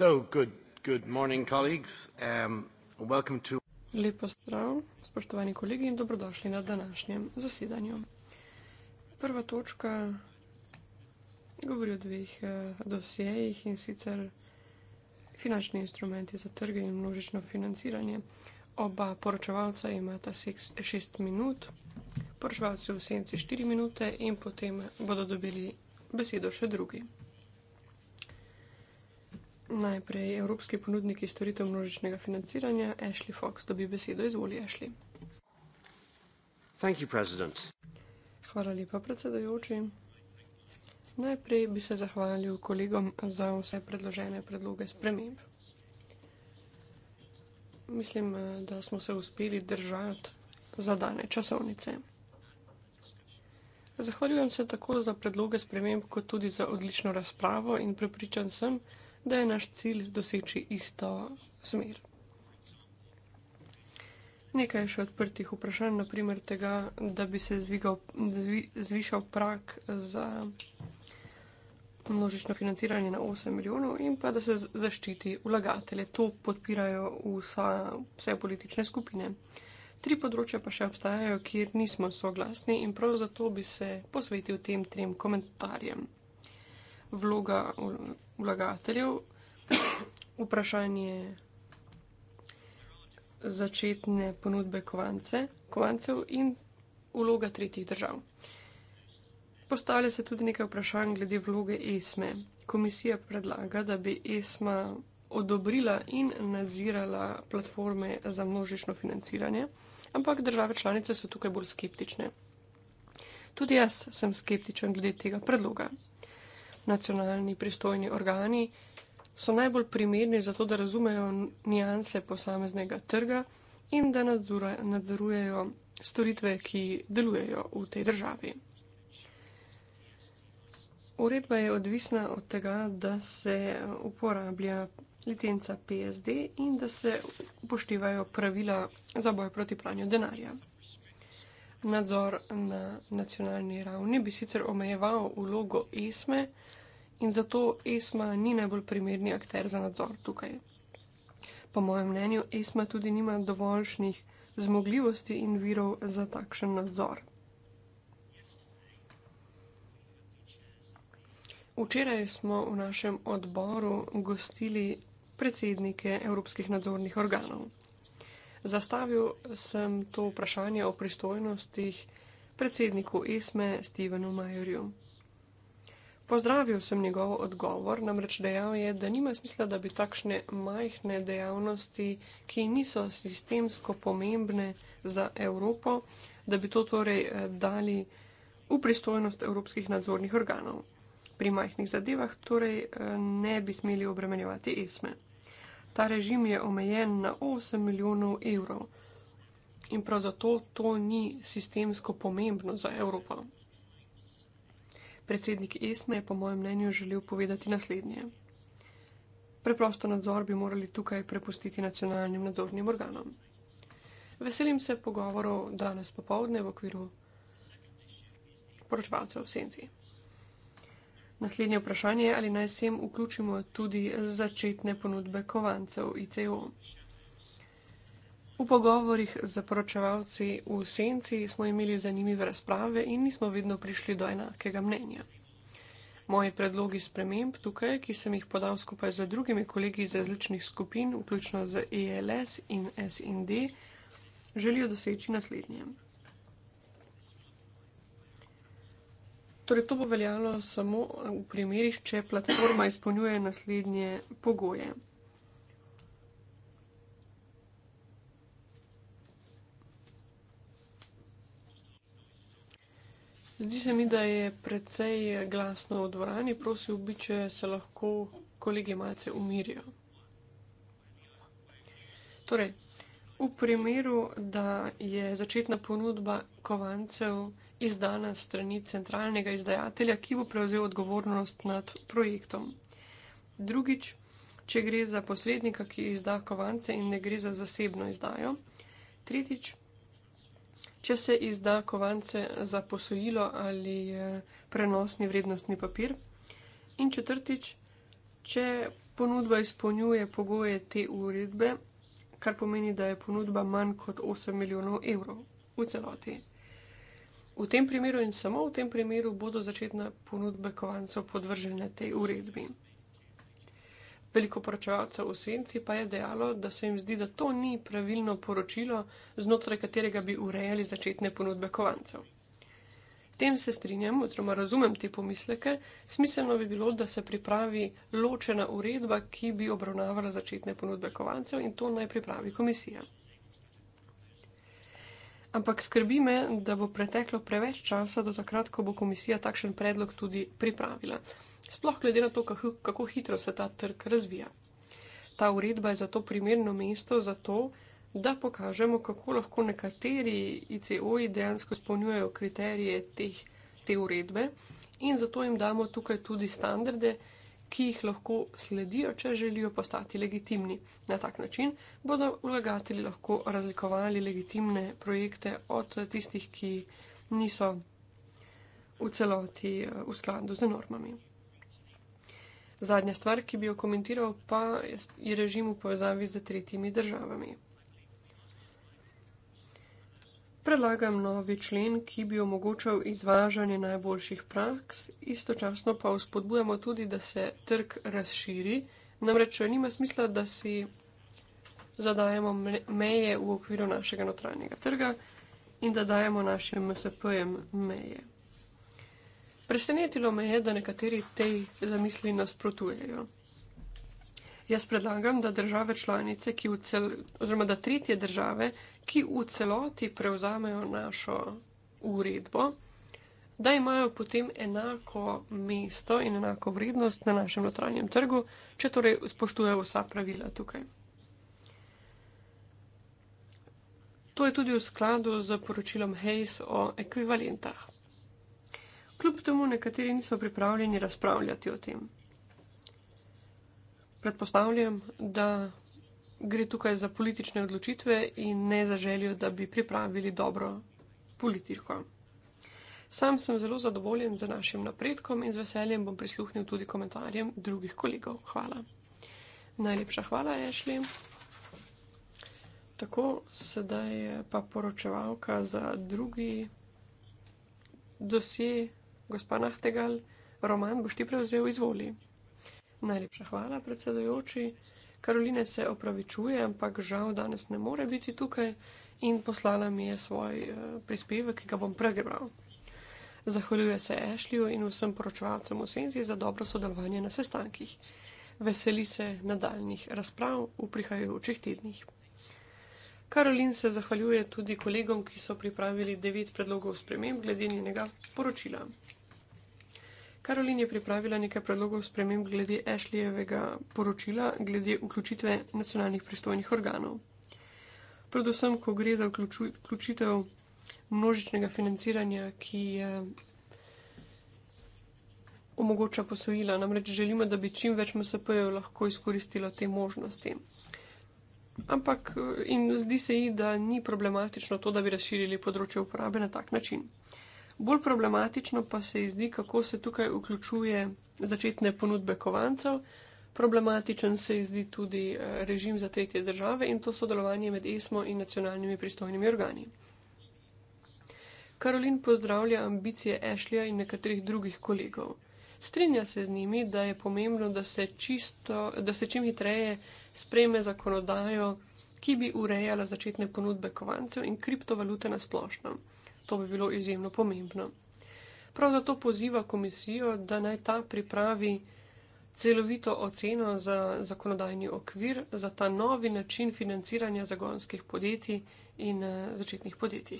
So, good, good morning, colleagues. Um, welcome to. Lepo zdrav, spoštovani kolegi in dobrodošli na današnjem zasedanju. Prva točka govori o dveh eh, dosjejih in sicer finančni instrumenti za trge in množično financiranje. Oba poročevalca imata seks, šest minut, poročevalci v senci štiri minute in potem bodo dobili besedo še drugi. Najprej evropski ponudniki storitev množičnega financiranja, Ashley Fox, dobi besedo, izvoli Ashley. You, Hvala lepa, predsedojoči. Najprej bi se zahvalil kolegom za vse predložene predloge sprememb. Mislim, da smo se uspeli držati zadane časovnice. Zahvaljujem se tako za predloge sprememb, kot tudi za odlično razpravo in prepričan sem, da da je naš cilj doseči isto smer. Nekaj je še odprtih vprašanj, naprimer tega, da bi se zvigal, zvi, zvišal prak za množično financiranje na 8 milijonov in pa da se zaščiti vlagatelje. To podpirajo vsa, vse politične skupine. Tri področja pa še obstajajo, kjer nismo soglasni in prav zato bi se posvetil tem trem komentarjem. Vloga vlagateljev. Vprašanje začetne ponudbe kovance, kovancev in vloga tretjih držav. Postavlja se tudi nekaj vprašanj glede vloge ESME. Komisija predlaga, da bi ESMA odobrila in nazirala platforme za množično financiranje, ampak države članice so tukaj bolj skeptične. Tudi jaz sem skeptičen glede tega predloga nacionalni pristojni organi so najbolj primerni za to, da razumejo nijanse posameznega trga in da nadzorujejo storitve, ki delujejo v tej državi. Uredba je odvisna od tega, da se uporablja licenca PSD in da se upoštevajo pravila za boj proti pranju denarja. Nadzor na nacionalni ravni bi sicer omejeval vlogo ESME, in zato Esma ni najbolj primerni akter za nadzor tukaj. Po mojem mnenju, Esma tudi nima dovoljšnih zmogljivosti in virov za takšen nadzor. Včeraj smo v našem odboru gostili predsednike evropskih nadzornih organov. Zastavil sem to vprašanje o pristojnostih predsedniku ESME Stevenu Majorju. Pozdravil sem njegov odgovor, namreč dejal je, da nima smisla, da bi takšne majhne dejavnosti, ki niso sistemsko pomembne za Evropo, da bi to torej eh, dali v pristojnost evropskih nadzornih organov. Pri majhnih zadevah torej eh, ne bi smeli obremenjevati ESME. Ta režim je omejen na 8 milijonov evrov in prav zato to ni sistemsko pomembno za Evropo. Predsednik ESME je po mojem mnenju želel povedati naslednje. Preprosto nadzor bi morali tukaj prepustiti nacionalnim nadzornim organom. Veselim se pogovorov danes popovdne v okviru poročevalcev v senci. Naslednje vprašanje je, ali naj sem vključimo tudi začetne ponudbe kovancev ICO. V pogovorih z poročevalci v senci smo imeli zanimive razprave in nismo vedno prišli do enakega mnenja. Moji predlogi sprememb tukaj, ki sem jih podal skupaj z drugimi kolegi iz različnih skupin, vključno z ELS in SND, želijo doseči naslednje. Torej, to bo veljalo samo v primerih, če platforma izpolnjuje naslednje pogoje. Zdi se mi, da je precej glasno v dvorani, prosil bi, če se lahko kolegi malce umirijo. Torej, v primeru, da je začetna ponudba kovancev izdana strani centralnega izdajatelja, ki bo prevzel odgovornost nad projektom. Drugič, če gre za posrednika, ki izda kovance in ne gre za zasebno izdajo. Tretjič, če se izda kovance za posojilo ali prenosni vrednostni papir. In četrtič, če ponudba izpolnjuje pogoje te uredbe, kar pomeni, da je ponudba manj kot 8 milijonov evrov v celoti. V tem primeru in samo v tem primeru bodo začetne ponudbe kovancov podvržene tej uredbi. Veliko poročevalcev v senci pa je dejalo, da se jim zdi, da to ni pravilno poročilo, znotraj katerega bi urejali začetne ponudbe kovancev. S tem se strinjam, oziroma razumem te pomisleke, smiselno bi bilo, da se pripravi ločena uredba, ki bi obravnavala začetne ponudbe kovancev in to naj pripravi komisija. Ampak skrbi me, da bo preteklo preveč časa do takrat, ko bo komisija takšen predlog tudi pripravila sploh glede na to, kako hitro se ta trg razvija. Ta uredba je zato primerno mesto za to, da pokažemo, kako lahko nekateri ICO-ji dejansko spolnjujejo kriterije teh, te uredbe in zato jim damo tukaj tudi standarde, ki jih lahko sledijo, če želijo postati legitimni. Na tak način bodo vlagatelji lahko razlikovali legitimne projekte od tistih, ki niso v celoti eh, v skladu z normami. Zadnja stvar, ki bi jo komentiral, pa je režim v povezavi z tretjimi državami. Predlagam novi člen, ki bi omogočal izvažanje najboljših praks, istočasno pa vzpodbujamo tudi, da se trg razširi. Namreč nima smisla, da si zadajemo meje v okviru našega notranjega trga in da dajemo našim MSP-jem meje. Presenetilo me je, da nekateri tej zamisli nasprotujejo. Jaz predlagam, da države članice, cel, oziroma da tretje države, ki v celoti prevzamejo našo uredbo, da imajo potem enako mesto in enako vrednost na našem notranjem trgu, če torej spoštujejo vsa pravila tukaj. To je tudi v skladu z poročilom Hayes o ekvivalentah kljub temu nekateri niso pripravljeni razpravljati o tem. Predpostavljam, da gre tukaj za politične odločitve in ne za željo, da bi pripravili dobro politiko. Sam sem zelo zadovoljen z našim napredkom in z veseljem bom prisluhnil tudi komentarjem drugih kolegov. Hvala. Najlepša hvala, Ešli. Tako, sedaj pa poročevalka za drugi dosje. Gospa Nahtegal, roman boš ti prevzel, izvoli. Najlepša hvala, predsedojoči. Karoline se opravičuje, ampak žal danes ne more biti tukaj in poslala mi je svoj uh, prispevek, ki ga bom pregrbal. Zahvaljuje se Ešliju in vsem poročevalcem v Senzi za dobro sodelovanje na sestankih. Veseli se nadaljnih razprav v prihajajočih tednih. Karolin se zahvaljuje tudi kolegom, ki so pripravili devet predlogov sprememb glede njenega poročila. Karolin je pripravila nekaj predlogov sprememb glede Ashleyjevega poročila, glede vključitve nacionalnih pristojnih organov. Predvsem, ko gre za vključitev množičnega financiranja, ki je. Omogoča posojila, namreč želimo, da bi čim več MSP-jev lahko izkoristilo te možnosti. Ampak eh, in zdi se ji, da ni problematično to, da bi razširili področje uporabe na tak način. Bolj problematično pa se ji zdi, kako se tukaj vključuje začetne ponudbe kovancev, problematičen se ji zdi tudi eh, režim za tretje države in to sodelovanje med ESMO in nacionalnimi pristojnimi organi. Karolin pozdravlja ambicije Ashleya in nekaterih drugih kolegov strinja se z njimi, da je pomembno, da se, čisto, da se čim hitreje spreme zakonodajo, ki bi urejala začetne ponudbe kovancev in kriptovalute na splošno. To bi bilo izjemno pomembno. Prav zato poziva komisijo, da naj ta pripravi celovito oceno za zakonodajni okvir za ta novi način financiranja zagonskih podjetij in eh, začetnih podjetij.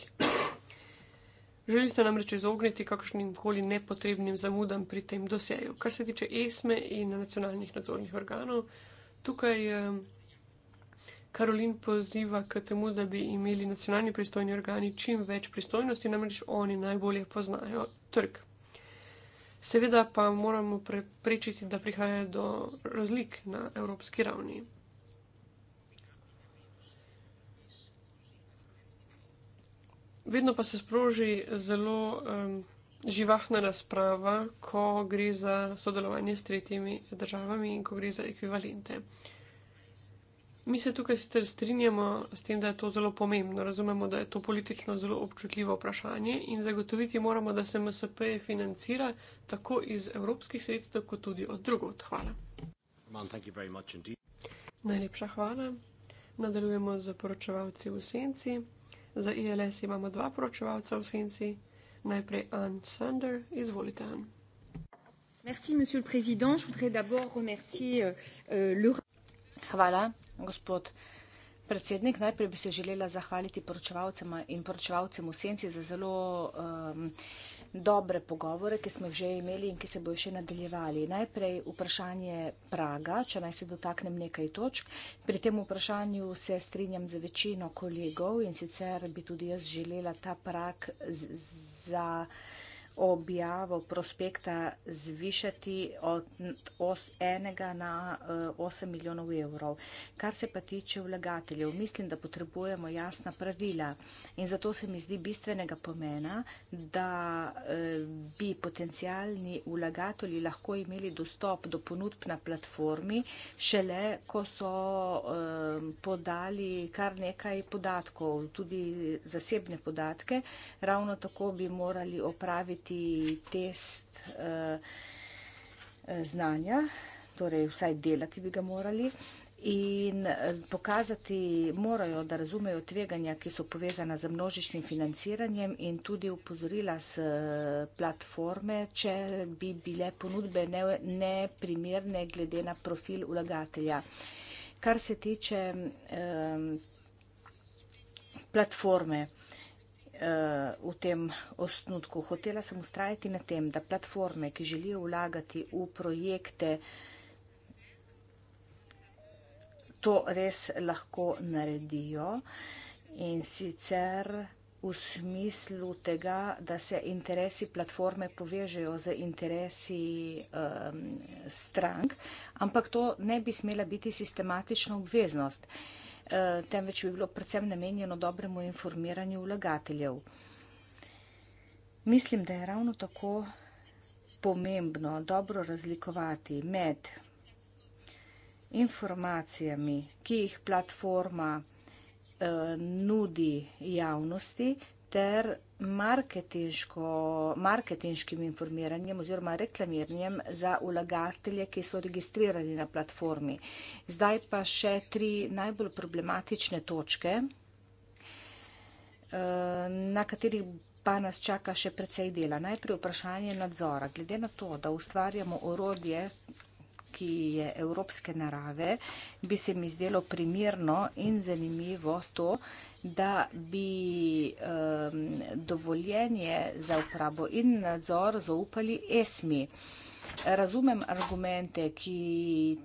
Želi se namreč izogniti kakršnim koli nepotrebnim zamudam pri tem doseju. Kar se tiče ESME in nacionalnih nadzornih organov, tukaj Karolin poziva k temu, da bi imeli nacionalni pristojni organi čim več pristojnosti, namreč oni najbolje poznajo trg. Seveda pa moramo preprečiti, da prihaja do razlik na evropski ravni. vedno pa se sproži zelo um, živahna razprava, ko gre za sodelovanje s tretjimi državami in ko gre za ekvivalente. Mi se tukaj sicer strinjamo s tem, da je to zelo pomembno, razumemo, da je to politično zelo občutljivo vprašanje in zagotoviti moramo, da se MSP financira tako iz evropskih sredstev, kot tudi od drugot. Hvala. Najlepša hvala. Nadaljujemo z poročevalci v senci. Za ILS imamo dva poročevalca v senci. Najprej Ann Sander, izvolite. Merci, monsieur le président. Je voudrais d'abord remercier euh, euh, le. Hvala, gospod predsednik. Najprej bi se želela zahvaliti poročevalcema in poročevalcem v senci za zelo um, dobre pogovore, ki smo jih že imeli in ki se bojo še nadaljevali. Najprej vprašanje Praga, če naj se dotaknem nekaj točk. Pri tem vprašanju se strinjam z večino kolegov in sicer bi tudi jaz želela ta prak za. za objavo prospekta zvišati od os enega na eh, osem milijonov evrov. Kar se pa tiče vlagateljev, mislim, da potrebujemo jasna pravila in zato se mi zdi bistvenega pomena, da eh, bi potencijalni vlagatelji lahko imeli dostop do ponudb na platformi, šele ko so eh, podali kar nekaj podatkov, tudi zasebne podatke, ravno tako bi morali opraviti opraviti test eh, znanja, torej vsaj delati bi ga morali. In eh, pokazati morajo, da razumejo tveganja, ki so povezana z množičnim financiranjem in tudi upozorila z eh, platforme, če bi bile ponudbe neprimerne ne glede na profil ulagatelja. Kar se tiče um, platforme, uh, v tem osnutku. Hotela sem ustrajati na tem, da platforme, ki želijo vlagati v projekte, to res lahko naredijo in sicer v smislu tega, da se interesi platforme povežejo z interesi um, strank, ampak to ne bi smela biti sistematična obveznost. Uh, Eh, temveč bi bilo predvsem namenjeno dobremu informiranju vlagateljev. Mislim, da je ravno tako pomembno dobro razlikovati med informacijami, ki jih platforma eh, nudi javnosti, ter marketinškim informiranjem oziroma reklamiranjem za vlagatelje, ki so registrirani na platformi. Zdaj pa še tri najbolj problematične točke, eh, na katerih pa nas čaka še precej dela. Najprej vprašanje nadzora. Glede na to, da ustvarjamo orodje, ki je evropske narave, bi se mi zdelo primirno in zanimivo to, da bi um, dovoljenje za uporabo in nadzor zaupali ESMI. Razumem argumente, ki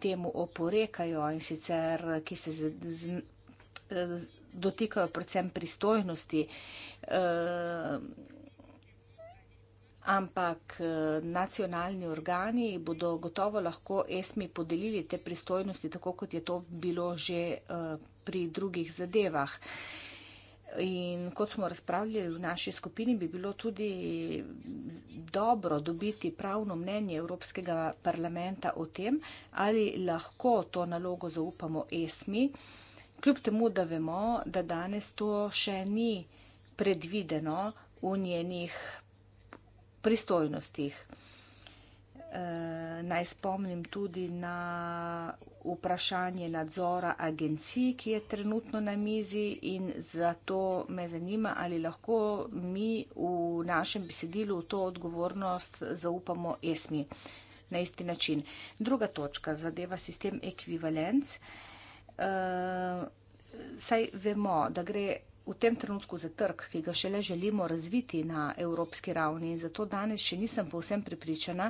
temu oporekajo in sicer, ki se z, z, z, dotikajo predvsem pristojnosti. Um, ampak eh, nacionalni organi bodo gotovo lahko ESMI podelili te pristojnosti, tako kot je to bilo že eh, pri drugih zadevah. In kot smo razpravljali v naši skupini, bi bilo tudi dobro dobiti pravno mnenje Evropskega parlamenta o tem, ali lahko to nalogo zaupamo ESMI, kljub temu, da vemo, da danes to še ni predvideno v njenih pristojnostih. E, naj spomnim tudi na vprašanje nadzora agencij, ki je trenutno na mizi in zato me zanima, ali lahko mi v našem besedilu to odgovornost zaupamo esmi na isti način. Druga točka zadeva sistem ekvivalenc. E, saj vemo, da gre v tem trenutku za trg, ki ga šele želimo razviti na evropski ravni. Zato danes še nisem povsem pripričana,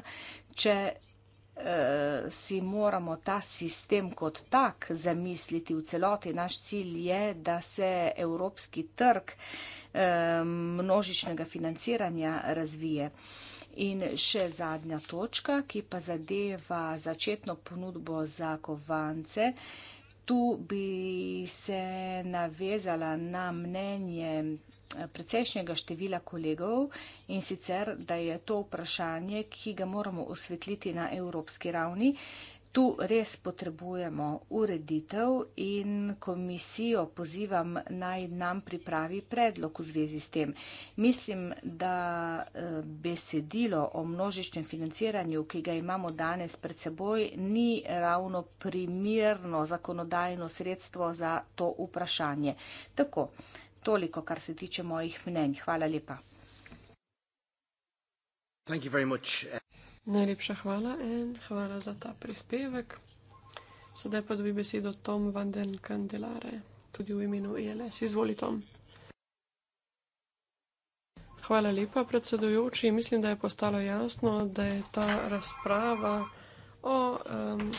če eh, si moramo ta sistem kot tak zamisliti v celoti. Naš cilj je, da se evropski trg eh, množičnega financiranja razvije. In še zadnja točka, ki pa zadeva začetno ponudbo za kovance, Tu bi se navezala na mnenje eh, precejšnjega števila kolegov in sicer, da je to vprašanje, ki ga moramo osvetliti na evropski ravni. Tu res potrebujemo ureditev in komisijo pozivam naj nam pripravi predlog v zvezi s tem. Mislim, da eh, besedilo o množičnem financiranju, ki ga imamo danes pred seboj, ni ravno primirno zakonodajno sredstvo za to vprašanje. Tako, toliko, kar se tiče mojih mnenj. Hvala lepa. Najlepša hvala in hvala za ta prispevek. Sedaj pa dobi besedo Tom van den Kandelare, tudi v imenu ILS. E Izvoli Tom. Hvala lepa, predsedujoči. Mislim, da je postalo jasno, da je ta razprava o um,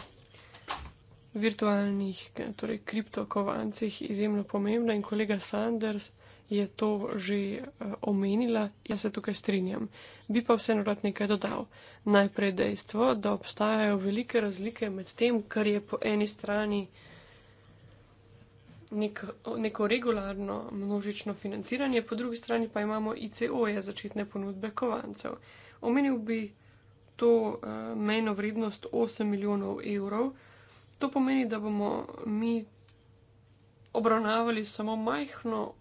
virtualnih, torej kriptokovancih izjemno pomembna in kolega Sanders je to že eh, omenila, jaz se tukaj strinjam. Bi pa vseeno rad nekaj dodal. Najprej dejstvo, da obstajajo velike razlike med tem, kar je po eni strani nek, neko regularno množično financiranje, po drugi strani pa imamo ICO-je začetne ponudbe kovancev. Omenil bi to uh, mejno vrednost 8 milijonov evrov. To pomeni, da bomo mi obravnavali samo majhno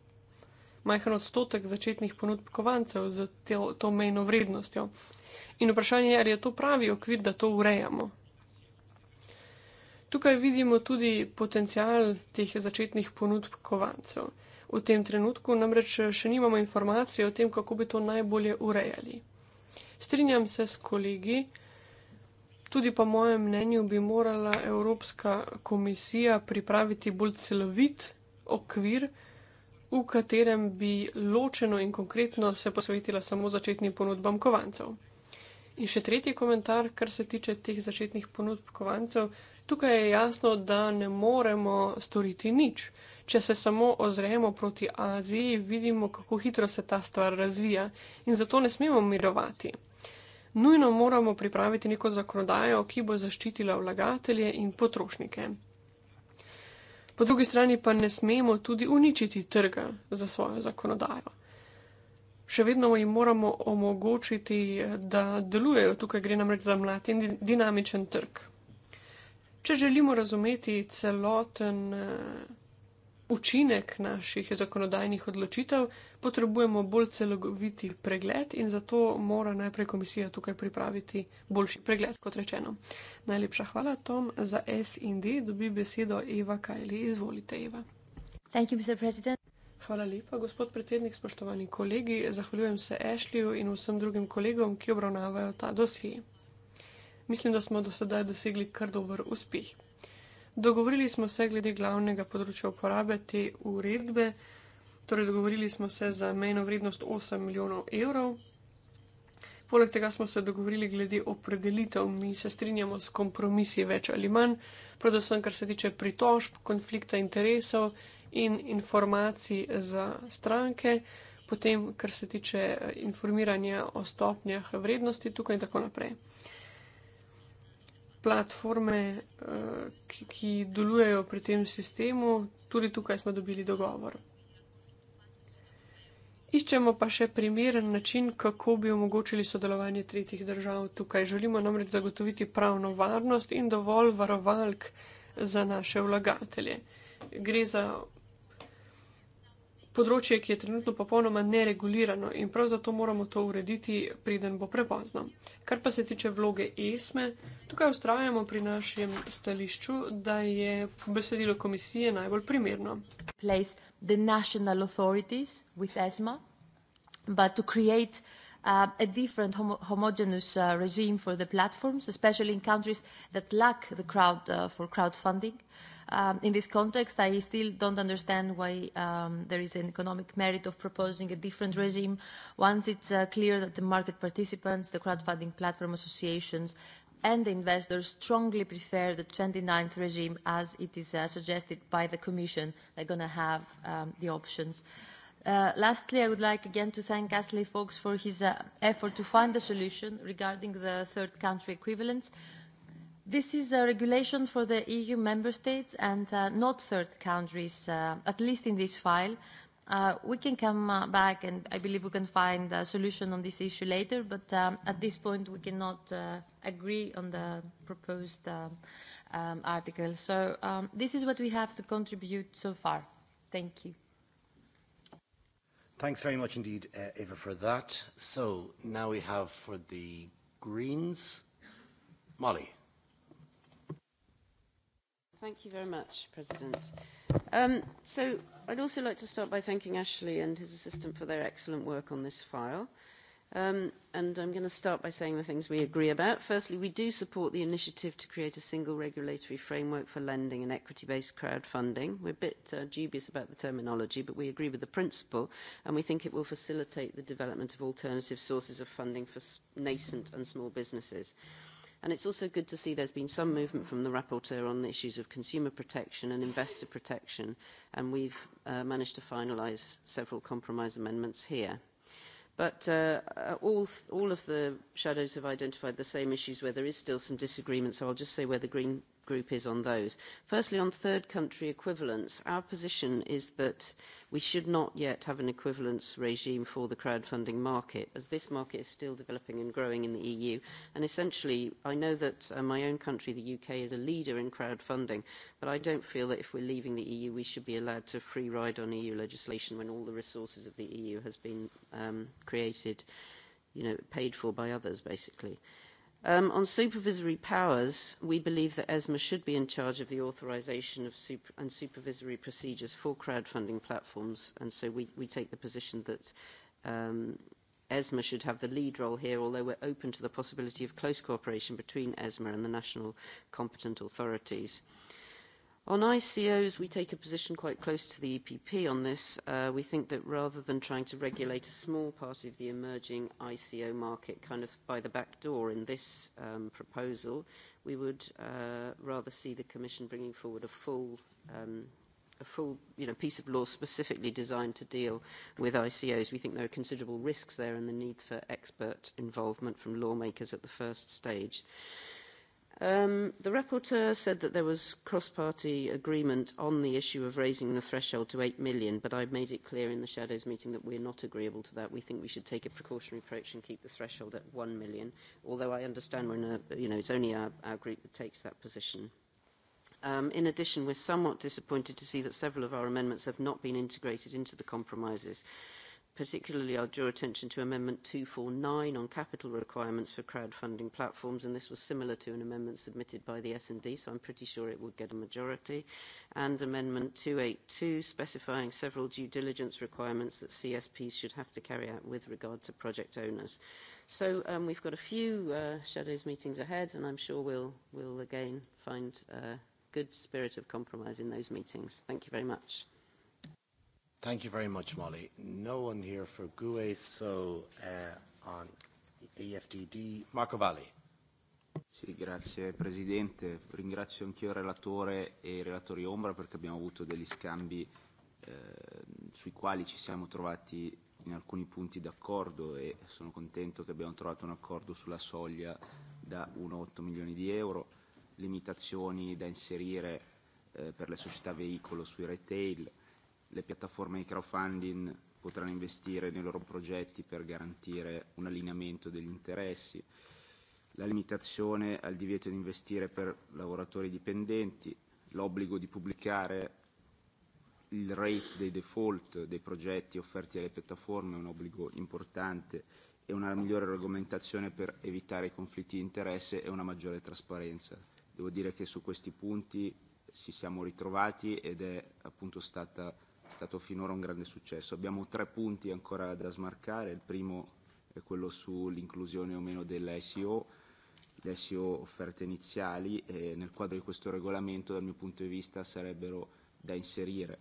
majhen odstotek začetnih ponudb kovancev z to, to mejno vrednostjo. In vprašanje je, ali je to pravi okvir, da to urejamo. Tukaj vidimo tudi potencial teh začetnih ponudb kovancev. V tem trenutku namreč še nimamo informacije o tem, kako bi to najbolje urejali. Strinjam se s kolegi, tudi po mojem mnenju bi morala Evropska komisija pripraviti bolj celovit okvir, v katerem bi ločeno in konkretno se posvetila samo začetnim ponudbam kovancev. In še tretji komentar, kar se tiče teh začetnih ponudb kovancev, tukaj je jasno, da ne moremo storiti nič. Če se samo ozremo proti Aziji, vidimo, kako hitro se ta stvar razvija in zato ne smemo mirovati. Nujno moramo pripraviti neko zakonodajo, ki bo zaščitila vlagatelje in potrošnike po drugi strani pa ne smemo tudi uničiti trga za svojo zakonodajo. Še vedno jim moramo omogočiti, da delujejo. Tukaj gre namreč za mlad in dinamičen trg. Če želimo razumeti celoten. Uh, učinek naših zakonodajnih odločitev, potrebujemo bolj celoviti pregled in zato mora najprej komisija tukaj pripraviti boljši pregled, kot rečeno. Najlepša hvala, Tom, za SND. Dobi besedo Eva Kajli. Izvolite, Eva. Hvala lepa, gospod predsednik, spoštovani kolegi. Zahvaljujem se Ešliju in vsem drugim kolegom, ki obravnavajo ta dosje. Mislim, da smo do sedaj dosegli kar dober uspeh. Dogovorili smo se glede glavnega področja uporabe te uredbe, torej dogovorili smo se za mejno vrednost 8 milijonov evrov. Poleg tega smo se dogovorili glede opredelitev, mi se strinjamo s kompromisi več ali manj, predvsem kar se tiče pritožb, konflikta interesov in informacij za stranke, potem kar se tiče informiranja o stopnjah vrednosti tukaj in tako naprej platforme, eh, ki, ki delujejo pri tem sistemu, tudi tukaj smo dobili dogovor. Iščemo pa še primeren način, kako bi omogočili sodelovanje tretjih držav tukaj. Želimo namreč zagotoviti pravno varnost in dovolj varovalk za naše vlagatelje. Gre za področje, ki je trenutno popolnoma neregulirano in prav zato moramo to urediti, preden bo prepozno. Kar pa se tiče vloge ESME, tukaj ustrajamo pri našem stališču, da je besedilo komisije najbolj primerno. Uh, a different homo homogeneous uh, regime for the platforms, especially in countries that lack the crowd uh, for crowdfunding. Uh, Um, in this context, I still don't understand why um, there is an economic merit of proposing a different regime once it's uh, clear that the market participants, the crowdfunding platform associations, and the investors strongly prefer the 29th regime as it is uh, suggested by the Commission. They're going to have um, the options. Uh, lastly, I would like again to thank Ashley Fox for his effort to find the solution regarding the third country equivalents. This is a regulation for the EU member states and uh, not third countries, uh, at least in this file. Uh, we can come uh, back and I believe we can find a solution on this issue later, but um, at this point we cannot uh, agree on the proposed uh, um, article. So um, this is what we have to contribute so far. Thank you. Thanks very much indeed, uh, Eva, for that. So now we have for the Greens, Molly. Um, I'd also like to start by thanking Ashley and his assistant for their excellent work on this file. Um, and I'm going to start by saying the things we agree about. Firstly, we do support the initiative to create a single regulatory framework for lending and equity-based crowdfunding. We're a bit uh, dubious about the terminology, but we agree with the principle, and we think it will facilitate the development of alternative sources of funding for nascent and small businesses. And it's also good to see there's been some movement from the rapporteur on the issues of consumer protection and investor protection, and we've uh, managed to finalise several compromise amendments here. But uh, uh, all, th all of the shadows have identified the same issues where there is still some disagreement, so I'll just say where the Green group is on those. Firstly, on third country equivalents, our position is that uh, we should not yet have an equivalence regime for the crowdfunding market, as this market is still developing and growing in the EU. And essentially, I know that uh, my own country, the UK, is a leader in crowdfunding, but I don't feel that if we're leaving the EU, we should be allowed to free ride on EU legislation when all the resources of the EU has been um, created, you know, paid for by others, basically. Um, on supervisory powers, we believe that ESMA should be in charge of the authorization of super and supervisory procedures for crowdfunding platforms, and so we, we take the position that um, ESMA should have the lead role here, although we're open to the possibility of close cooperation between ESMA and the national competent authorities. On ICOs, we take a position quite close to the EPP on this. Uh, we think that rather than trying to regulate a small part of the emerging ICO market kind of by the back door in this um, proposal, we would uh, rather see the Commission bringing forward a full, um, a full you know, piece of law specifically designed to deal with ICOs. We think there are considerable risks there and the need for expert involvement from lawmakers at the first stage. Uh, Um, the rapporteur said that there was cross-party agreement on the issue of raising the threshold to 8 million, but I've made it clear in the Shadows meeting that we're not agreeable to that. We think we should take a precautionary approach and keep the threshold at 1 million, although I understand we're in a, you know, it's only our, our group that takes that position. Um, in addition, we're somewhat disappointed to see that several of our amendments have not been integrated into the compromises particularly I'll draw attention to Amendment 249 on capital requirements for crowdfunding platforms, and this was similar to an amendment submitted by the S&D, so I'm pretty sure it would get a majority, and Amendment 282 specifying several due diligence requirements that CSPs should have to carry out with regard to project owners. So um, we've got a few uh, shadows meetings ahead, and I'm sure we'll, we'll again find a uh, good spirit of compromise in those meetings. Thank you very much. Thank you very much, Molly. No one here for GUE, so uh, on EFDD. Marco Valli. Sì, grazie Presidente. Ringrazio anch'io il relatore e i relatori Ombra perché abbiamo avuto degli scambi eh, sui quali ci siamo trovati in alcuni punti d'accordo e sono contento che abbiamo trovato un accordo sulla soglia da 1,8 milioni di euro, limitazioni da inserire eh, per le società veicolo sui retail. Eh, le piattaforme di crowdfunding potranno investire nei loro progetti per garantire un allineamento degli interessi, la limitazione al divieto di investire per lavoratori dipendenti, l'obbligo di pubblicare il rate dei default dei progetti offerti alle piattaforme, un obbligo importante, e una migliore regolamentazione per evitare i conflitti di interesse e una maggiore trasparenza. Devo dire che su questi punti ci siamo ritrovati ed è appunto stata è stato finora un grande successo. Abbiamo tre punti ancora da smarcare. Il primo è quello sull'inclusione o meno dell'SEO, le SEO offerte iniziali. E nel quadro di questo regolamento, dal mio punto di vista, sarebbero da inserire.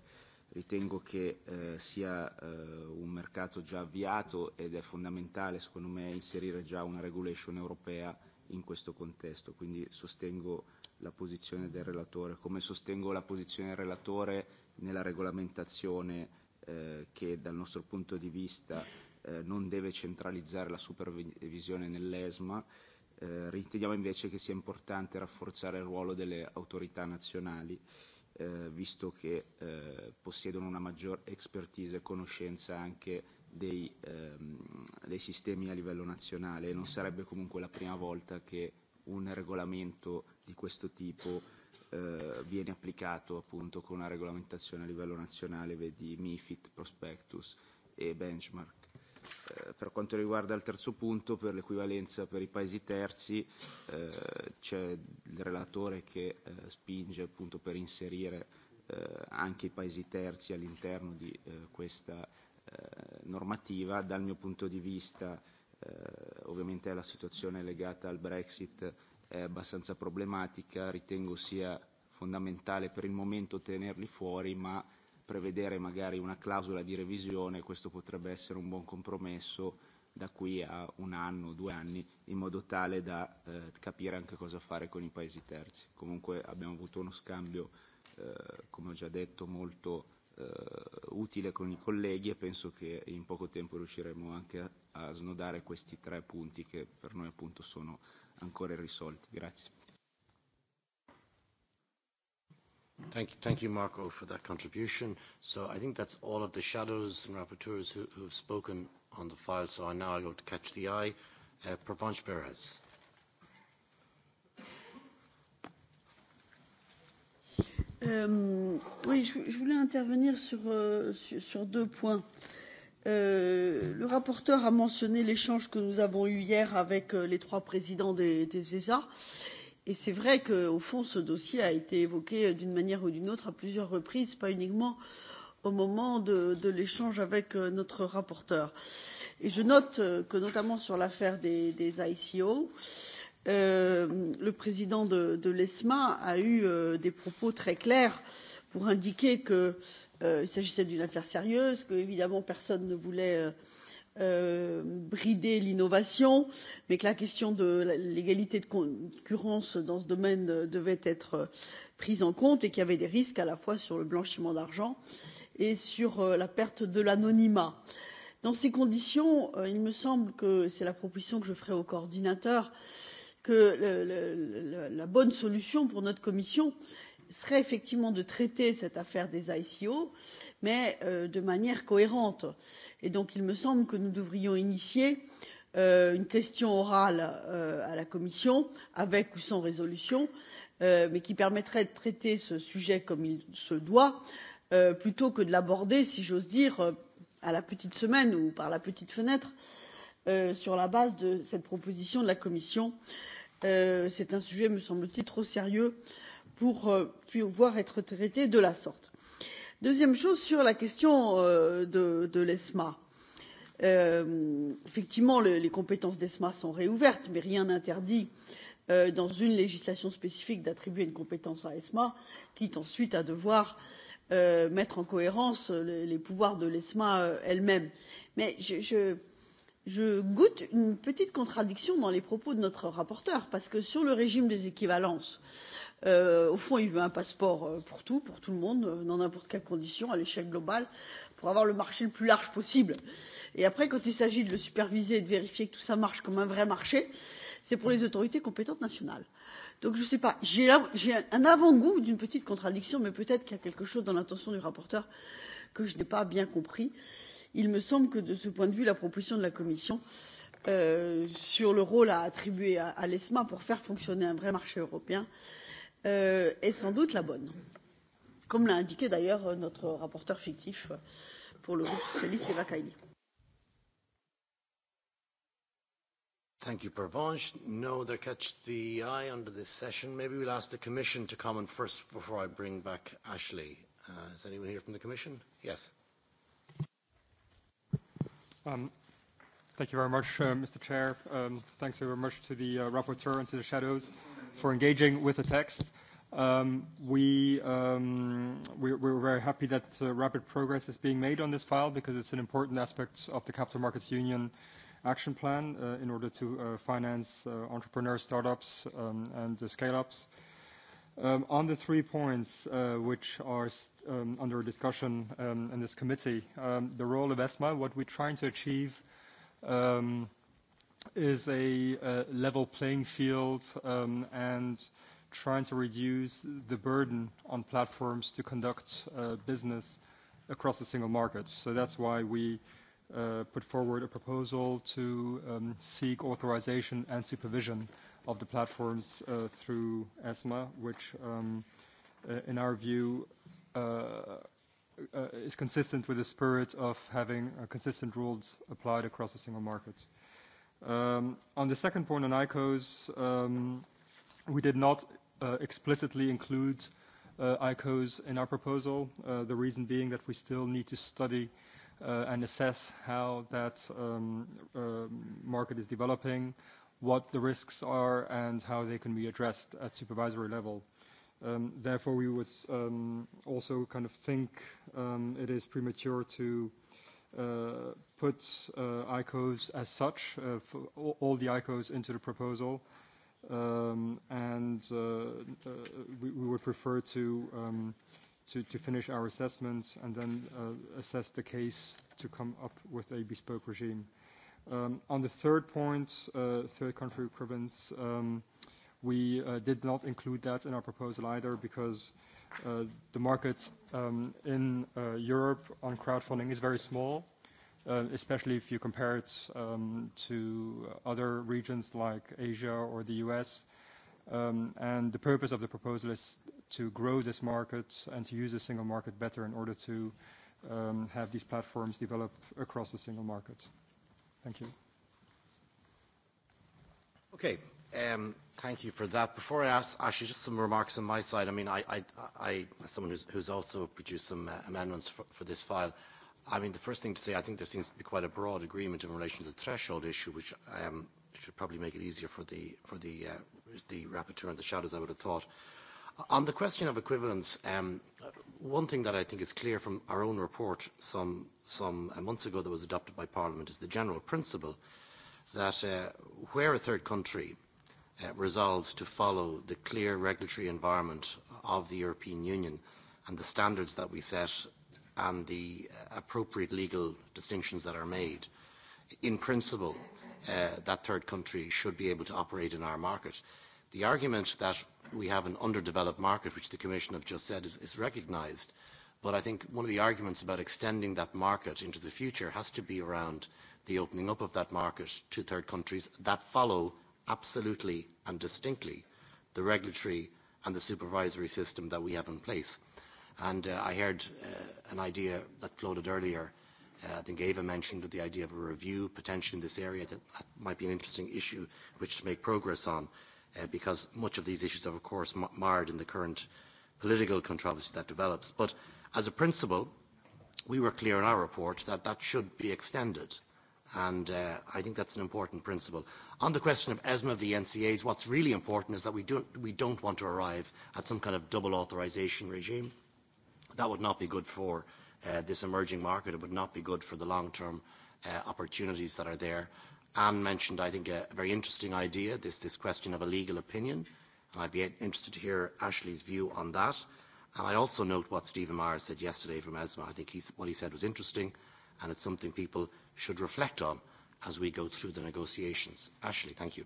Ritengo che eh, sia eh, un mercato già avviato ed è fondamentale, secondo me, inserire già una regulation europea in questo contesto. Quindi sostengo la posizione del relatore, come sostengo la posizione del relatore nella regolamentazione eh, che dal nostro punto di vista eh, non deve centralizzare la supervisione nell'ESMA, eh, riteniamo invece che sia importante rafforzare il ruolo delle autorità nazionali, eh, visto che eh, possiedono una maggior expertise e conoscenza anche dei, ehm, dei sistemi a livello nazionale. Non sarebbe comunque la prima volta che un regolamento di questo tipo eh, eh, viene applicato appunto con una regolamentazione a livello nazionale, vedi MIFIT, Prospectus e Benchmark. Eh, per quanto riguarda il terzo punto, per l'equivalenza per i paesi terzi, eh, c'è il relatore che eh, spinge appunto per inserire eh, anche i paesi terzi all'interno di eh, questa eh, normativa. Dal mio punto di vista, eh, ovviamente è la situazione legata al Brexit è abbastanza problematica, ritengo sia fondamentale per il momento tenerli fuori, ma prevedere magari una clausola di revisione, questo potrebbe essere un buon compromesso da qui a un anno o due anni, in modo tale da eh, capire anche cosa fare con i paesi terzi. Comunque abbiamo avuto uno scambio, eh, come ho già detto, molto eh, utile con i colleghi e penso che in poco tempo riusciremo anche a, a snodare questi tre punti che per noi appunto sono ancora irrisolti. Grazie. Thank you, thank you, Marco, for that contribution. So I think that's all of the shadows and rapporteurs who, who have spoken on the file. So I now I go to catch the eye. Uh, Provence Perez. Euh, oui, je, je voulais intervenir sur, euh, sur, sur deux points. Euh, Euh, le rapporteur a mentionné l'échange que nous avons eu hier avec euh, les trois présidents des, des ESA. Et c'est vrai qu'au fond, ce dossier a été évoqué euh, d'une manière ou d'une autre à plusieurs reprises, pas uniquement au moment de, de l'échange avec notre rapporteur. Et je note que, notamment sur l'affaire des, des ICO, euh, le président de, de l'ESMA a eu euh, des propos très clairs pour indiquer que euh, euh, il s'agissait d'une affaire sérieuse, que évidemment personne ne voulait euh, euh, brider l'innovation, mais que la question de l'égalité de concurrence dans ce domaine euh, devait être euh, prise en compte et qu'il y avait des risques à la fois sur le blanchiment d'argent et sur euh, la perte de l'anonymat. Dans ces conditions, euh, il me semble que c'est la proposition que je ferai au coordinateur que le, le, le, la bonne solution pour notre commission, euh, serait effectivement de traiter cette affaire des ICO, mais euh, de manière cohérente. Et donc, il me semble que nous devrions initier euh, une question orale euh, à la Commission, avec ou sans résolution, euh, mais qui permettrait de traiter ce sujet comme il se doit, euh, plutôt que de l'aborder, si j'ose dire, à la petite semaine ou par la petite fenêtre, euh, sur la base de cette proposition de la Commission. Euh, C'est un sujet, me semble-t-il, trop sérieux euh, pour euh, pouvoir être traités de la sorte. Deuxième chose sur la question euh, de, de l'ESMA. Euh, effectivement, le, les compétences d'ESMA sont réouvertes, mais rien n'interdit euh, dans une législation spécifique d'attribuer une compétence à ESMA, quitte ensuite à devoir euh, mettre en cohérence les, les pouvoirs de l'ESMA euh, elle-même. Mais je, je, je goûte une petite contradiction dans les propos de notre rapporteur, parce que sur le régime des équivalences, euh, Euh, au fond, il veut un passeport euh, pour tout, pour tout le monde, euh, dans n'importe quelle condition, à l'échelle globale, pour avoir le marché le plus large possible. Et après, quand il s'agit de le superviser et de vérifier que tout ça marche comme un vrai marché, c'est pour les autorités compétentes nationales. Donc je ne sais pas, j'ai un avant-goût d'une petite contradiction, mais peut-être qu'il y a quelque chose dans l'intention du rapporteur que je n'ai pas bien compris. Il me semble que de ce point de vue, la proposition de la Commission euh, sur le rôle à attribuer à, à l'ESMA pour faire fonctionner un vrai marché européen euh, Euh, est sans doute la bonne, comme l'a indiqué d'ailleurs euh, notre rapporteur fictif pour le groupe socialiste Eva Kaili. Thank you, Pervanche. No, they catch the eye under this session. Maybe we'll ask the Commission to comment first before I bring back Ashley. Uh, is anyone here from the Commission? Yes. Um, thank you very much, uh, Mr. Chair. Um, thanks very much to the uh, rapporteur and to the shadows. Uh, for engaging with the text. Um, um, we're very happy that uh, rapid progress is being made on this file because it's an important aspect of the Capital Markets Union action plan uh, in order to uh, finance entrepreneurs, startups, um, and the scale-ups. On the three points which are under discussion in this committee, the role of ESMA, what we're trying to achieve is a uh, level playing field um, and trying to reduce the burden on platforms to conduct uh, business across the single market. So that's why we uh, put forward a proposal to um, seek authorization and supervision of the platforms uh, through ESMA, which um, uh, in our view uh, uh, is consistent with the spirit of having uh, consistent rules applied across the single market. Um, on the second point on IQOS, um, we did not uh, explicitly include uh, IQOS in our proposal. Uh, the reason being that we still need to study and assess how that um, market is developing, what the risks are, and how they can be addressed at supervisory level. Therefore, we would also kind of think it is premature to Uh, put uh, ICOs as such, uh, for all, all the ICOs into the proposal, um, and uh, uh, we, we would prefer to, um, to, to finish our assessments and then uh, assess the case to come up with a bespoke regime. Um, on the third point, uh, third country province, um, we uh, did not include that in our proposal either because uh, Uh, the market um, in uh, Europe on crowdfunding is very small, uh, especially if you compare it um, to other regions like Asia or the US. Um, and the purpose of the proposal is to grow this market and to use the single market better in order to um, have these platforms develop across the single market. Thank you. Okay. Um, thank you for that. Before I ask, actually, just some remarks on my side. I mean, I, I, I as someone who's, who's also produced some uh, amendments for, for this file, I mean, the first thing to say, I think there seems to be quite a broad agreement in relation to the threshold issue, which um, should probably make it easier for the for the uh, the rapporteur and the shadows. I would have thought. On the question of equivalence, um, one thing that I think is clear from our own report some some uh, months ago that was adopted by Parliament is the general principle that uh, where a third country Uh, resolves to follow the clear regulatory environment of the European Union and the standards that we set and the appropriate legal distinctions that are made, in principle, uh, that third country should be able to operate in our market. The argument that we have an underdeveloped market, which the Commission have just said, is, is recognised. But I think one of the arguments about extending that market into the future has to be around the opening up of that market to third countries that follow absolutely and distinctly the regulatory and the supervisory system that we have in place. And uh, I heard uh, an idea that floated earlier. Uh, I think Ava mentioned the idea of a review potentially in this area that, that might be an interesting issue which to make progress on uh, because much of these issues are, of course, m- marred in the current political controversy that develops. But as a principle, we were clear in our report that that should be extended and uh, I think that's an important principle. On the question of ESMA v NCAs, what's really important is that we don't, we don't want to arrive at some kind of double authorisation regime. That would not be good for uh, this emerging market. It would not be good for the long-term uh, opportunities that are there. Anne mentioned, I think, a very interesting idea, this, this question of a legal opinion. And I'd be interested to hear Ashley's view on that. And I also note what Stephen Myers said yesterday from ESMA. I think he's, what he said was interesting, and it's something people should reflect on as we go through the negotiations. Ashley, thank you.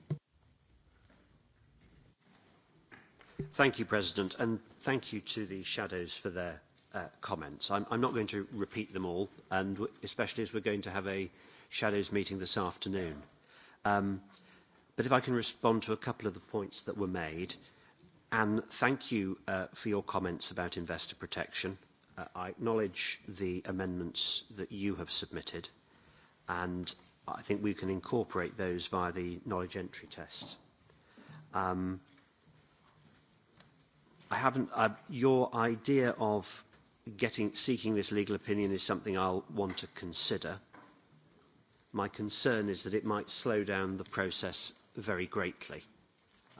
Thank you, President, and thank you to the shadows for their uh, comments. I'm, I'm not going to repeat them all, and especially as we're going to have a shadows meeting this afternoon. Um, but if I can respond to a couple of the points that were made, and thank you uh, for your comments about investor protection. Uh, I acknowledge the amendments that you have submitted and I think we can incorporate those via the knowledge entry tests. Um, I haven't. Uh, your idea of getting seeking this legal opinion is something I'll want to consider. My concern is that it might slow down the process very greatly.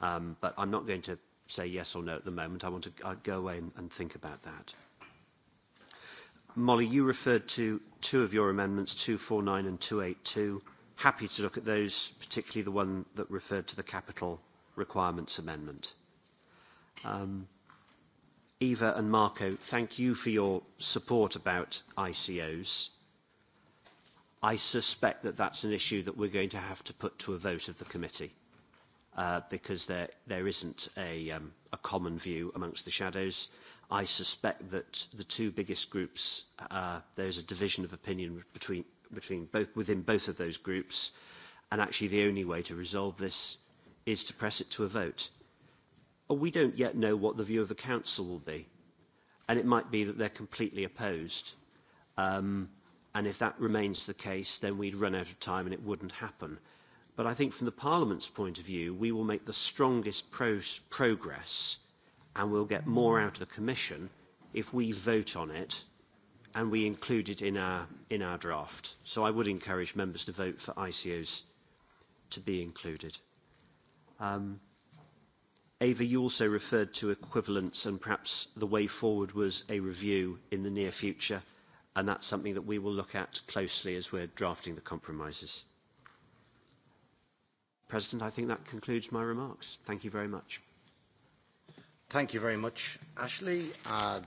Um, but I'm not going to say yes or no at the moment. I want to I'd uh, go away and, and think about that. Molly, you referred to two of your amendments, 249 and 282. Happy to look at those, particularly the one that referred to the capital requirements amendment. Um, Eva and Marco, thank you for your support about ICOs. I suspect that that's an issue that we're going to have to put to a vote of the committee uh, because there, there isn't a, um, a common view amongst the shadows. I suspect that the two biggest groups, uh, there's a division of opinion between, between both, within both of those groups, and actually the only way to resolve this is to press it to a vote. We don't yet know what the view of the council will be, and it might be that they're completely opposed. Um, and if that remains the case, then we'd run out of time and it wouldn't happen. But I think from the Parliament's point of view, we will make the strongest pros progress and we'll get more out of the commission if we vote on it and we include it in our in our draft so i would encourage members to vote for icos to be included um, ava you also referred to equivalence and perhaps the way forward was a review in the near future and that's something that we will look at closely as we're drafting the compromises president i think that concludes my remarks thank you very much Thank you very much, Ashley. Uh,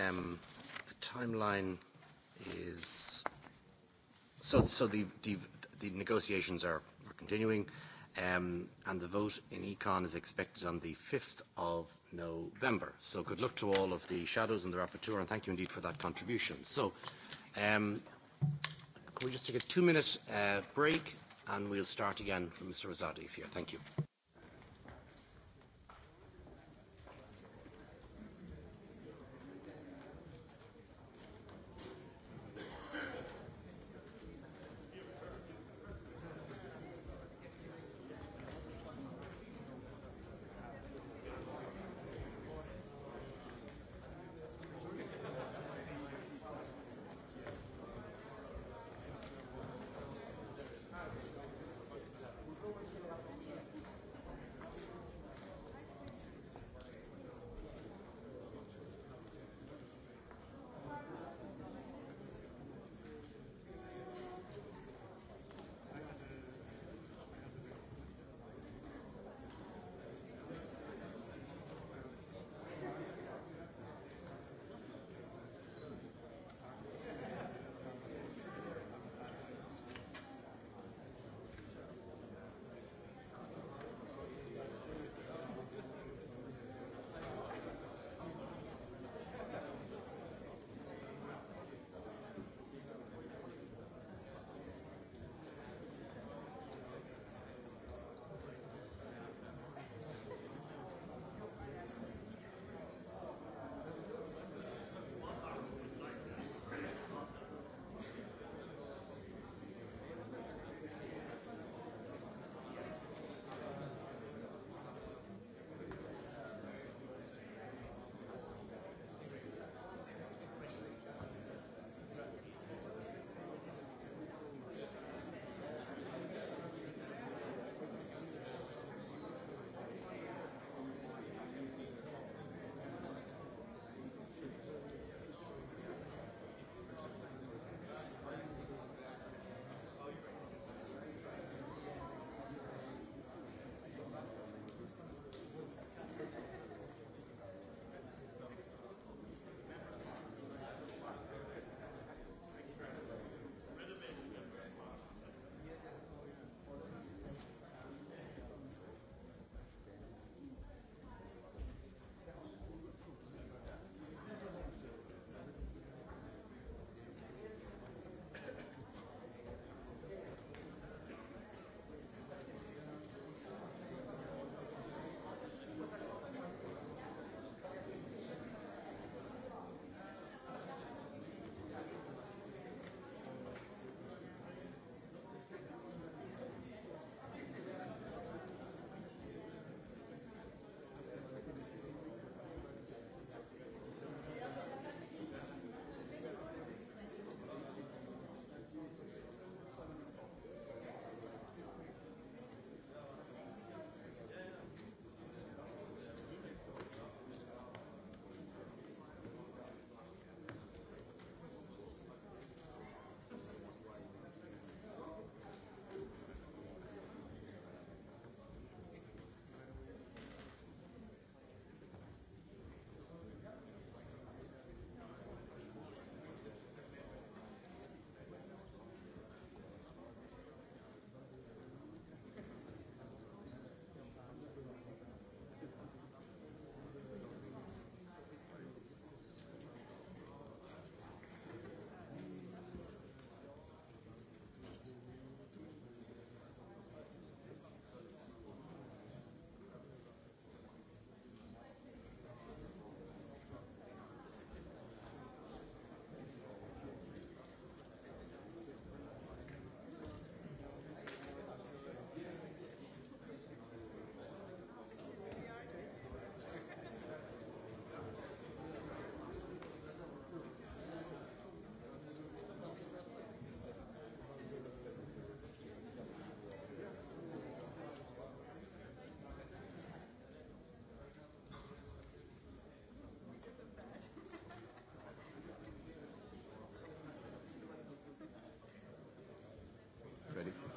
um, the timeline is... So the negotiations are continuing, um, and the vote in Econ is expected on the fifth of November. So good luck to all of the shadows and the rapporteur, and thank you indeed for that contribution. So, um, can we just take a two-minute uh, break, and we'll start again when Mr. Rosati is here? Thank you.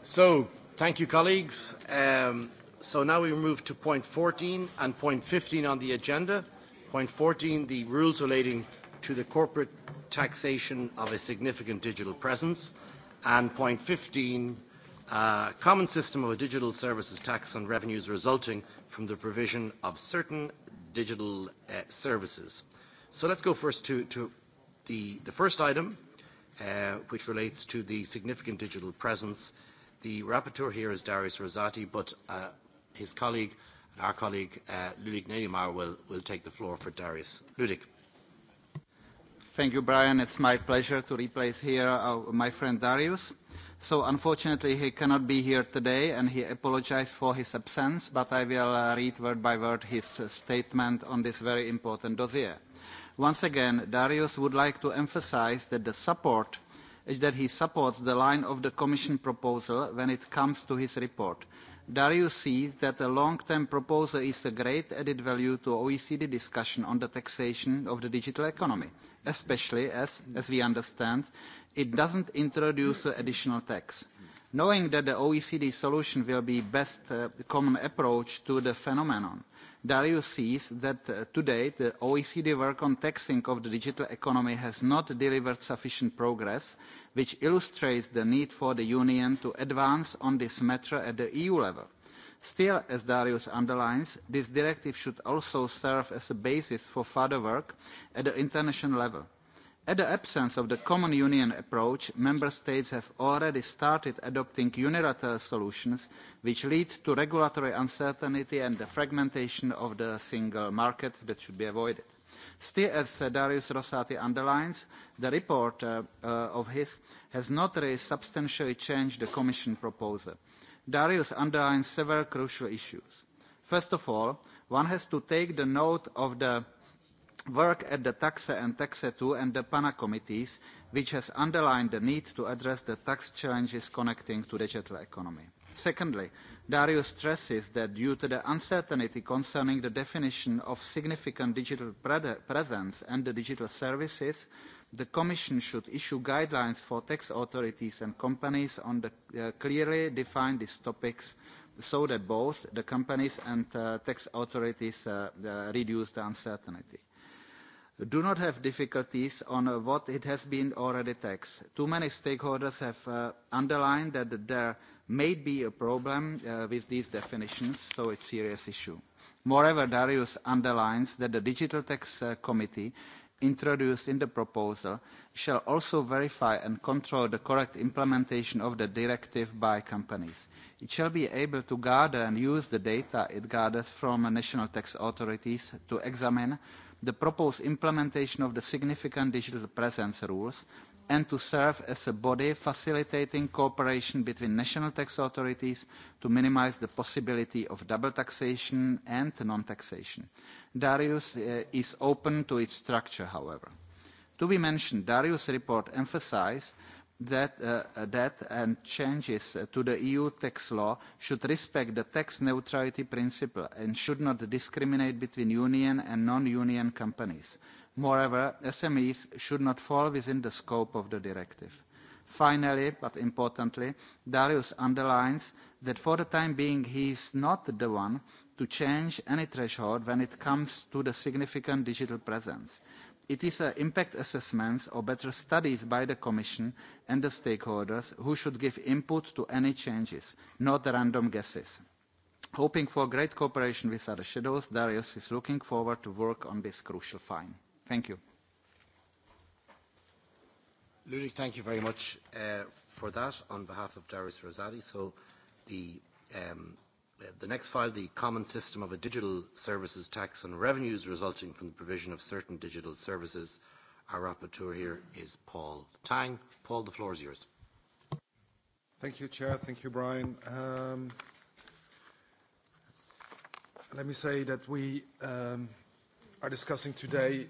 So, thank you, colleagues. Um, so now we move to point 14 and point 15 on the agenda. Point 14, the rules relating to the corporate taxation of a significant digital presence. And point 15, a uh, common system of a digital services tax on revenues resulting from the provision of certain digital uh, services. So let's go first to, to the, the first item, uh, which relates to the significant digital presence. Uh, The rapporteur here is Darius Rosati, but uh, his colleague, our colleague, uh, Ludwig Neymar, will, will take the floor for Darius. Ludwig. Thank you, Brian. It's my pleasure to replace here uh, my friend Darius. So unfortunately, he cannot be here today, and he apologized for his absence, but I will uh, read word by word his uh, statement on this very important dossier. Once again, Darius would like to emphasize that the support is that he supports the line of the Commission proposal when it comes to his report. Darius sees that the long-term proposal is a great added value to OECD discussion on the taxation of the digital economy, especially as, as we understand, it doesn't introduce an additional tax. Knowing that the OECD solution will be best uh, common approach to the phenomenon, Dario sees that uh, today the OECD work on taxing of the digital economy has not delivered sufficient progress, which illustrates the need for the Union to advance on this matter at the EU level. Still, as Darius underlines, this directive should also serve as a basis for further work at the international level. In the absence of the common union approach, member states have already started adopting unilateral solutions which lead to regulatory uncertainty and the fragmentation of the single market that should be avoided. Still, as uh, Darius Rosati underlines, the report uh, uh, of his has not really substantially changed the Commission proposal. Darius underlines several crucial issues. First of all, one has to take the note of the work at the taxe and taxe two and the pana committees which has underlined the need to address the tax challenges connecting to digital economy. Secondly, Darius stresses that due to the uncertainty concerning the definition of significant digital pre presence and the digital services, the Commission should issue guidelines for tax authorities and companies on the uh, clearly defined these topics so that both the companies and uh, tax authorities uh, uh, reduce the uncertainty do not have difficulties on uh, what it has been already taxed. Too many stakeholders have uh, underlined that there may be a problem uh, with these definitions, so it's a serious issue. Moreover, Darius underlines that the Digital Tax uh, Committee introduced in the proposal shall also verify and control the correct implementation of the directive by companies. It shall be able to gather and use the data it gathers from uh, national tax authorities to examine the proposed implementation of the significant digital presence rules and to serve as a body facilitating cooperation between national tax authorities to minimize the possibility of double taxation and non-taxation. Darius uh, is open to its structure, however. To be mentioned, Darius' report emphasized that uh, that and changes to the EU tax law should respect the tax neutrality principle and should not discriminate between union and non-union companies. Moreover, SMEs should not fall within the scope of the directive. Finally, but importantly, Darius underlines that for the time being he is not the one to change any threshold when it comes to the significant digital presence. It is an impact assessment or better studies by the Commission and the stakeholders who should give input to any changes, not random guesses. Hoping for great cooperation with other shadows, Darius is looking forward to work on this crucial fine. Thank you. Ludwig, thank you very much uh, for that on behalf of Darius Rozati. The um, The next file, the Common System of a Digital Services Tax on Revenues Resulting from the Provision of Certain Digital Services. Our rapporteur here is Paul Tang. Paul, the floor is yours. Thank you, Chair. Thank you, Brian. Um, let me say that we um, are discussing today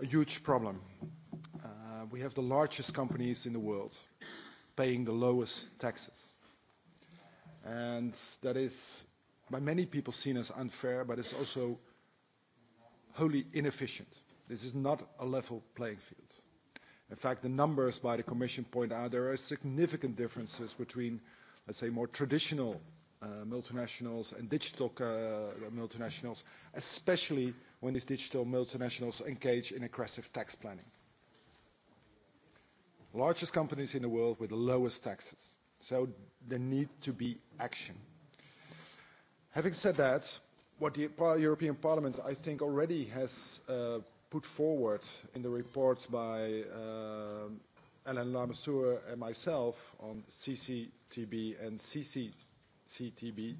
a huge problem. Uh, we have the largest companies in the world paying the lowest taxes and that is by many people seen as unfair, but it's also wholly inefficient. This is not a level playing field. In fact, the numbers by the Commission point out there are significant differences between, let's say, more traditional uh, multinationals and digital uh, multinationals, especially when these digital multinationals engage in aggressive tax planning. Largest companies in the world with the lowest taxes. So there need to be action. Having said that, what the European Parliament, I think, already has uh, put forward in the reports by uh, Alain Lamassoure and myself on CCTB and CCTB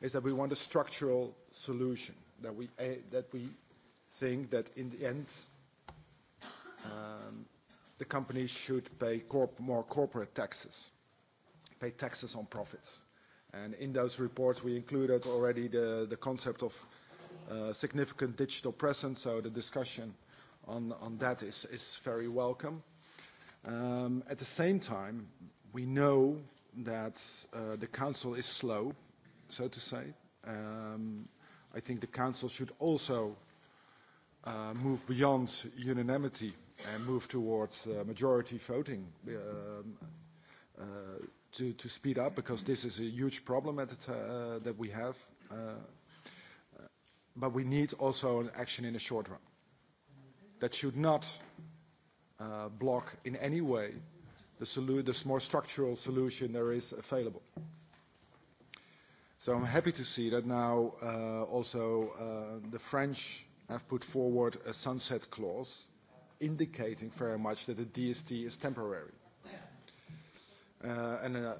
is that we want a structural solution, that we, uh, that we think that in the end um, the companies should pay corp- more corporate taxes pay taxes on profits. And in those reports, we included already the concept of uh, significant digital presence, so the discussion on that is very welcome. Um, at the same time, we know that uh, the council is slow, so to say. Um, I think the council should also uh, move beyond unanimity and move towards majority voting. Um, to, to speed up because this is a huge problem at the t- uh, that we have. Uh, uh, but we need also an action in the short run that should not uh, block in any way the, solu- the more structural solution there is available. So I'm happy to see that now uh, also uh, the French have put forward a sunset clause indicating very much that the DST is temporary uh, and uh,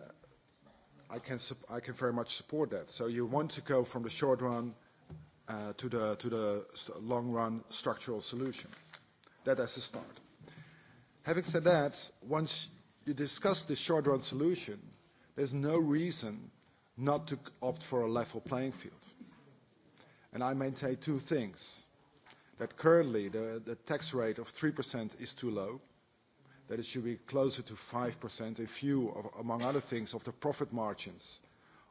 I can I can very much support that. So you want to go from the short run uh, to the to the long run structural solution. That as a start. Having said that, once you discuss the short run solution, there's no reason not to opt for a level playing field. And I maintain two things. That currently the, the tax rate of 3% is too low that it should be closer to 5%, a few, of, among other things, of the profit margins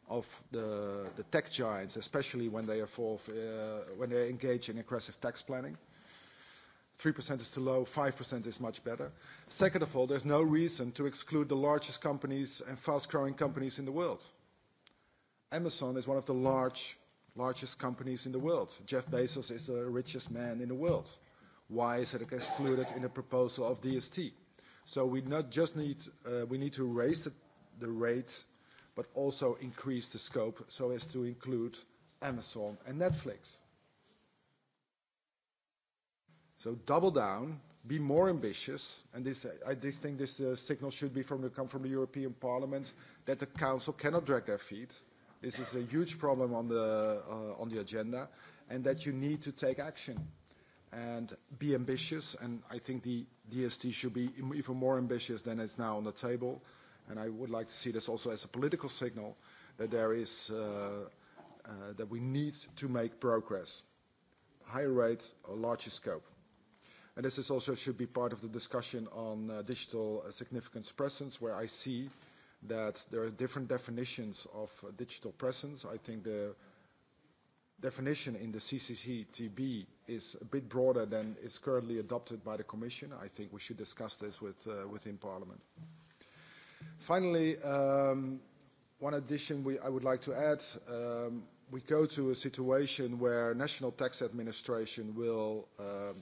of the, the tech giants, especially when they, evolve, uh, when they engage in aggressive tax planning. 3% is too low, 5% is much better. Second of all, there's no reason to exclude the largest companies and fast-growing companies in the world. Amazon is one of the large, largest companies in the world. Jeff Bezos is the richest man in the world. Why is it excluded in the proposal of DST? We not just need, uh, we need to raise the rate, but also increase the scope so as to include Amazon and Netflix. Double down, be more ambitious, and this, I just think this uh, signal should be come from the European Parliament that the Council cannot drag their feet. This is a huge problem on the uh, agenda, and that you need to take action and be ambitious, and I think the DST should be even more ambitious than is now on the table. I would like to see this also as a political signal that there is uh, uh, that we need to make progress. Higher rates, a larger scope. This is also should be part of the discussion on uh, digital significance presence, where I see that there are different definitions of digital presence. I think the definition in the CCTB is a bit broader than is currently adopted by the Commission. I think we should discuss this with, uh, within Parliament. Finally, um, one addition we, I would like to add, um, we go to a situation where National Tax Administration will, um,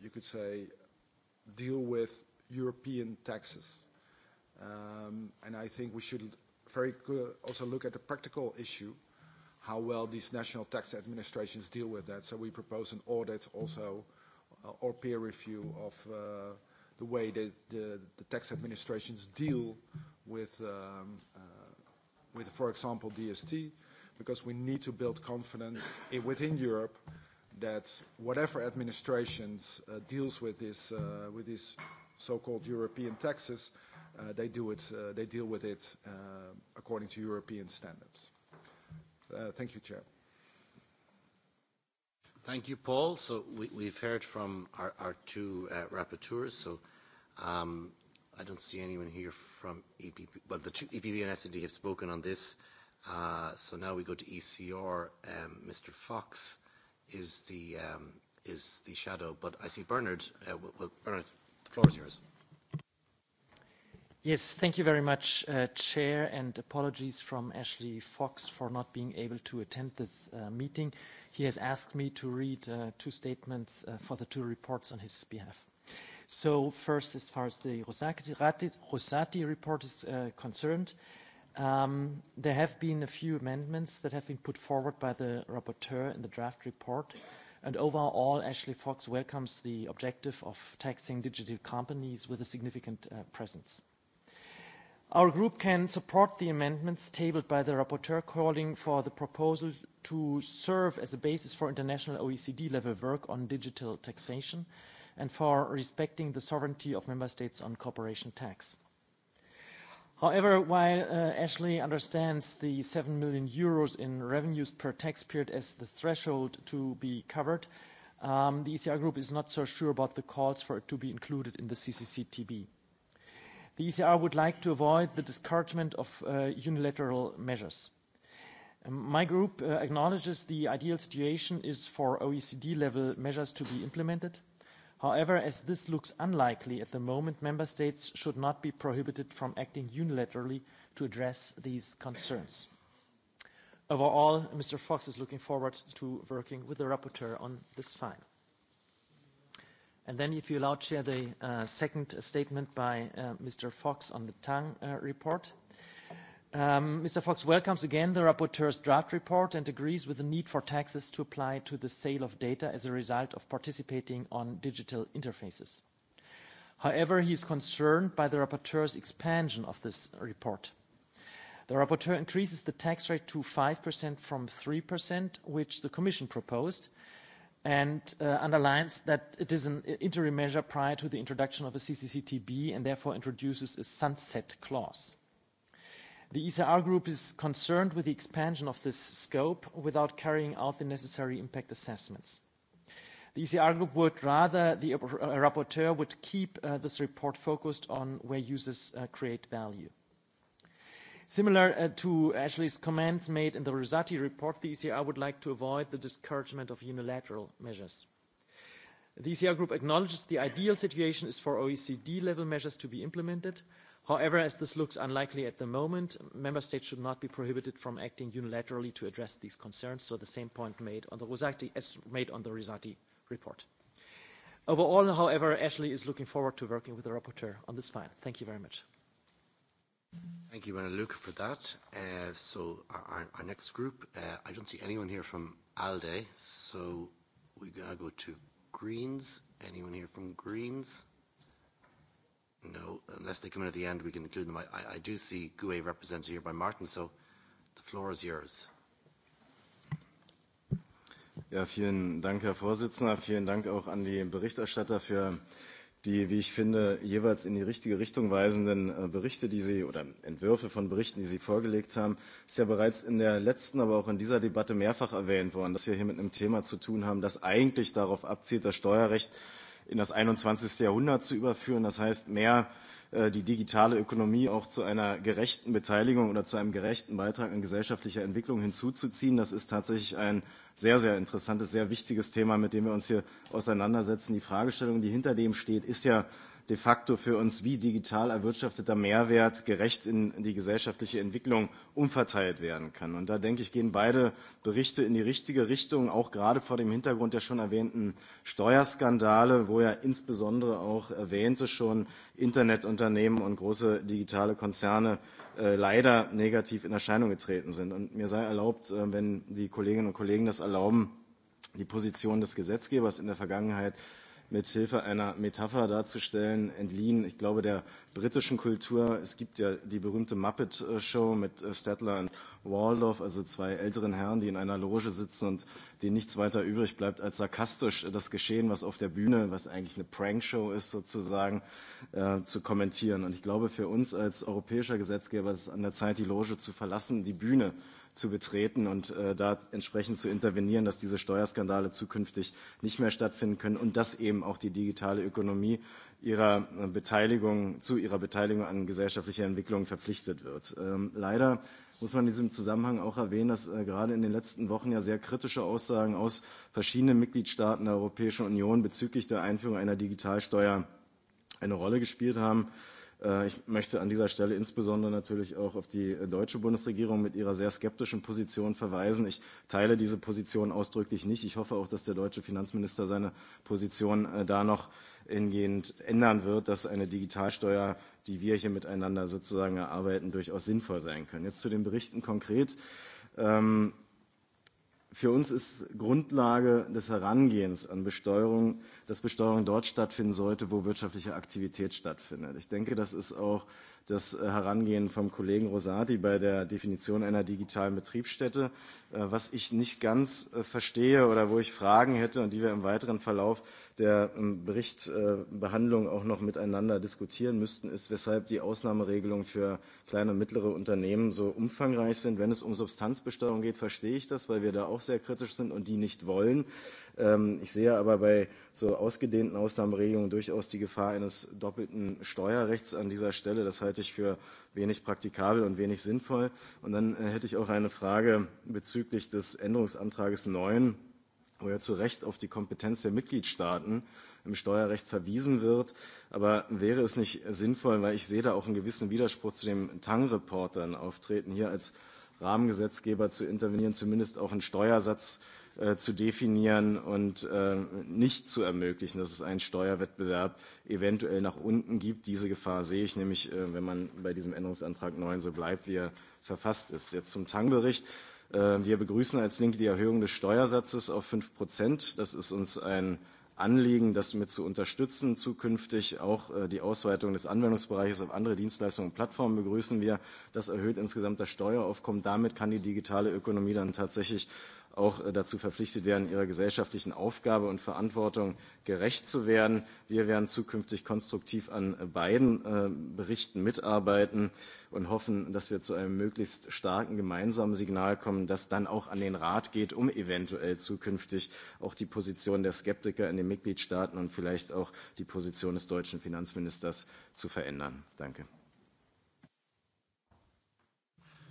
you could say, deal with European taxes. Um, and I think we should very good also look at the practical issue how well these national tax administrations deal with that. So we propose an audit also uh, or peer review of uh, the way that the, the tax administrations deal with, um, uh, with, for example, DST, because we need to build confidence within Europe that whatever administrations uh, deals with this, uh, with this so-called European taxes, uh, they, do it, uh, they deal with it uh, according to European standards. Uh, thank you, Chair. Thank you, Paul. So we, we've heard from our, our two uh, rapporteurs. So um, I don't see anyone here from EPP. Well, the two EPP and SD have spoken on this. Uh, so now we go to ECR. Um, Mr. Fox is the um, is the shadow, but I see Bernard. Uh, well, Bernard, the floor is yours. Mm-hmm. Yes, thank you very much, uh, Chair, and apologies from Ashley Fox for not being able to attend this uh, meeting. He has asked me to read uh, two statements uh, for the two reports on his behalf. So, first, as far as the Rosati report is uh, concerned, um, there have been a few amendments that have been put forward by the rapporteur in the draft report. And overall, Ashley Fox welcomes the objective of taxing digital companies with a significant uh, presence. Our group can support the amendments tabled by the rapporteur calling for the proposal to serve as a basis for international OECD level work on digital taxation and for respecting the sovereignty of member states on corporation tax. However, while uh, Ashley understands the 7 million euros in revenues per tax period as the threshold to be covered, um, the ECR group is not so sure about the calls for it to be included in the CCCTB. The ECR would like to avoid the discouragement of uh, unilateral measures. Um, my group uh, acknowledges the ideal situation is for OECD level measures to be implemented. However, as this looks unlikely at the moment, member states should not be prohibited from acting unilaterally to address these concerns. Overall, Mr. Fox is looking forward to working with the rapporteur on this file. Then if you allow, Chair, the uh, second statement by uh, Mr. Fox on the Tang uh, report. Mr. Um, Fox welcomes again the rapporteur's draft report and agrees with the need for taxes to apply to the sale of data as a result of participating on digital interfaces. However, he's concerned by the rapporteur's expansion of this report. The rapporteur increases the tax rate to 5% from 3%, which the Commission proposed, and uh, underlines that it is an uh, interim measure prior to the introduction of a CCCTB and therefore introduces a sunset clause. The ECR group is concerned with the expansion of this scope without carrying out the necessary impact assessments. The ECR group would rather the uh, rapporteur would keep uh, this report focused on where users uh, create value. Similar uh, to Ashley's comments made in the Rosati report, the ECR would like to avoid the discouragement of unilateral measures. The ECR group acknowledges the ideal situation is for OECD level measures to be implemented. However, as this looks unlikely at the moment, member states should not be prohibited from acting unilaterally to address these concerns. So the same point made on the Rosati, as made on the Rosati report. Overall, however, Ashley is looking forward to working with the rapporteur on this file. Thank you very much. Thank you, Luke, for that. Uh, so our next group, uh, I don't see anyone here from ALDE, so we're gonna go to Greens. Anyone here from Greens? No. Unless they come in at the end, we can include them. I do see GUE represented here by Martin, so the floor is yours. Ja, vielen Dank, Herr Vorsitzender. Vielen Dank auch an die Berichterstatter für die, wie ich finde, jeweils in die richtige Richtung weisenden äh, Berichte, die Sie oder Entwürfe von Berichten, die Sie vorgelegt haben, ist ja bereits in der letzten, aber auch in dieser Debatte mehrfach erwähnt worden, dass wir hier mit einem Thema zu tun haben, das eigentlich darauf abzielt, das Steuerrecht in das 21. Jahrhundert zu überführen. Das heißt, mehr äh, Äh, die digitale Ökonomie auch zu einer gerechten Beteiligung oder zu einem gerechten Beitrag an gesellschaftlicher Entwicklung hinzuzuziehen. Das ist tatsächlich ein sehr, sehr interessantes, sehr wichtiges Thema, mit dem wir uns hier auseinandersetzen. Die Fragestellung, die hinter dem steht, ist ja de facto für uns wie digital erwirtschafteter Mehrwert gerecht in die gesellschaftliche Entwicklung umverteilt werden kann. Und da denke ich, gehen beide Berichte in die richtige Richtung, auch gerade vor dem Hintergrund der schon erwähnten Steuerskandale, wo ja insbesondere auch erwähnte schon Internetunternehmen und große digitale Konzerne äh, leider negativ in Erscheinung getreten sind. Und mir sei erlaubt, äh, wenn die Kolleginnen und Kollegen das erlauben, die Position des Gesetzgebers in der Vergangenheit äh, mit Hilfe einer Metapher darzustellen, entliehen, ich glaube, der britischen Kultur. Es gibt ja die berühmte Muppet Show mit äh, Statler und Waldorf, also zwei älteren Herren, die in einer Loge sitzen und denen nichts weiter übrig bleibt, als sarkastisch das Geschehen, was auf der Bühne, was eigentlich eine Prank Show ist, sozusagen, äh, zu kommentieren. Und ich glaube, für uns als europäischer Gesetzgeber ist es an der Zeit, die Loge zu verlassen, die Bühne zu betreten und äh, da entsprechend zu intervenieren, dass diese Steuerskandale zukünftig nicht mehr stattfinden können und dass eben auch die digitale Ökonomie ihrer äh, Beteiligung, zu ihrer Beteiligung an gesellschaftlicher Entwicklung verpflichtet wird. Ähm, leider muss man in diesem Zusammenhang auch erwähnen, dass äh, gerade in den letzten Wochen ja sehr kritische Aussagen aus verschiedenen Mitgliedstaaten der Europäischen Union bezüglich der Einführung einer Digitalsteuer eine Rolle gespielt haben. Äh, ich möchte an dieser Stelle insbesondere natürlich auch auf die äh, deutsche Bundesregierung mit ihrer sehr skeptischen Position verweisen. Ich teile diese Position ausdrücklich nicht. Ich hoffe auch, dass der deutsche Finanzminister seine Position äh, da noch hingehend ändern wird, dass eine Digitalsteuer, die wir hier miteinander sozusagen erarbeiten, durchaus sinnvoll sein kann. Jetzt zu den Berichten konkret. Ähm, Für uns ist Grundlage des Herangehens an Besteuerung, dass Besteuerung dort stattfinden sollte, wo wirtschaftliche Aktivität stattfindet. Ich denke, das ist auch das Herangehen vom Kollegen Rosati bei der Definition einer digitalen Betriebsstätte. Äh, was ich nicht ganz äh, verstehe oder wo ich Fragen hätte und die wir im weiteren Verlauf der ähm, Berichtbehandlung äh, auch noch miteinander diskutieren müssten, ist, weshalb die Ausnahmeregelungen für kleine und mittlere Unternehmen so umfangreich sind. Wenn es um Substanzbesteuerung geht, verstehe ich das, weil wir da auch sehr kritisch sind und die nicht wollen. Ähm, ich sehe aber bei so ausgedehnten Ausnahmeregelungen durchaus die Gefahr eines doppelten Steuerrechts an dieser Stelle. Das halte ich für wenig praktikabel und wenig sinnvoll. Und dann äh, hätte ich auch eine Frage bezüglich des Änderungsantrages 9 wo ja zu Recht auf die Kompetenz der Mitgliedstaaten im Steuerrecht verwiesen wird. Aber wäre es nicht sinnvoll, weil ich sehe da auch einen gewissen Widerspruch zu dem Tang-Reportern auftreten, hier als Rahmengesetzgeber zu intervenieren, zumindest auch einen Steuersatz äh, zu definieren und äh, nicht zu ermöglichen, dass es einen Steuerwettbewerb eventuell nach unten gibt. Diese Gefahr sehe ich nämlich, äh, wenn man bei diesem Änderungsantrag 9 so bleibt, wie er verfasst ist. Jetzt zum Tang-Bericht. Ähm, wir begrüßen als Linke die Erhöhung des Steuersatzes auf fünf Prozent. Das ist uns ein Anliegen, das mit zu unterstützen. Zukünftig auch äh, die Ausweitung des Anwendungsbereiches auf andere Dienstleistungen und Plattformen begrüßen wir. Das erhöht insgesamt das Steueraufkommen. Damit kann die digitale Ökonomie dann tatsächlich auch äh, dazu verpflichtet werden, ihrer gesellschaftlichen Aufgabe und Verantwortung gerecht zu werden. Wir werden zukünftig konstruktiv an äh, beiden äh, Berichten mitarbeiten und hoffen, dass wir zu einem möglichst starken gemeinsamen Signal kommen, das dann auch an den Rat geht, um eventuell zukünftig auch die Position der Skeptiker in den Mitgliedstaaten und vielleicht auch die Position des deutschen Finanzministers zu verändern. Danke.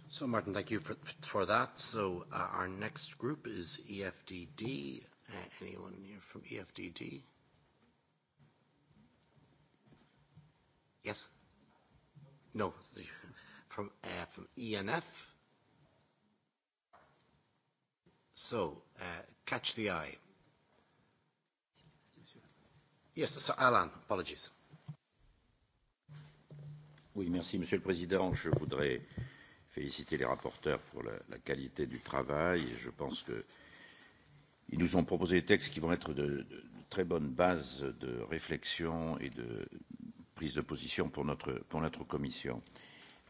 So, Martin, thank you for, for that. So, uh, our next group is EFDD. Uh, anyone here from EFDD? Yes? No. From, uh, from ENF? So, uh, catch the eye. Yes, so Alan, apologies. Oui, merci, Monsieur le Président. Je voudrais féliciter les rapporteurs pour la, la qualité du travail. Et je pense qu'ils nous ont proposé des textes qui vont être de, de, de très bonnes bases de réflexion et de prise de position pour notre, pour notre commission.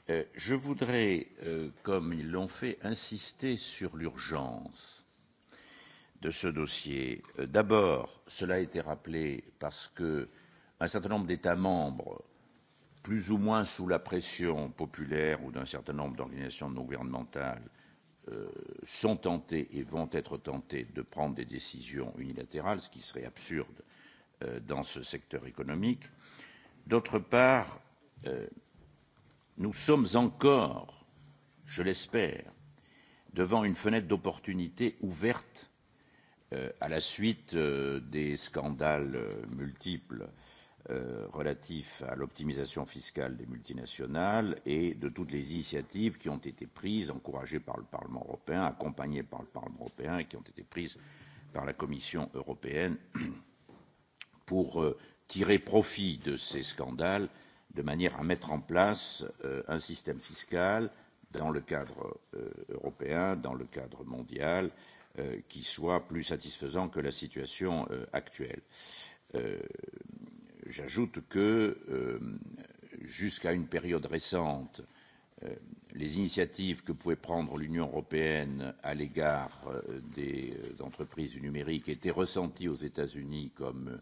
Euh, je voudrais, euh, comme ils l'ont fait, insister sur l'urgence de ce dossier. Euh, D'abord, cela a été rappelé parce que un certain nombre d'États membres plus ou moins sous la pression populaire ou d'un certain nombre d'organisations non gouvernementales, euh, sont tentés et vont être tentés de prendre des décisions unilatérales, ce qui serait absurde euh, dans ce secteur économique. D'autre part, euh, nous sommes encore, je l'espère, devant une fenêtre d'opportunité ouverte euh, à la suite euh, des scandales euh, multiples euh, Euh, relatif à l'optimisation fiscale des multinationales et de toutes les initiatives qui ont été prises, encouragées par le Parlement européen, accompagnées par le Parlement européen et qui ont été prises par la Commission européenne pour euh, tirer profit de ces scandales de manière à mettre en place euh, un système fiscal dans le cadre euh, européen, dans le cadre mondial, euh, qui soit plus satisfaisant que la situation euh, actuelle. Euh, J'ajoute que, euh, jusqu'à une période récente, euh, les initiatives que pouvait prendre l'Union européenne à l'égard euh, des euh, entreprises numériques étaient ressenties aux États-Unis comme euh,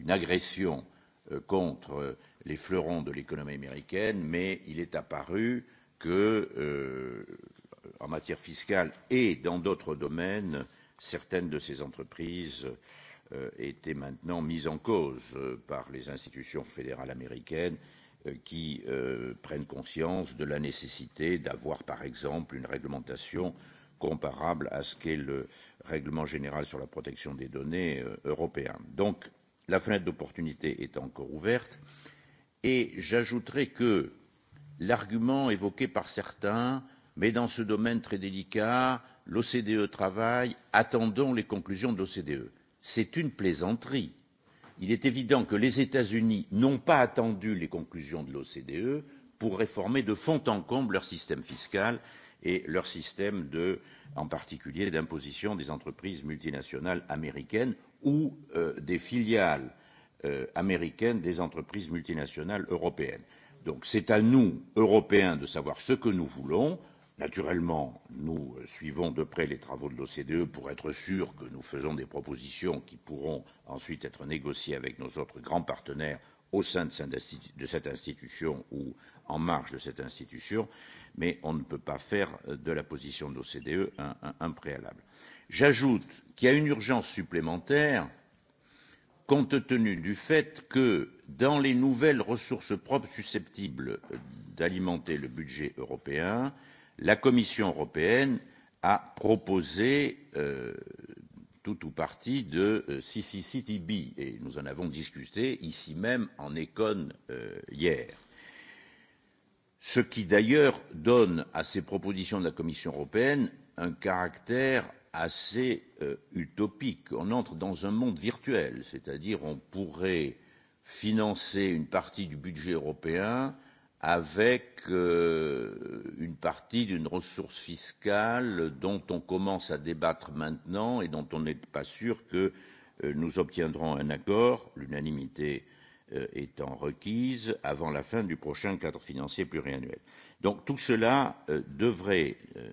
une agression euh, contre euh, les fleurons de l'économie américaine, mais il est apparu que, euh, en matière fiscale et dans d'autres domaines, certaines de ces entreprises euh, euh, était maintenant mise en cause euh, par les institutions fédérales américaines euh, qui euh, prennent conscience de la nécessité d'avoir, par exemple, une réglementation comparable à ce qu'est le règlement général sur la protection des données euh, européen. Donc, la fenêtre d'opportunité est encore ouverte et j'ajouterai que l'argument évoqué par certains mais dans ce domaine très délicat, l'OCDE travaille, attendons les conclusions de l'OCDE c'est une plaisanterie. Il est évident que les États-Unis n'ont pas attendu les conclusions de l'OCDE pour réformer de fond en comble leur système fiscal et leur système de, en particulier d'imposition des entreprises multinationales américaines ou euh, des filiales euh, américaines des entreprises multinationales européennes. Donc c'est à nous, Européens, de savoir ce que nous voulons. Naturellement, nous suivons de près les travaux de l'OCDE pour être sûr que nous faisons des propositions qui pourront ensuite être négociées avec nos autres grands partenaires au sein de cette institution ou en marge de cette institution, mais on ne peut pas faire de la position de l'OCDE un, un, un préalable. J'ajoute qu'il y a une urgence supplémentaire compte tenu du fait que dans les nouvelles ressources propres susceptibles d'alimenter le budget européen, euh, la Commission européenne a proposé euh, tout ou partie de euh, CCCTB, et nous en avons discuté ici même en Écône euh, hier. Ce qui d'ailleurs donne à ces propositions de la Commission européenne un caractère assez euh, utopique. On entre dans un monde virtuel, c'est-à-dire on pourrait financer une partie du budget européen euh, avec euh, une partie d'une ressource fiscale dont on commence à débattre maintenant et dont on n'est pas sûr que euh, nous obtiendrons un accord, l'unanimité euh, étant requise, avant la fin du prochain cadre financier pluriannuel. Donc tout cela euh, devrait euh,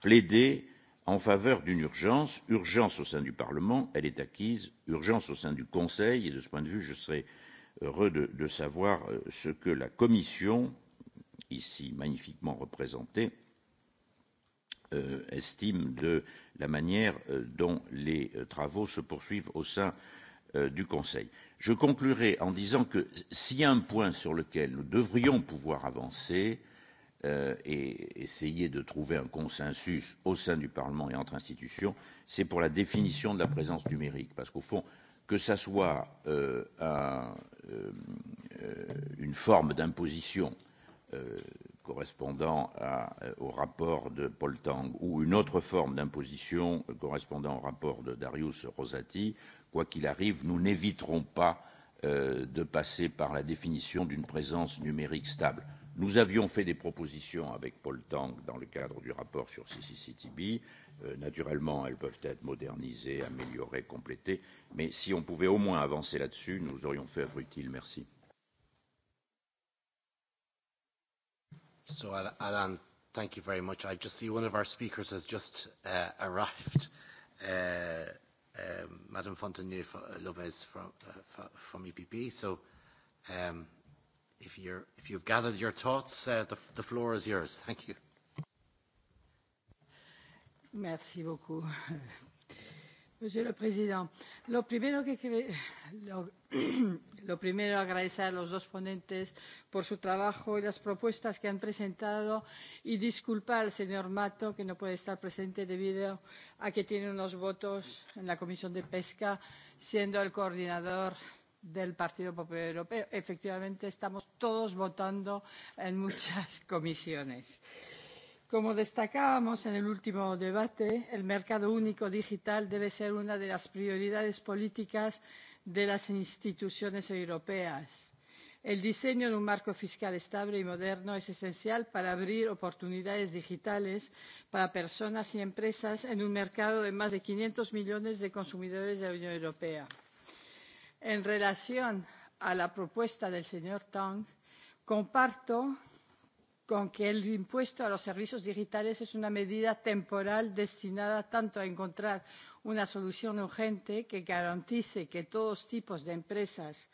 plaider en faveur d'une urgence, urgence au sein du Parlement, elle est acquise, urgence au sein du Conseil, et de ce point de vue, je serai euh, heureux de, de savoir euh, ce que la Commission, ici magnifiquement représentée, euh, estime de la manière euh, dont les euh, travaux se poursuivent au sein euh, du Conseil. Je conclurai en disant que s'il y a un point sur lequel nous devrions pouvoir avancer euh, et essayer de trouver un consensus au sein du Parlement et entre institutions, c'est pour la définition de la présence numérique. Parce qu'au fond, euh, que ça soit euh, un, euh, une forme d'imposition euh, correspondant à, euh, au rapport de Paul Tang ou une autre forme d'imposition euh, correspondant au rapport de Darius Rosati, quoi qu'il arrive, nous n'éviterons pas euh, de passer par la définition d'une présence numérique stable. Nous avions fait des propositions avec Paul Tang dans le cadre du rapport sur CCCTB. Euh, naturellement, elles peuvent être modernisées, améliorées, complétées. Mais si on pouvait au moins avancer là-dessus, nous aurions fait œuvre utile. Merci. So, Alan, thank you very much. I just see one of our speakers has just uh, arrived. Uh, um, Madame Fontenay-Lopez from, uh, from EPP. So, um, if you're if you've gathered your thoughts, uh, the, the floor is yours. Thank you. Merci beaucoup, Monsieur le Président. Lo primero que cre... lo... lo primero agradecer a los dos ponentes por su trabajo y las propuestas que han presentado y disculpar al señor Mato que no puede estar presente debido a que tiene unos votos en la Comisión de Pesca, siendo el coordinador del Partido Popular Europeo. Efectivamente, estamos todos votando en muchas comisiones. Como destacábamos en el último debate, el mercado único digital debe ser una de las prioridades políticas de las instituciones europeas. El diseño de un marco fiscal estable y moderno es esencial para abrir oportunidades digitales para personas y empresas en un mercado de más de 500 millones de consumidores de la Unión Europea. En relación a la propuesta del señor Tong, comparto con que el impuesto a los servicios digitales es una medida temporal destinada tanto a encontrar una solución urgente que garantice que todos tipos de empresas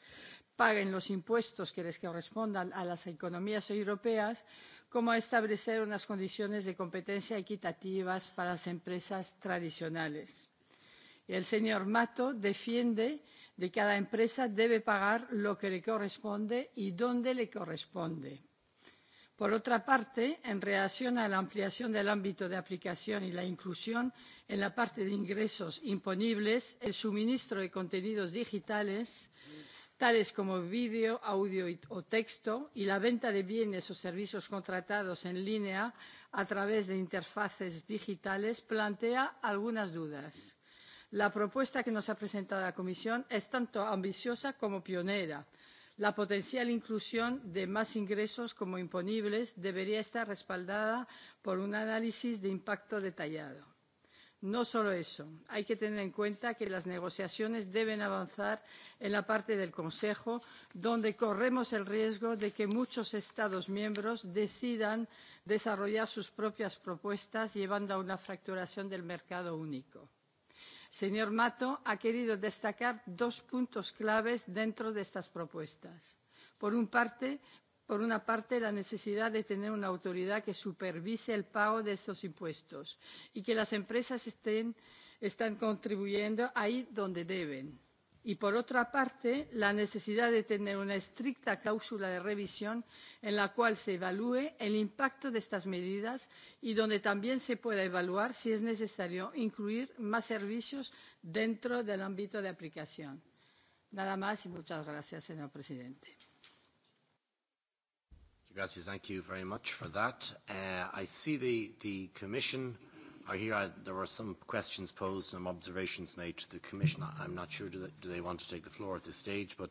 paguen los impuestos que les correspondan a las economías europeas, como a establecer unas condiciones de competencia equitativas para las empresas tradicionales. Y el señor Mato defiende de cada empresa debe pagar lo que le corresponde y dónde le corresponde. Por otra parte, en relación a la ampliación del ámbito de aplicación y la inclusión en la parte de ingresos imponibles, el suministro de contenidos digitales, tales como vídeo, audio o texto, y la venta de bienes o servicios contratados en línea a través de interfaces digitales, plantea algunas dudas. La propuesta que nos ha presentado la Comisión es tanto ambiciosa como pionera. La potencial inclusión de más ingresos como imponibles debería estar respaldada por un análisis de impacto detallado. No solo eso, hay que tener en cuenta que las negociaciones deben avanzar en la parte del Consejo, donde corremos el riesgo de que muchos Estados miembros decidan desarrollar sus propias propuestas, llevando a una fracturación del mercado único señor mato ha querido destacar dos puntos claves dentro de estas propuestas por una parte la necesidad de tener una autoridad que supervise el pago de estos impuestos y que las empresas estén contribuyendo ahí donde deben; y por otra parte la necesidad de tener una estricta cláusula de revisión en la cual se evalúe el impacto de estas medidas y donde también se pueda evaluar si es necesario incluir más servicios dentro del ámbito de aplicación. Nada más y muchas gracias, señor presidente. Gracias, thank you very much for that. Uh, I see the, the Commission I hear I, there were some questions posed, some observations made to the Commission. I'm not sure do they, do they want to take the floor at this stage, but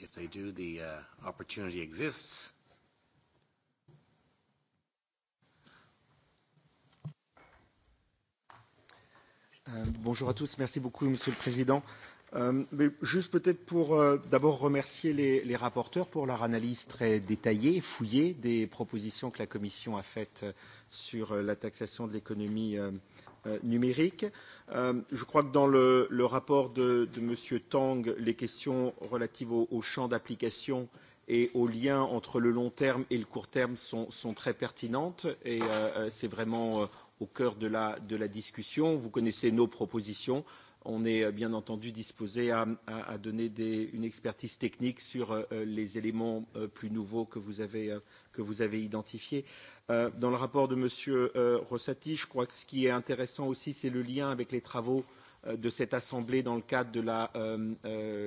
if they do, the uh, opportunity exists. Euh, bonjour à tous, merci beaucoup Monsieur le Président. Euh, Euh, mais juste peut-être pour euh, d'abord remercier les, les rapporteurs pour leur analyse très détaillée, fouillée des propositions que la Commission a faites euh, sur euh, la taxation de l'économie euh, euh, numérique. Euh, je crois que dans le, le rapport de, de M. Tang, les questions relatives au, au champ d'application et aux liens entre le long terme et le court terme sont, sont très pertinentes et euh, euh, c'est vraiment euh, au cœur de la, de la discussion. Vous connaissez nos propositions on est euh, bien entendu disposé à, à, à donner des, une expertise technique sur euh, euh, les éléments euh, plus nouveaux que vous avez, euh, que vous avez identifiés. Euh, dans le rapport de M. Euh, Rossati, je crois que ce qui est intéressant aussi, c'est le lien avec les travaux euh, de cette Assemblée dans le cadre de l'assiette la, euh,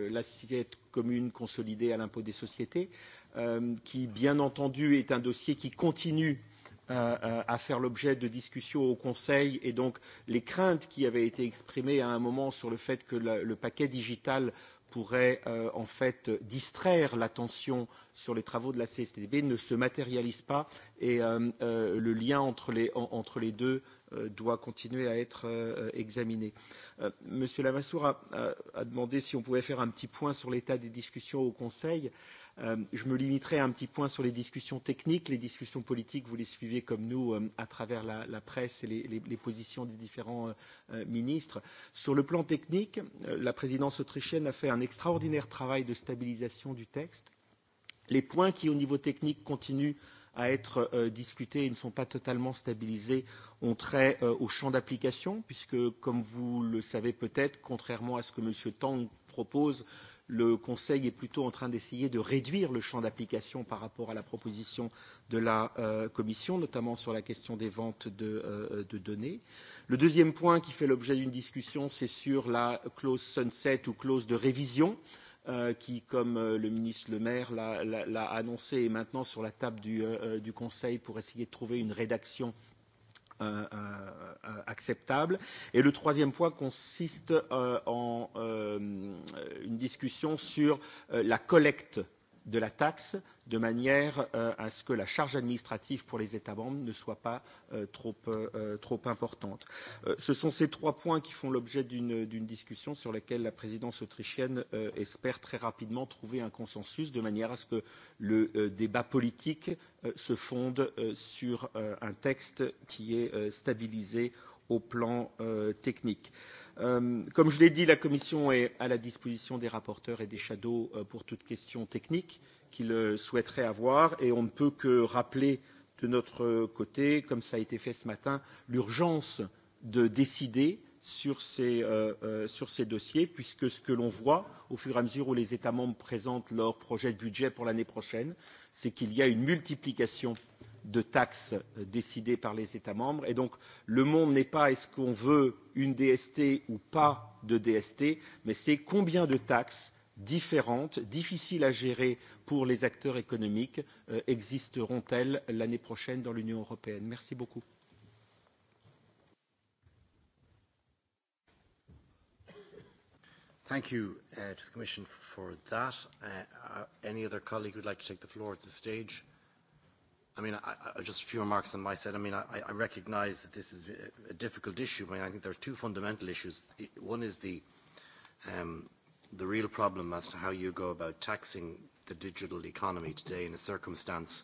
euh, commune consolidée à l'impôt des sociétés, euh, qui, bien entendu, est un dossier qui continue euh, Euh, euh, à faire l'objet de discussions au Conseil et donc les craintes qui avaient été exprimées à un moment sur le fait que la, le paquet digital pourrait euh, en fait distraire l'attention sur les travaux de la CSTB ne se matérialise pas et euh, euh, le lien entre les, en, entre les deux euh, doit continuer à être euh, examiné. Euh, monsieur Lamassoure a, a, a demandé si on pouvait faire un petit point sur l'état des discussions au Conseil. Euh, Euh, je me limiterai à un petit point sur les discussions techniques. Les discussions politiques, vous les suivez comme nous euh, à travers la, la presse et les, les, les positions des différents euh, euh, ministres. Sur le plan technique, euh, la présidence autrichienne a fait un extraordinaire travail de stabilisation du texte. Les points qui, au niveau technique, continuent à être euh, discutés et ne sont pas totalement stabilisés ont trait euh, au champ d'application, puisque, comme vous le savez peut-être, contrairement à ce que M. Tang propose, le Conseil est plutôt en train d'essayer de réduire le champ d'application par rapport à la proposition de la euh, Commission, notamment sur la question des ventes de, euh, de données. Le deuxième point qui fait l'objet d'une discussion, c'est sur la clause sunset ou clause de révision, euh, qui, comme euh, le ministre Le Maire l'a annoncé, est maintenant sur la table du, euh, euh, du Conseil pour essayer de trouver une rédaction euh, Euh, euh, acceptable. Et le troisième point consiste euh, en euh, une discussion sur euh, la collecte euh, de la taxe de manière euh, à ce que la charge administrative pour les États membres ne soit pas euh, trop, euh, euh trop importante. Euh, ce sont ces trois points qui font l'objet d'une discussion sur laquelle la présidence autrichienne euh, espère très rapidement trouver un consensus de manière à ce que le euh, débat politique euh, se fonde euh, sur euh, un texte qui est euh, stabilisé au plan euh, technique. Euh, Euh, comme je l'ai dit, la Commission est à la disposition des rapporteurs et des shadows euh, pour toute question technique qu'ils euh, souhaiteraient avoir et on ne peut que rappeler de notre côté, comme ça a été fait ce matin, l'urgence de décider sur ces, euh, sur ces dossiers puisque ce que l'on voit au fur et à mesure où les États membres présentent leur projet de budget pour l'année prochaine, c'est qu'il y a une multiplication de taxes décidées par les États membres et donc le monde n'est pas est ce qu'on veut euh, une DST ou pas de DST, mais c'est combien de taxes différentes, difficiles à gérer pour les acteurs économiques, euh, existeront-elles l'année prochaine dans l'Union européenne Merci beaucoup. Thank you uh, to the Commission for that. Uh, uh, any other colleague would like to take the floor at this stage? Uh, I mean, I, I, just a few remarks on my side. I mean, I, I recognise that this is a, a difficult issue. I mean, I think there are two fundamental issues. One is the um, the real problem as to how you go about taxing the digital economy today in a circumstance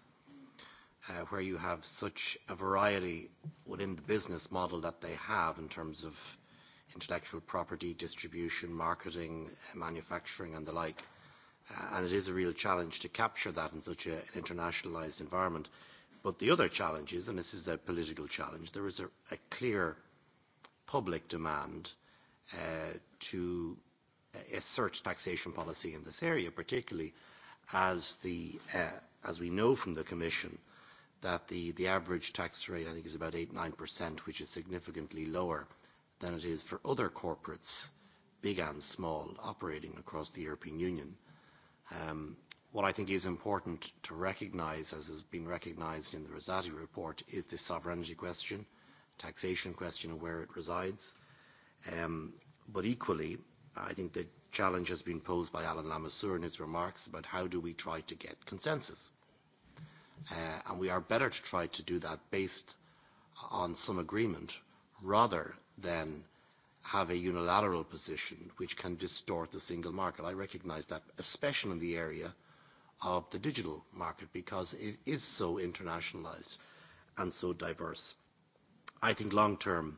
uh, where you have such a variety within the business model that they have in terms of intellectual property distribution, marketing, uh, manufacturing, and the like. Uh, and it is a real challenge to capture that in such a, an internationalized environment. But the other challenge is, and this is a political challenge, there is a, a clear public demand uh, to uh, assert taxation policy in this area, particularly as, the, uh, as we know from the Commission that the, the average tax rate, I think, is about 8 9%, which is significantly lower than it is for other corporates, big and small, operating across the European Union. Um, what I think is important to recognise, as has been recognised in the Rosati report, is this sovereignty question, taxation question of where it resides. Um, but equally, I think the challenge has been posed by Alan Lamassoure in his remarks about how do we try to get consensus. Uh, and we are better to try to do that based on some agreement rather than uh, have a unilateral position which can distort the single market. I recognize that, especially in the area of the digital market, because it is so internationalized and so diverse. I think long term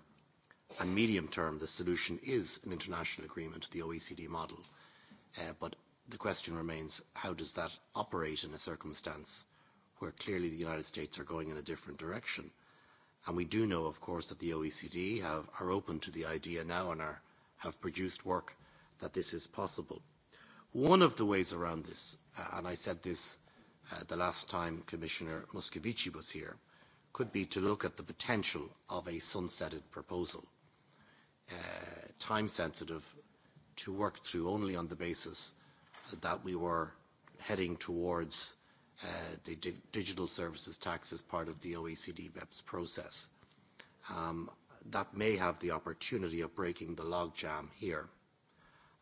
and medium term, the solution is an international agreement, the OECD model. Uh, but the question remains how does that operate in a circumstance where clearly the United States are going in a different direction? And we do know, of course, that the OECD have, are open to the idea now and are, have produced work that this is possible. One of the ways around this, uh, and I said this uh, the last time Commissioner Muscovici was here, could be to look at the potential of a sunsetted proposal, uh, time sensitive, to work through only on the basis that we were heading towards uh, Uh, the digital services tax as part of the OECD BEPS process. Um, that may have the opportunity of breaking the logjam here,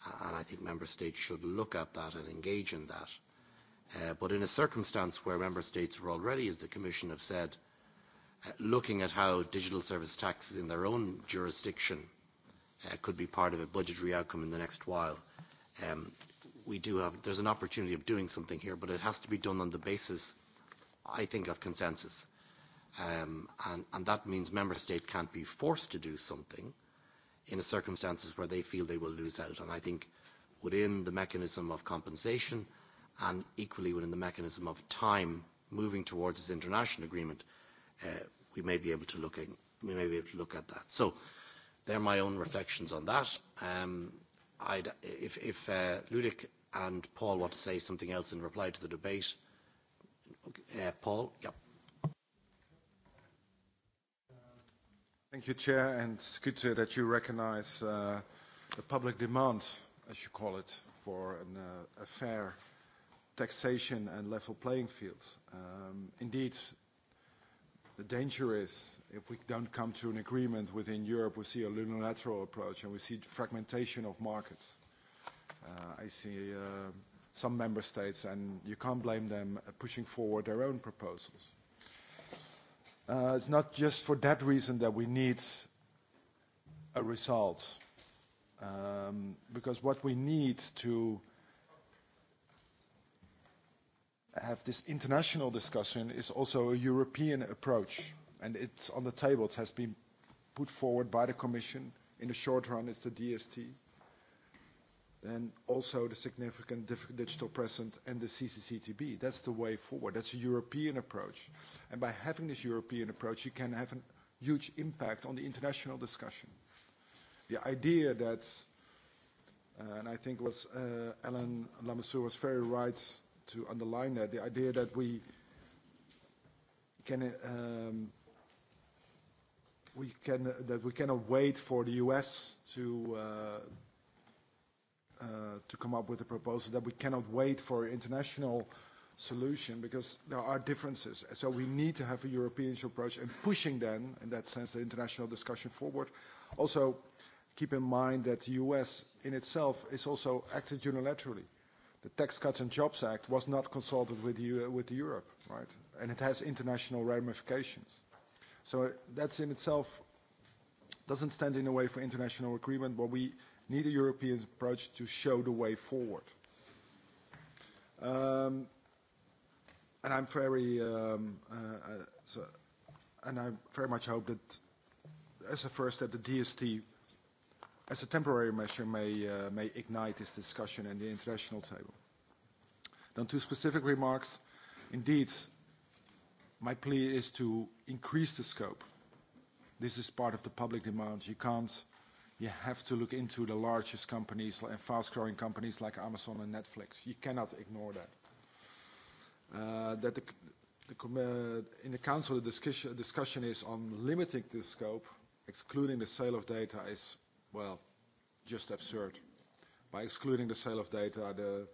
uh, and I think member states should look at that and engage in that. Uh, but in a circumstance where member states are already, as the Commission have said, looking at how digital service taxes in their own jurisdiction could be part of a budgetary outcome in the next while, um, we do have there's an opportunity of doing something here, but it has to be done on the basis, I think, of consensus. Um, and, and that means member states can't be forced to do something in a circumstances where they feel they will lose out. And I think within the mechanism of compensation and equally within the mechanism of time moving towards this international agreement, uh, we may be able to look at, we may be able to look at that. So they're my own reflections on that. Um, I'd, if if uh, Ludic and Paul want to say something else in reply to the debate, okay, uh, Paul, yep. Thank you, Chair, and it's good to, that you recognize uh, the public demand, as you call it, for an, uh, a fair taxation and level playing field. Um, indeed, the danger is if we don't come to an agreement within Europe, we see a unilateral approach and we see fragmentation of markets. Uh, I see uh, some member states, and you can't blame them, uh, pushing forward their own proposals. Uh, it's not just for that reason that we need a uh, result, um, because what we need to have this international discussion is also a European approach and it's on the table. It has been put forward by the Commission. In the short run, it's the DST. Then also the significant digital present and the CCCTB. That's the way forward. That's a European approach. And by having this European approach, you can have a huge impact on the international discussion. The idea that, uh, and I think it was uh, Alan Lamassoure was very right to underline that, the idea that we can um, we can that we cannot wait for the U.S. to uh, uh, to come up with a proposal that we cannot wait for an international solution because there are differences. So we need to have a European approach and pushing then, in that sense, the international discussion forward. Also, keep in mind that the U.S. in itself is also acted unilaterally. The Tax Cuts and Jobs Act was not consulted with, U- with Europe, right? And it has international ramifications. So that's in itself doesn't stand in the way for international agreement, but we need a European approach to show the way forward. Um, and I'm very um, uh, uh so, and I very much hope that as a first that the DST as a temporary measure may uh, may ignite this discussion in the international table. Then two specific remarks. Indeed, My plea is to increase the scope. This is part of the public demand. You can't, you have to look into the largest companies and fast growing companies like Amazon and Netflix. You cannot ignore that. Uh, that the, the, uh, in the council, the discussion, discussion is on limiting the scope, excluding the sale of data is, well, just absurd. By excluding the sale of data, the,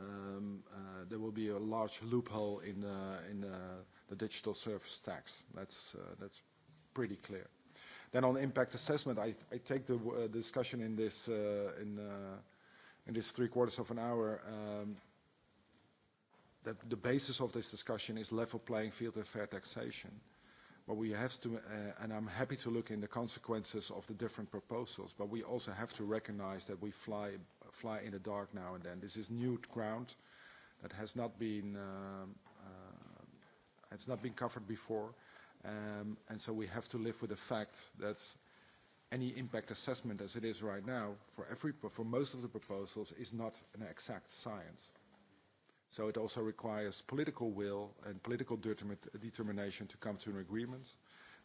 um, uh, there will be a large loophole in, uh, in uh, the digital service tax. That's, uh, that's pretty clear. Then on impact assessment, I, th- I take the w- uh, discussion in this, uh, in, uh, in this three quarters of an hour um, that the basis of this discussion is level playing field and fair taxation. But we have to, uh, and I'm happy to look in the consequences of the different proposals, but we also have to recognize that we fly fly in the dark now and then. This is new ground that has not been uh, uh, has not been covered before, um, and so we have to live with the fact that any impact assessment, as it is right now, for every for most of the proposals, is not an exact science. So it also requires political will and political determ- determination to come to an agreement.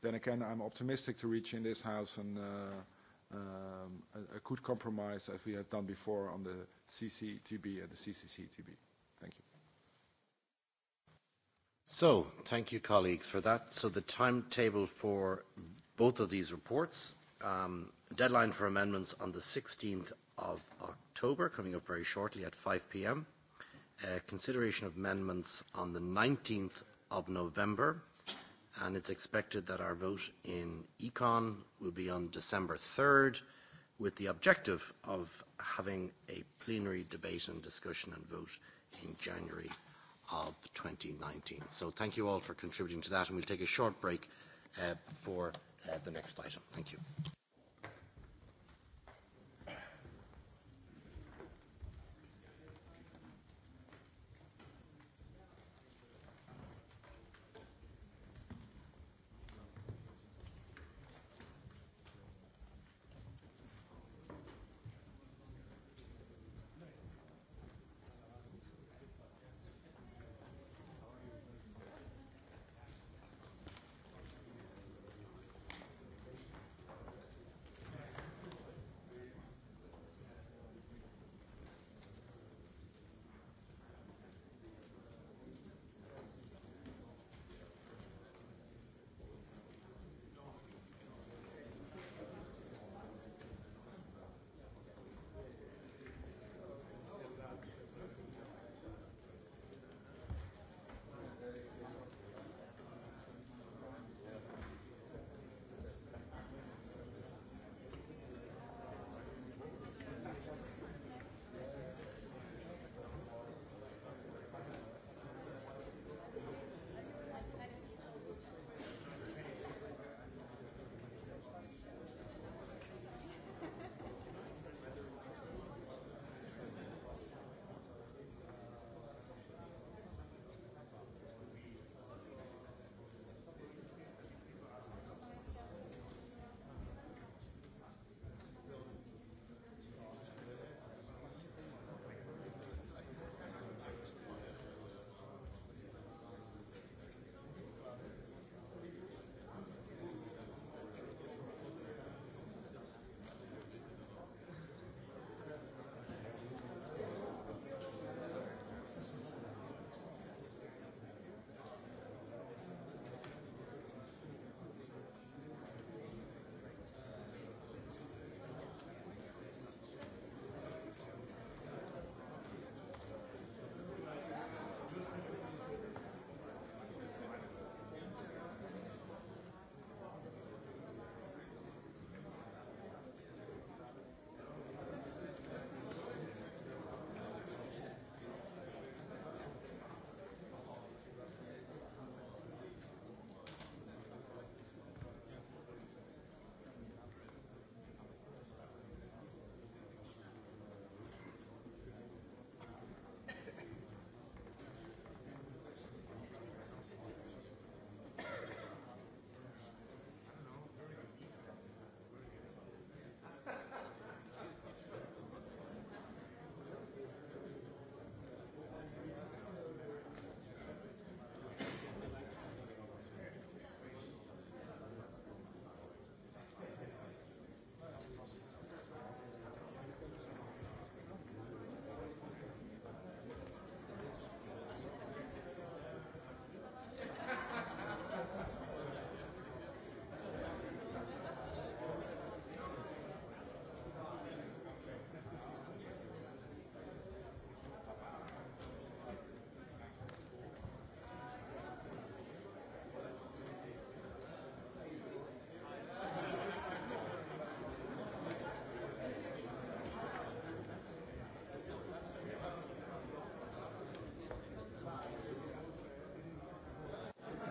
Then again, I'm optimistic to reach in this house and. Uh, um, a, a good compromise as we have done before on the CCTB and uh, the CCCTB. Thank you. So, thank you, colleagues, for that. So, the timetable for both of these reports, um, deadline for amendments on the 16th of October, coming up very shortly at 5 p.m., uh, consideration of amendments on the 19th of November and it's expected that our vote in econ will be on december 3rd with the objective of having a plenary debate and discussion and vote in january of 2019 so thank you all for contributing to that and we'll take a short break uh, for uh, the next item thank you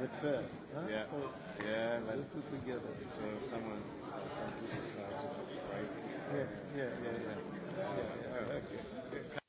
the pair. Huh? Yeah. Or yeah, like they put together. So someone, some people try to write. Yeah, yeah, yeah. yeah. yeah. yeah. yeah. yeah. Oh, okay.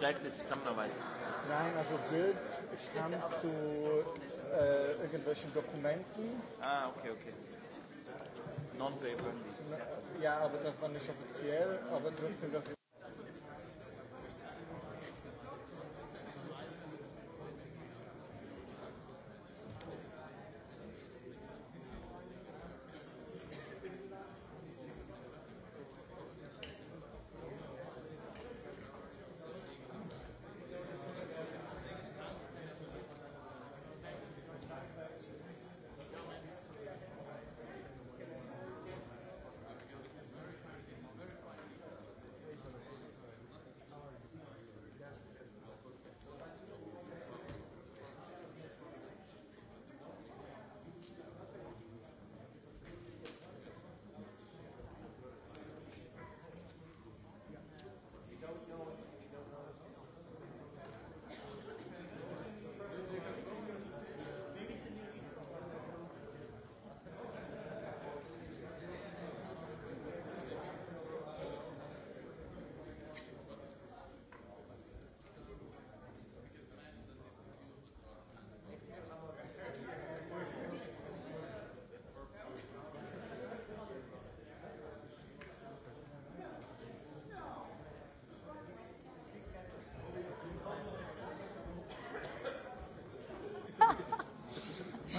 verstärkte Zusammenarbeit. Nein, also Bild stand zu äh, irgendwelchen Dokumenten. Ah, okay, okay. Non-paper. Ja, aber das war nicht offiziell, aber trotzdem, dass ich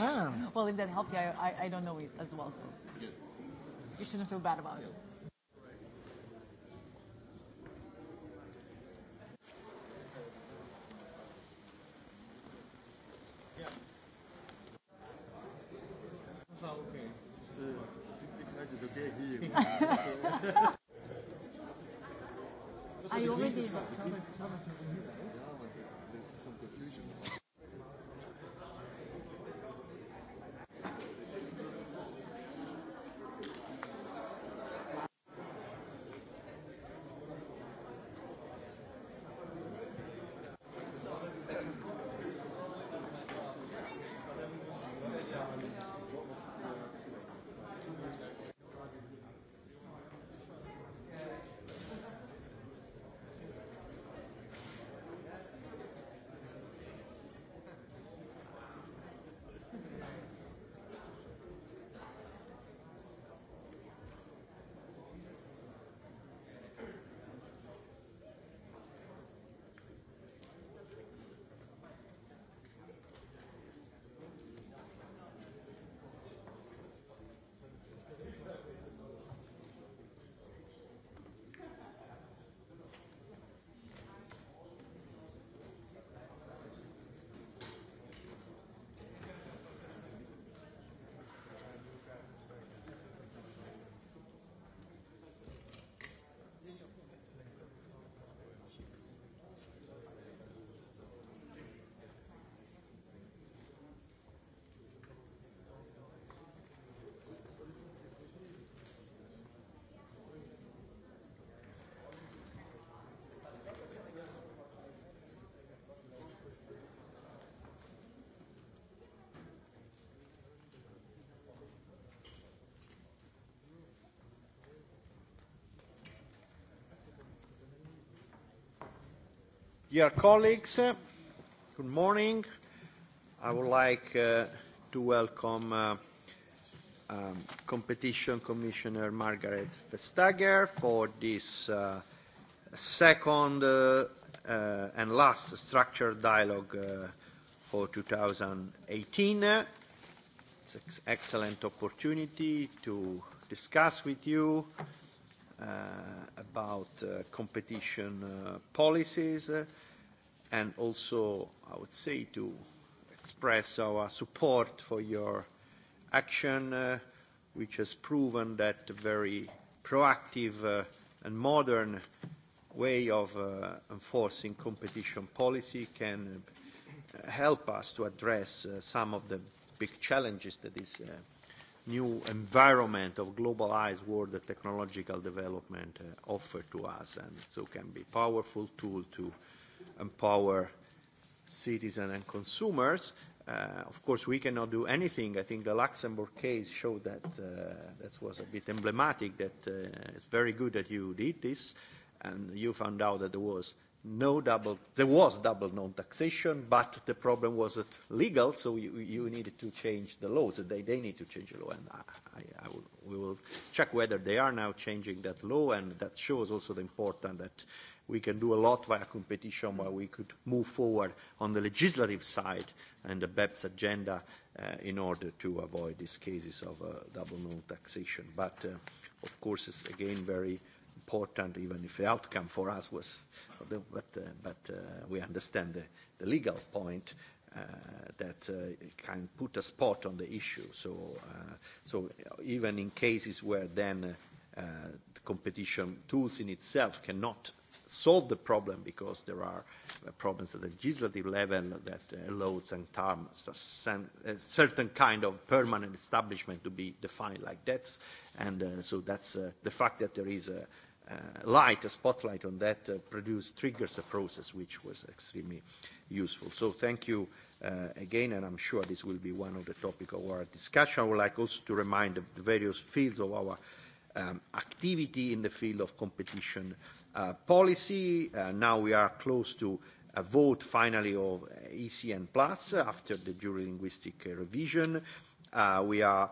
Ah. Well, if that helps you, I, I don't know it as well, so you shouldn't feel bad about it. I already know. There's some confusion. Dear colleagues, good morning. I would like uh, to welcome uh, um, Competition Commissioner Margaret Vestager for this uh, second uh, uh, and last structured dialogue uh, for 2018. It's an ex excellent opportunity to discuss with you uh, about uh, competition uh, policies uh, and also, I would say, to express our support for your action, uh, which has proven that very proactive uh, and modern way of uh, enforcing competition policy can help us to address uh, some of the big challenges that this uh, new environment of globalized world that technological development uh, offer to us and so can be a powerful tool to empower citizens and consumers. Uh, of course, we cannot do anything. I think the Luxembourg case showed that uh, that was a bit emblematic that uh, it's very good that you did this and you found out that there was no there was double non-taxation, but the problem wasn't legal, so you, you needed to change the laws. They, they need to change the law, and I, I, I will, we will check whether they are now changing that law, and that shows also the importance that we can do a lot via competition, where we could move forward on the legislative side and the BEPS agenda uh, in order to avoid these cases of uh, double non-taxation. But, uh, of course, it's again very important, even if the outcome for us was, but uh, uh, we understand the legal point uh, that can put a spot on the issue. Even in cases where then the competition tools in itself cannot solve the problem because there are problems at the legislative level that allows a certain kind of permanent establishment to be defined like that. That's the fact that there is Uh, light, a spotlight on that uh, produce triggers a process which was extremely useful. So thank you uh, again, and I'm sure this will be one of the topics of our discussion. I would like also to remind the various fields of our um, activity in the field of competition uh, policy. Uh, now we are close to a vote finally of ECN Plus after the jury linguistic uh, revision. Uh, we are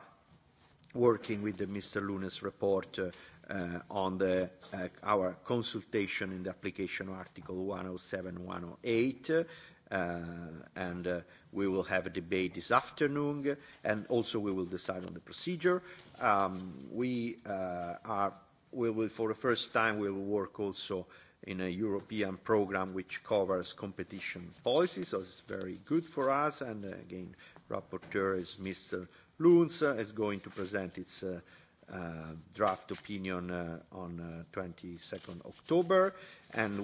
working with the Mr. Lunes report uh, Uh, on the uh, our consultation in the application article 107, 108. Uh, and we will have a debate this afternoon, and also we will decide on the procedure. Um, we will, for the first time, we will work also in a European program which covers competition policy, so it's very good for us. And again, rapporteur is Mr. Loens, is going to present its Uh, draft opinion uh, on 22nd uh, October.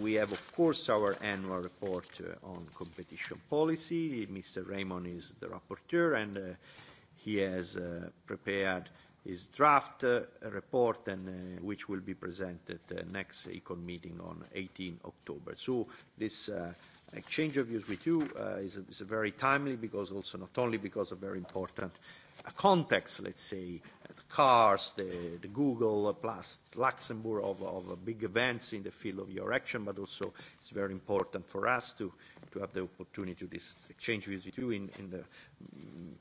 We have, of course, our annual report on competition policy. Mr. Raimon is the rapporteur, and he has prepared his draft report and which will be presented next ECOFIN meeting on 18 October. This exchange of views with you is very timely because also not only because of very important context, let's say, cars, the Google uh, plus Luxembourg of uh, big events in the field of your action, but also it's very important for us to have the opportunity to exchange with you in the mm,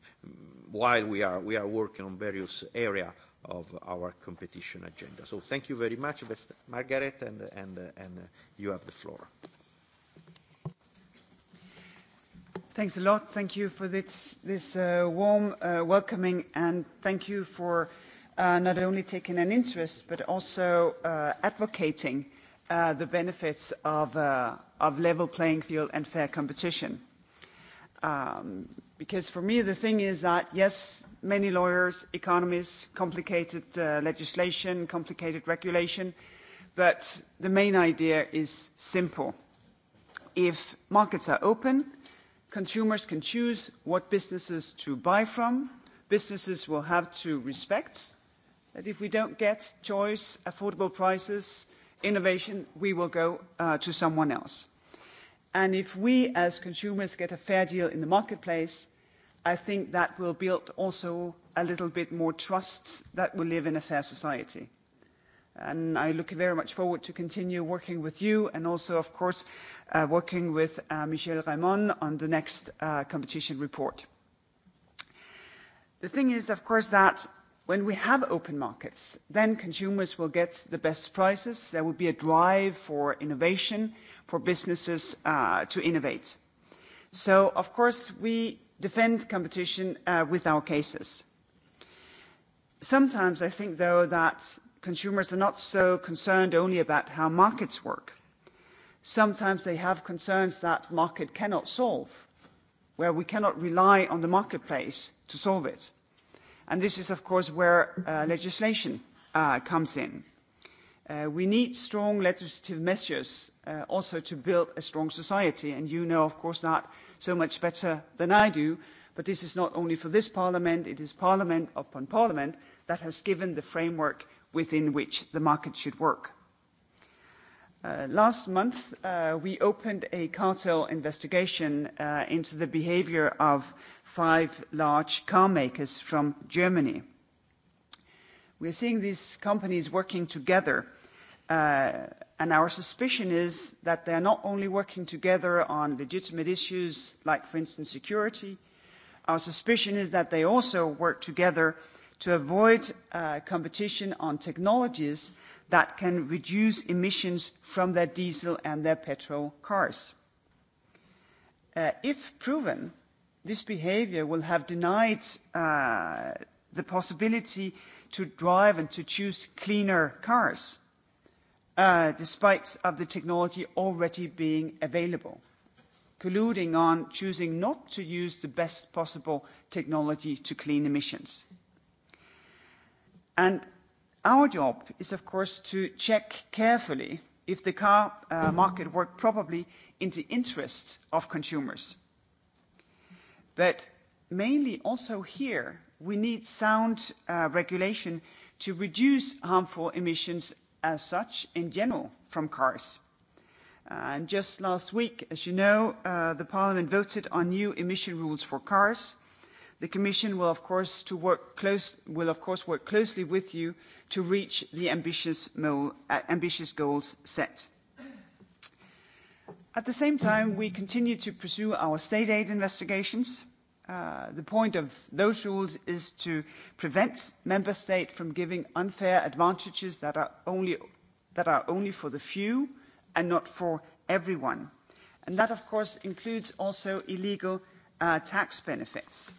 while we are working on various area of our competition agenda. Thank you very much, Margaret, and uh, you have the floor. Thanks a lot. Thank you for this warm welcoming, and thank you for Uh, not only taking an interest but also uh, advocating uh, the benefits of, uh, of level playing field and fair competition. Um, because for me, the thing is that yes, many lawyers, economists, complicated uh, legislation, complicated regulation, but the main idea is simple. If markets are open, consumers can choose what businesses to buy from, businesses will have to respect that if we don't get choice, affordable prices, innovation, we will go uh, to someone else. And if we as consumers get a fair deal in the marketplace, I think that will build also a little bit more trust that we live in a fair society. And I look very much forward to continue working with you and also, of course, uh, working with uh, Michel Raymond on the next uh, competition report. The thing is, of course, that When we have open markets, then consumers will get the best prices. There will be a drive for innovation, for businesses uh, to innovate. So of course, we defend competition uh, with our cases. Sometimes I think, though, that consumers are not so concerned only about how markets work. Sometimes they have concerns that market cannot solve, where we cannot rely on the marketplace to solve it. And this is, of course, where uh, legislation uh, comes in. Uh, we need strong legislative measures uh, also to build a strong society. And you know, of course, that so much better than I do. But this is not only for this parliament, it is parliament upon parliament that has given the framework within which the market should work. Uh, last month, uh, we opened a cartel investigation uh, into the behavior of five large car makers from Germany. We're seeing these companies working together, uh, and our suspicion is that they're not only working together on legitimate issues like, for instance, security, our suspicion is that they also work together to avoid uh, competition on technologies that can reduce emissions from their diesel and their petrol cars. Uh, if proven, this behavior will have denied uh, the possibility to drive and to choose cleaner cars, uh, despite of the technology already being available, colluding on choosing not to use the best possible technology to clean emissions. And Our job is, of course, to check carefully if the car uh, market worked properly in the interest of consumers. But mainly also here, we need sound uh, regulation to reduce harmful emissions as such in general from cars. And just last week, as you know, uh, the parliament voted on new emission rules for cars, The Commission will, of course, work closely with you to reach the uh, ambitious goals set. At the same time, we continue to pursue our state aid investigations. Uh, the point of those rules is to prevent member state from giving unfair advantages that are only for the few and not for everyone. That, of course, includes also illegal uh, tax benefits.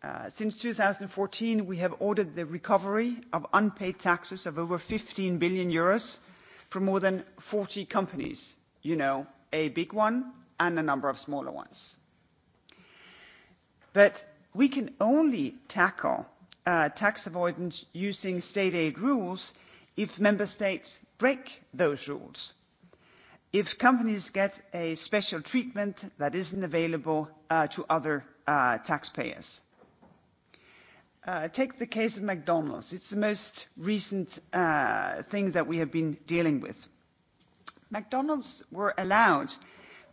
Uh, since 2014, we have ordered the recovery of unpaid taxes of over 15 billion euros from more than 40 companies, you know, a big one and a number of smaller ones. We can only tackle uh, tax avoidance using state aid rules if member states break those rules. If companies get a special treatment that isn't available uh, to other taxpayers. Uh, take the case of McDonald's. It's the most recent uh, thing that we have been dealing with. McDonald's were allowed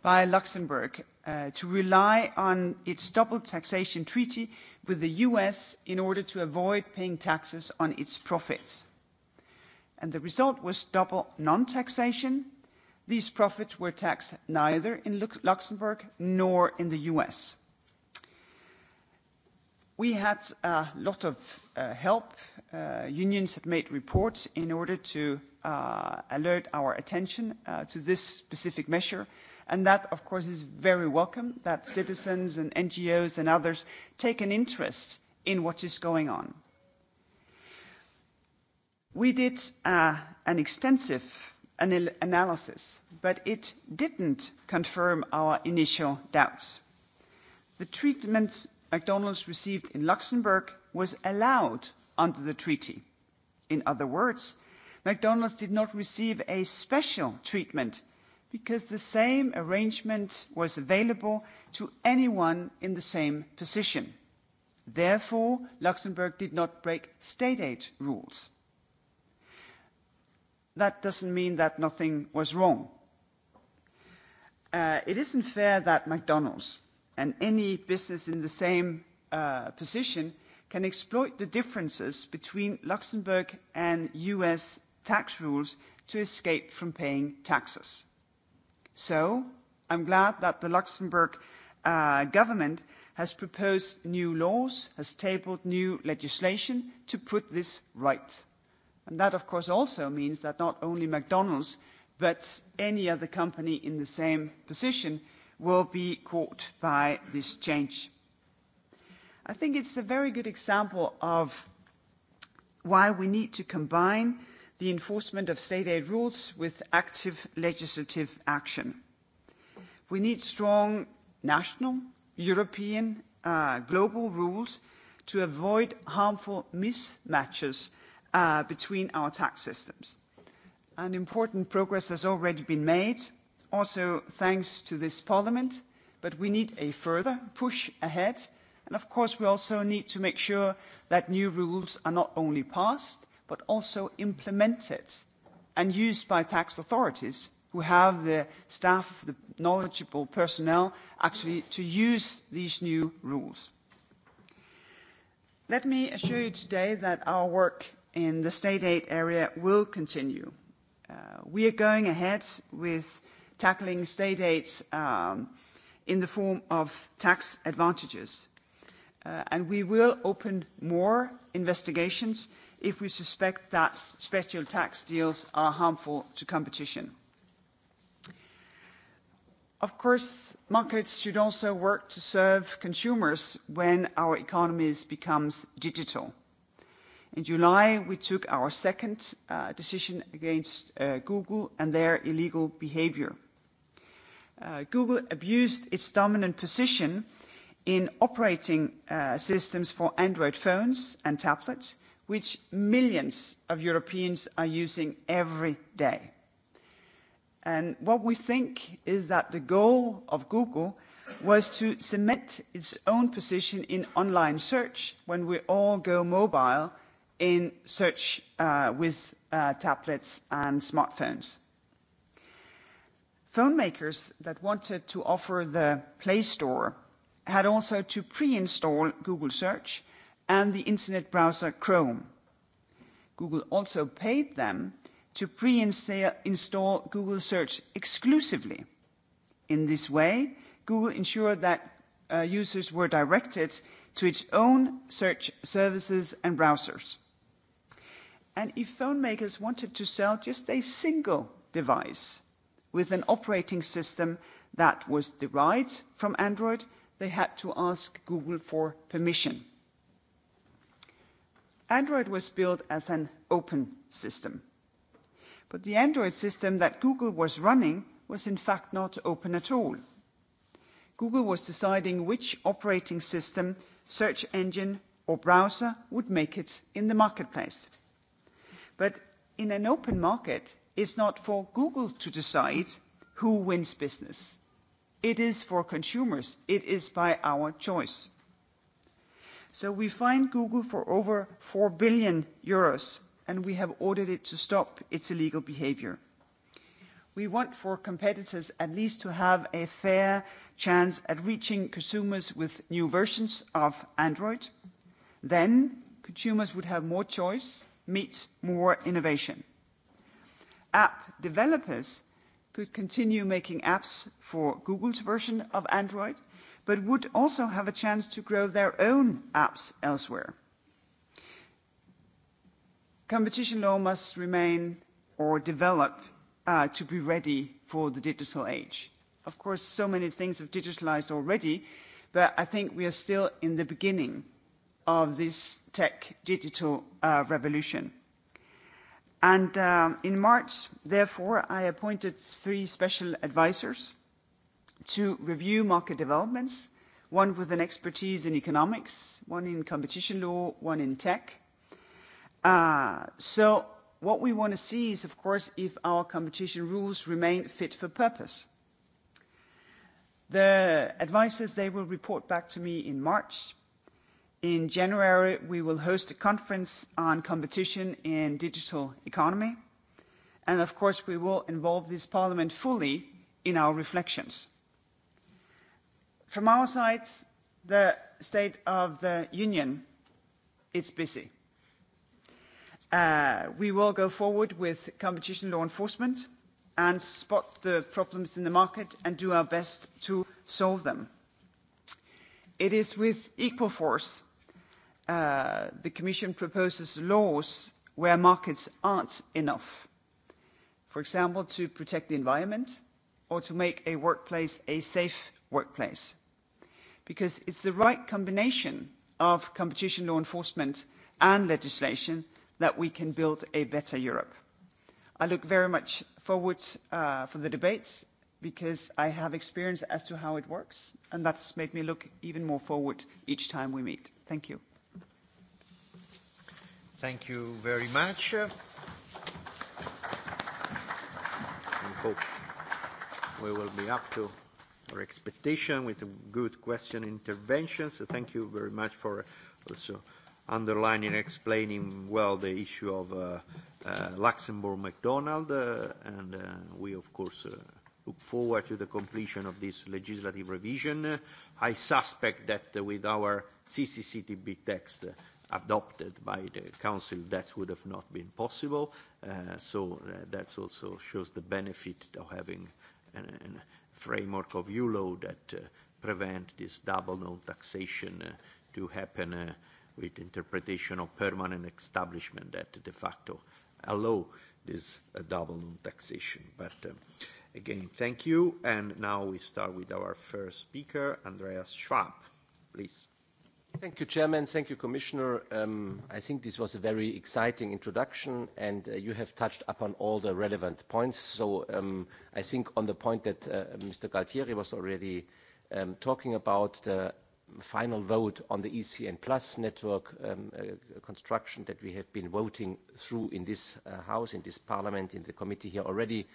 by Luxembourg uh, to rely on its double taxation treaty with the U.S. in order to avoid paying taxes on its profits. The result was double non-taxation. These profits were taxed neither in Luxembourg nor in the U.S. We had a lot of uh, help. Uh, unions had made reports in order to uh, alert our attention uh, to this specific measure. And that, of course, is very welcome that citizens and NGOs and others take an interest in what is going on. We did uh, an extensive anal- analysis, but it didn't confirm our initial doubts. The treatments McDonald's received in Luxembourg was allowed under the treaty. In other words, McDonald's did not receive a special treatment because the same arrangement was available to anyone in the same position. Therefore, Luxembourg did not break state aid rules. That doesn't mean that nothing was wrong. Uh, it isn't fair that McDonald's, and any business in the same uh, position can exploit the differences between Luxembourg and US tax rules to escape from paying taxes. So I'm glad that the Luxembourg uh, government has proposed new laws, has tabled new legislation to put this right. And that, of course, also means that not only McDonald's, but any other company in the same position will be caught by this change. I think it's a very good example of why we need to combine the enforcement of state aid rules with active legislative action. We need strong national, European, uh, global rules to avoid harmful mismatches uh, between our tax systems. An important progress has already been made also thanks to this parliament, but we need a further push ahead. And of course, we also need to make sure that new rules are not only passed, but also implemented and used by tax authorities who have the staff, the knowledgeable personnel, actually to use these new rules. Let me assure you today that our work in the state aid area will continue. Uh, we are going ahead with tackling state aids um, in the form of tax advantages. Uh, and we will open more investigations if we suspect that special tax deals are harmful to competition. Of course, markets should also work to serve consumers when our economies becomes digital. In July, we took our second uh, decision against uh, Google and their illegal behavior uh, Google abused its dominant position in operating uh, systems for Android phones and tablets, which millions of Europeans are using every day. And what we think is that the goal of Google was to cement its own position in online search when we all go mobile in search uh, with uh, tablets and smartphones phone makers that wanted to offer the Play Store had also to pre-install Google Search and the internet browser Chrome. Google also paid them to pre-install Google Search exclusively. In this way, Google ensured that uh, users were directed to its own search services and browsers. And if phone makers wanted to sell just a single device, with an operating system that was derived from Android, they had to ask Google for permission. Android was built as an open system. But the Android system that Google was running was in fact not open at all. Google was deciding which operating system, search engine, or browser would make it in the marketplace. But in an open market, it's not for Google to decide who wins business. It is for consumers. It is by our choice. So we fined Google for over 4 billion euros, and we have ordered it to stop its illegal behavior. We want for competitors at least to have a fair chance at reaching consumers with new versions of Android. Then consumers would have more choice, meet more innovation app developers could continue making apps for Google's version of Android, but would also have a chance to grow their own apps elsewhere. Competition law must remain or develop uh, to be ready for the digital age. Of course, so many things have digitalized already, but I think we are still in the beginning of this tech digital uh, revolution. Uh, in March, therefore, I appointed three special advisors to review market developments, one with an expertise in economics, one in competition law, one in tech. Uh, so what we want to see is, of course, if our competition rules remain fit for purpose. The advisors, they will report back to me in March, In January, we will host a conference on competition in digital economy, and of course, we will involve this parliament fully in our reflections. From our side, the State of the Union, it's busy. Uh, we will go forward with competition law enforcement and spot the problems in the market and do our best to solve them. It is with equal force uh, the Commission proposes laws where markets aren't enough. For example, to protect the environment or to make a workplace a safe workplace. Because it's the right combination of competition law enforcement and legislation that we can build a better Europe. I look very much forward uh, for the debates because I have experience as to how it works and that's made me look even more forward each time we meet. Thank you. Thank you very much. We hope we will be up to our expectation with a good question intervention. Thank you very much for also underlining, explaining well the issue of uh, uh, Luxembourg McDonald's. Uh, we of course look forward to the completion of this legislative revision. I suspect that with our CCCTB text, adopted by the council, that would have not been possible. Uh, uh, that also shows the benefit of having a framework of ULO that uh, prevents this double non-taxation to happen with interpretation of permanent establishment that de facto allows this double non-taxation. Um, again, thank you. Now we start with our first speaker, Andreas Schwab. Please. Thank you, Chairman. Thank you, Commissioner. Um, I think this was a very exciting introduction, and uh, you have touched upon all the relevant points. So um, I think on the point that uh, Mr. Galtieri was already um, talking about, the final vote on the ECN Plus network um, uh, construction that we have been voting through in this uh, House, in this Parliament, in the committee here already,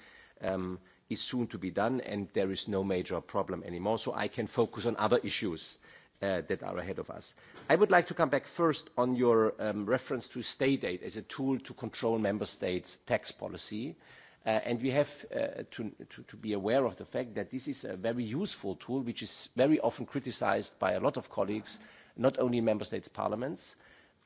um, is soon to be done, and there is no major problem anymore. So I can focus on other issues. Uh, that are ahead of us. I would like to come back first on your um, reference to state aid as a tool to control member states' tax policy. Uh, we have uh, to be aware of the fact that this is a very useful tool, which is very often criticized by a lot of colleagues, not only member states' parliaments,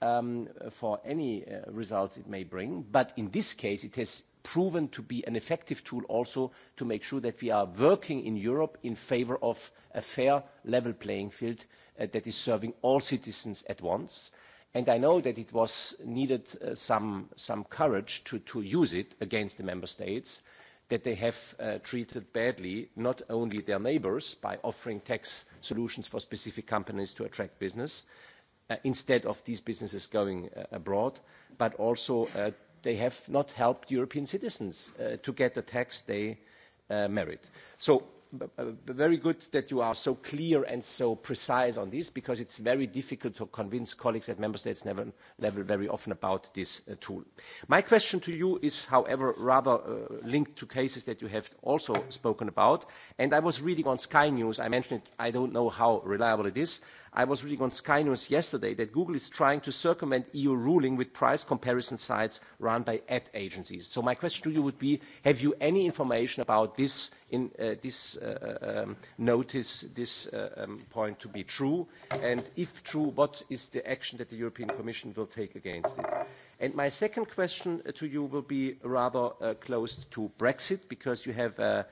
um, for any results it may bring. In this case, it has proven to be an effective tool also to make sure that we are working in Europe in favor of a fair level playing field uh, that is serving all citizens at once. And I know that it was needed uh, some, some courage to, to use it against the member states, that they have uh, treated badly not only their neighbors by offering tax solutions for specific companies to attract business uh, instead of these businesses going uh, abroad, but also uh, they have not helped European citizens uh, to get the tax they uh, merit. So very good that you are so clear and so precise on this because it's very difficult to convince colleagues at member states never level very often about this uh, tool. My question to you is, however, rather uh, linked to cases that you have also spoken about. And I was reading on Sky News, I mentioned it, I don't know how reliable it is, I was reading on Sky News yesterday that Google is trying to circumvent EU ruling with price comparison sites run by ad agencies. So my question to you would be, have you any information about this, in, uh, this uh, uh, um, notice, this uh, um, point to be true? And if true, what is the action that the European Commission will take against it? And my second question uh, to you will be rather uh, close to Brexit, because you have uh,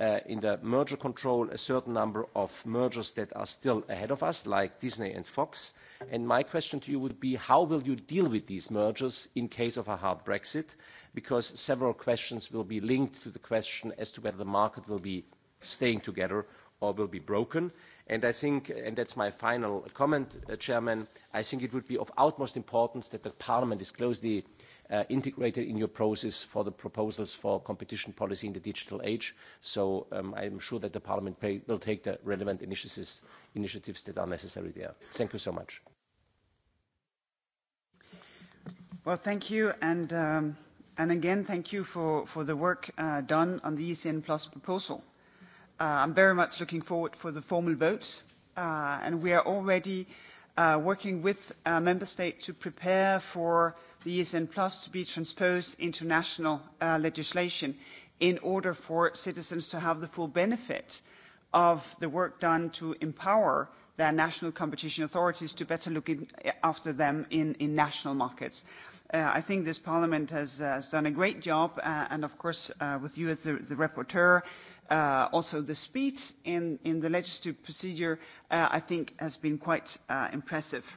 Uh, in the merger control a certain number of mergers that are still ahead of us, like Disney and Fox. My question to you would be, how will you deal with these mergers in case of a hard Brexit? Because several questions will be linked to the question as to whether the market will be staying together or will be broken. I think, and that's my final comment, uh, Chairman, I think it would be of utmost importance that the parliament is closely Uh, integrated in your process for the proposals for competition policy in the digital age. So I'm um, sure that the Parliament will take the relevant initiatives that are necessary there. Thank you so much. Well, thank you. And um, again, thank you for the work uh, done on the ECN+ proposal. Uh, I'm very much looking forward for the formal vote. And we are already working with member states to prepare for the ESN Plus to be transposed into national uh, legislation in order for citizens to have the full benefit of the work done to empower their national competition authorities to better look in, after them in, in national markets. Uh, I think this Parliament has, uh, has done a great job, uh, and of course, uh, with you as the, the rapporteur, uh, also the speed in, in the legislative procedure, uh, I think, has been quite uh, impressive.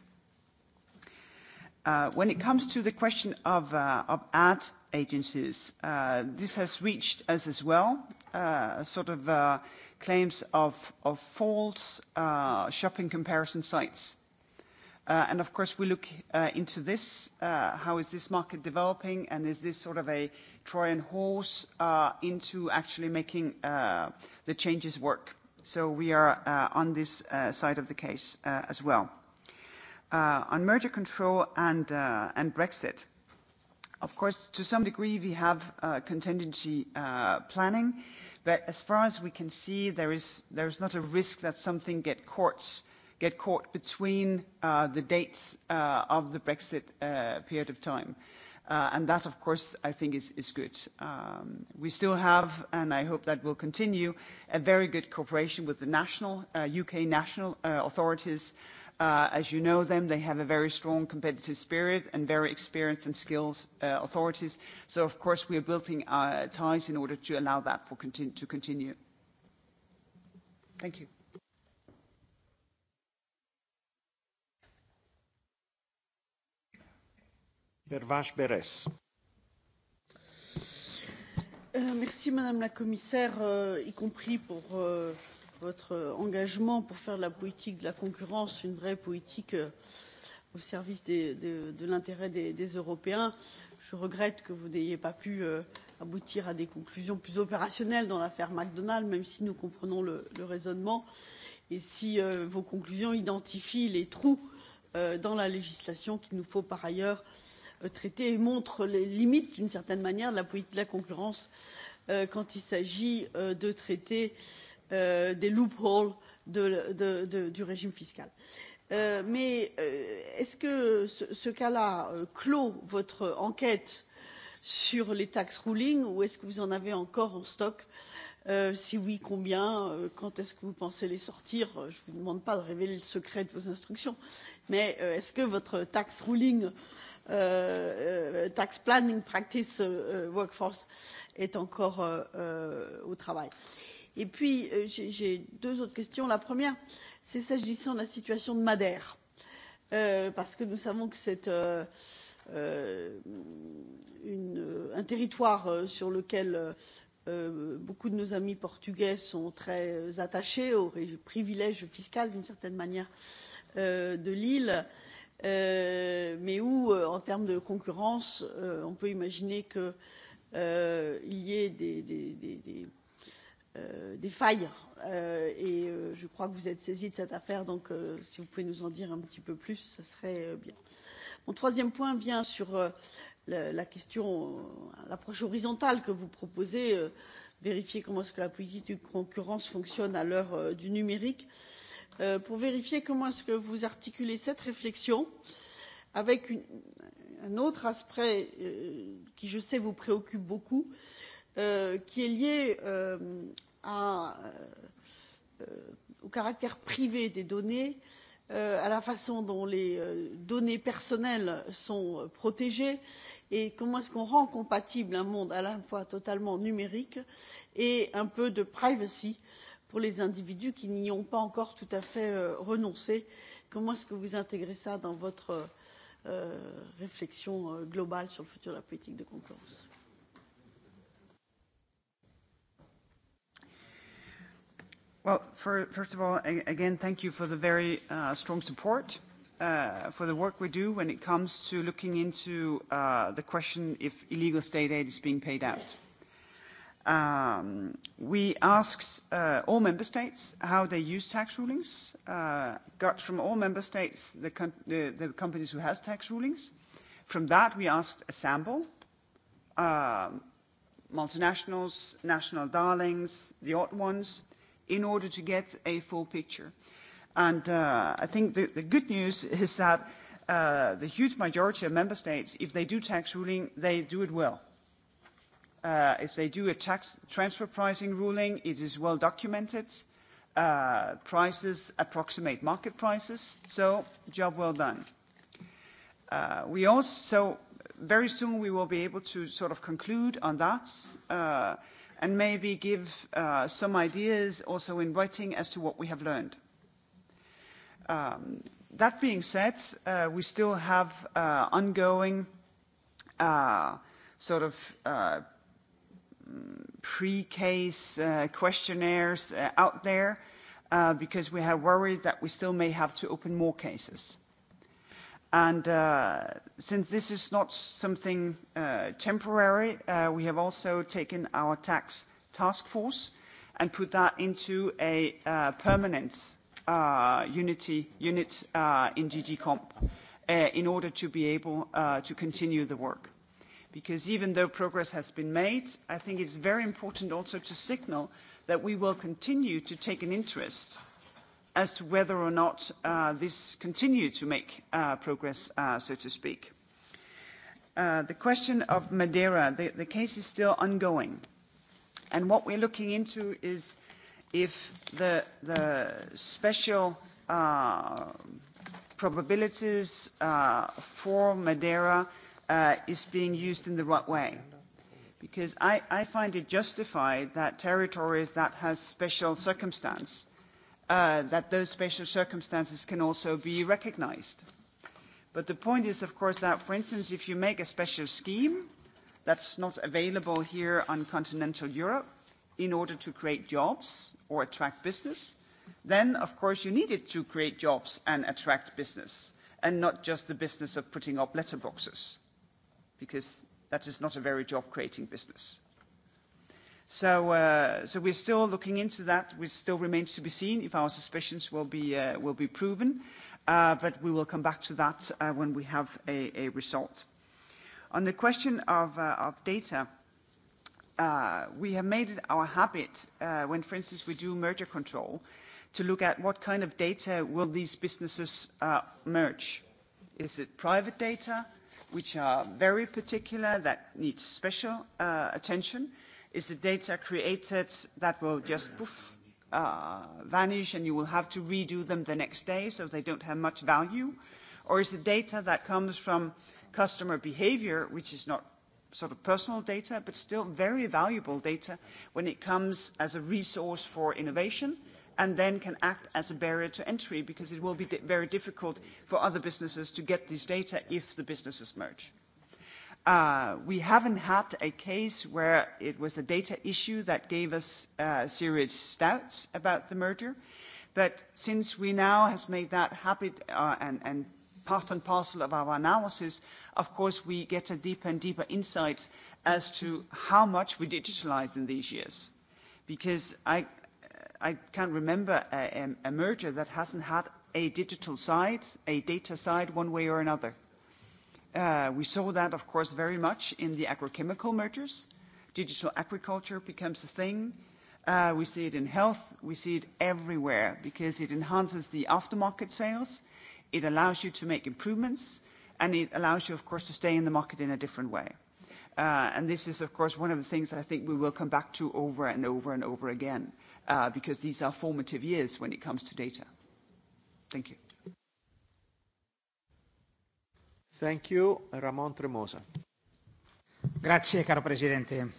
Uh, when it comes to the question of uh, ad agencies, uh, this has reached us as well, sort of claims of false shopping comparison sites. And of course, we look into this. How is this market developing, and is this sort of a Trojan horse into actually making the changes work? So we are on this side of the case as well. Uh, on merger control uh, and Brexit. Of course, to some degree, we have uh, contingency planning, but as far as we can see, there is not a risk that something get caught between the dates of the Brexit period of time. And that, of course, I think is good. Um, we still have, and I hope that will continue, a very good cooperation with the national U.K. national authorities, Uh, as you know them, they have a very strong competitive spirit and very experienced and skilled uh, authorities. Of course, we are building our uh, ties in order to allow that to continue. Thank you. Hervé Berès. Euh, merci, Madame la Commissaire, euh, y compris pour euh, votre engagement pour faire de la politique de la concurrence une vraie politique euh, au service des, de, de l'intérêt des, des Européens. Je regrette que vous n'ayez pas pu euh, aboutir à des conclusions plus opérationnelles dans l'affaire McDonald's, même si nous comprenons le, le raisonnement. Et si euh, vos conclusions identifient les trous euh, dans la législation qu'il nous faut par ailleurs euh, traiter et montrent les limites, d'une certaine manière, de la politique de la concurrence euh, quand il s'agit euh, de traiter euh, Euh, des loopholes de, de, de, du régime fiscal. Euh, mais euh, est-ce que ce, ce cas-là euh, clôt votre enquête sur les taxes ruling ou est-ce que vous en avez encore en stock euh, Si oui, combien euh, Quand est-ce que vous pensez les sortir euh, Je ne vous demande pas de révéler le secret de vos instructions, mais euh, est-ce que votre tax ruling, euh, euh, tax planning practice euh, workforce est encore euh, euh, au travail euh, et puis euh, j'ai deux autres questions la première c'est s'agissant de la situation de madère euh, parce que nous savons que c'est euh, euh, une, euh, un territoire euh, sur lequel euh, euh beaucoup de nos amis portugais sont très attachés au privilège fiscal, d'une certaine manière, euh, de l'île, euh, mais où, euh, en termes de concurrence, euh, on peut imaginer qu'il euh, y ait des, des, des, des, Euh, des failles. Euh, et euh, je crois que vous êtes saisi de cette affaire, donc euh, si vous pouvez nous en dire un petit peu plus, ce serait euh, bien. Mon troisième point vient sur euh, la, la question, euh, l'approche horizontale que vous proposez, euh, vérifier comment est-ce que la politique de concurrence fonctionne à l'heure euh, du numérique, euh, pour vérifier comment est-ce que vous articulez cette réflexion avec une, un autre aspect euh, qui, je sais, vous préoccupe beaucoup. Euh, qui est lié euh, Euh, euh, au caractère privé des données euh, à la façon dont les données personnelles sont protégées et comment est-ce qu'on rend compatible un monde à la fois totalement numérique et un peu de privacy pour les individus qui n'y ont pas encore tout à fait renoncé. Comment est-ce que vous intégrez ça dans votre euh, réflexion globale sur le futur de la politique de concurrence Well, first of all, again, thank you for the very uh, strong support uh, for the work we do when it comes to looking into uh, the question if illegal state aid is being paid out. Um, we asked all member states how they use tax rulings, got from all member states the companies who has tax rulings. From that, we asked a sample, um, multinationals, national darlings, the odd ones, in order to get a full picture. And uh, I think the, the good news is that uh, the huge majority of member states, if they do tax ruling, they do it well. Uh, if they do a tax transfer pricing ruling, it is well documented. Uh, prices approximate market prices, so job well done. Uh, we also, very soon we will be able to sort of conclude on that. Uh, and maybe give uh, some ideas also in writing as to what we have learned. Um, that being said, uh, we still have uh, ongoing sort of pre-case questionnaires out there because we have worries that we still may have to open more cases. And uh, since this is not something uh, temporary, uh, we have also taken our tax task force and put that into a permanent unit in DG Comp in order to be able to continue the work. Because even though progress has been made, I think it's very important also to signal that we will continue to take an interest as to whether or not uh, this continued to make uh, progress, uh, so to speak. Uh, the question of Madeira, the, the case is still ongoing. And what we're looking into is if the, the special uh, probabilities uh, for Madeira uh, is being used in the right way. Because I, I find it justified that territories that has special circumstance uh, uh, that those special circumstances can also be recognized. But the point is, of course, that, for instance, if you make a special scheme that's not available here on continental Europe in order to create jobs or attract business, then, of course, you need it to create jobs and attract business and not just the business of putting up letterboxes, because that is not a very job-creating business. Uh, so we're still looking into that, which still remains to be seen if our suspicions will be uh, proven. Uh, but we will come back to that when we have a result. On the question of data, we have made it our habit, when, for instance, we do merger control, to look at what kind of data will these businesses merge. Is it private data, which are very particular, that needs special attention? is the data created that will just poof, uh, vanish and you will have to redo them the next day so they don't have much value? Or is the data that comes from customer behavior, which is not sort of personal data, but still very valuable data when it comes as a resource for innovation and then can act as a barrier to entry because it will be di very difficult for other businesses to get these data if the businesses merge. Uh, we haven't had a case where it was a data issue that gave us uh, serious doubts about the merger. But since we now have made that habit uh, and, and part and parcel of our analysis, of course, we get a deeper and deeper insights as to how much we digitalized in these years. Because I, I can't remember a, a merger that hasn't had a digital side, a data side, one way or another. Uh, we saw that, of course, very much in the agrochemical mergers. Digital agriculture becomes a thing. Uh, we see it in health. We see it everywhere because it enhances the aftermarket sales. It allows you to make improvements, and it allows you, of course, to stay in the market in a different way. Uh, this is, of course, one of the things that I think we will come back to over and over and over again, because these are formative years when it comes to data. Thank you. Thank you. Ramon Tremosa. Grazie, caro Presidente.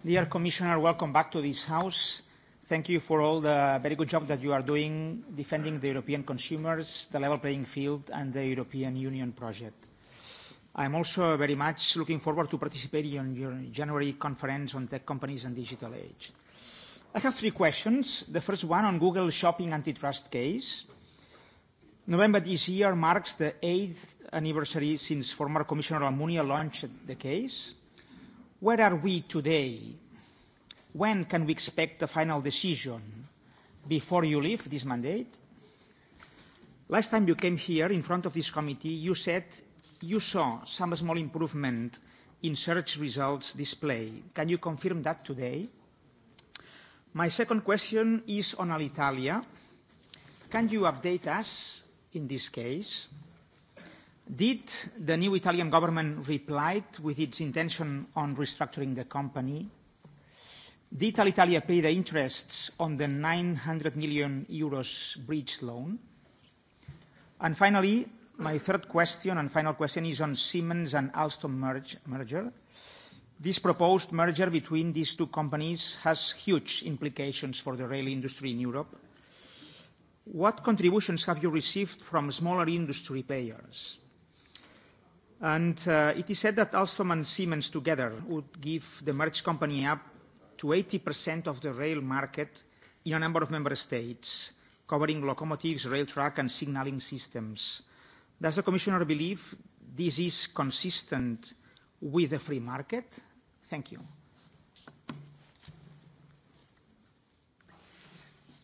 Dear Commissioner, welcome back to this House. Thank you for all the very good job that you are doing defending the European consumers, the level playing field and the European Union project. I'm also very much looking forward to participating in your January conference on tech companies and digital age. I have three questions. The first one on Google shopping antitrust case. November this year marks the eighth anniversary since former Commissioner Almunia launched the case. Where are we today? When can we expect the final decision? Before you leave this mandate? Last time you came here in front of this committee, you said you saw some small improvement in search results display. Can you confirm that today? My second question is on Alitalia. Can you update us? in this case. Did the new Italian government reply with its intention on restructuring the company? Did Alitalia pay the interests on the 900 million euros bridge loan? And finally, my third question and final question is on Siemens and Alstom merge, merger. This proposed merger between these two companies has huge implications for the rail industry in Europe. What contributions have you received from smaller industry players? And uh, it is said that Alstom and Siemens together would give the merged company up to 80% of the rail market in a number of member states, covering locomotives, rail track, and signaling systems. Does the commissioner believe this is consistent with the free market? Thank you.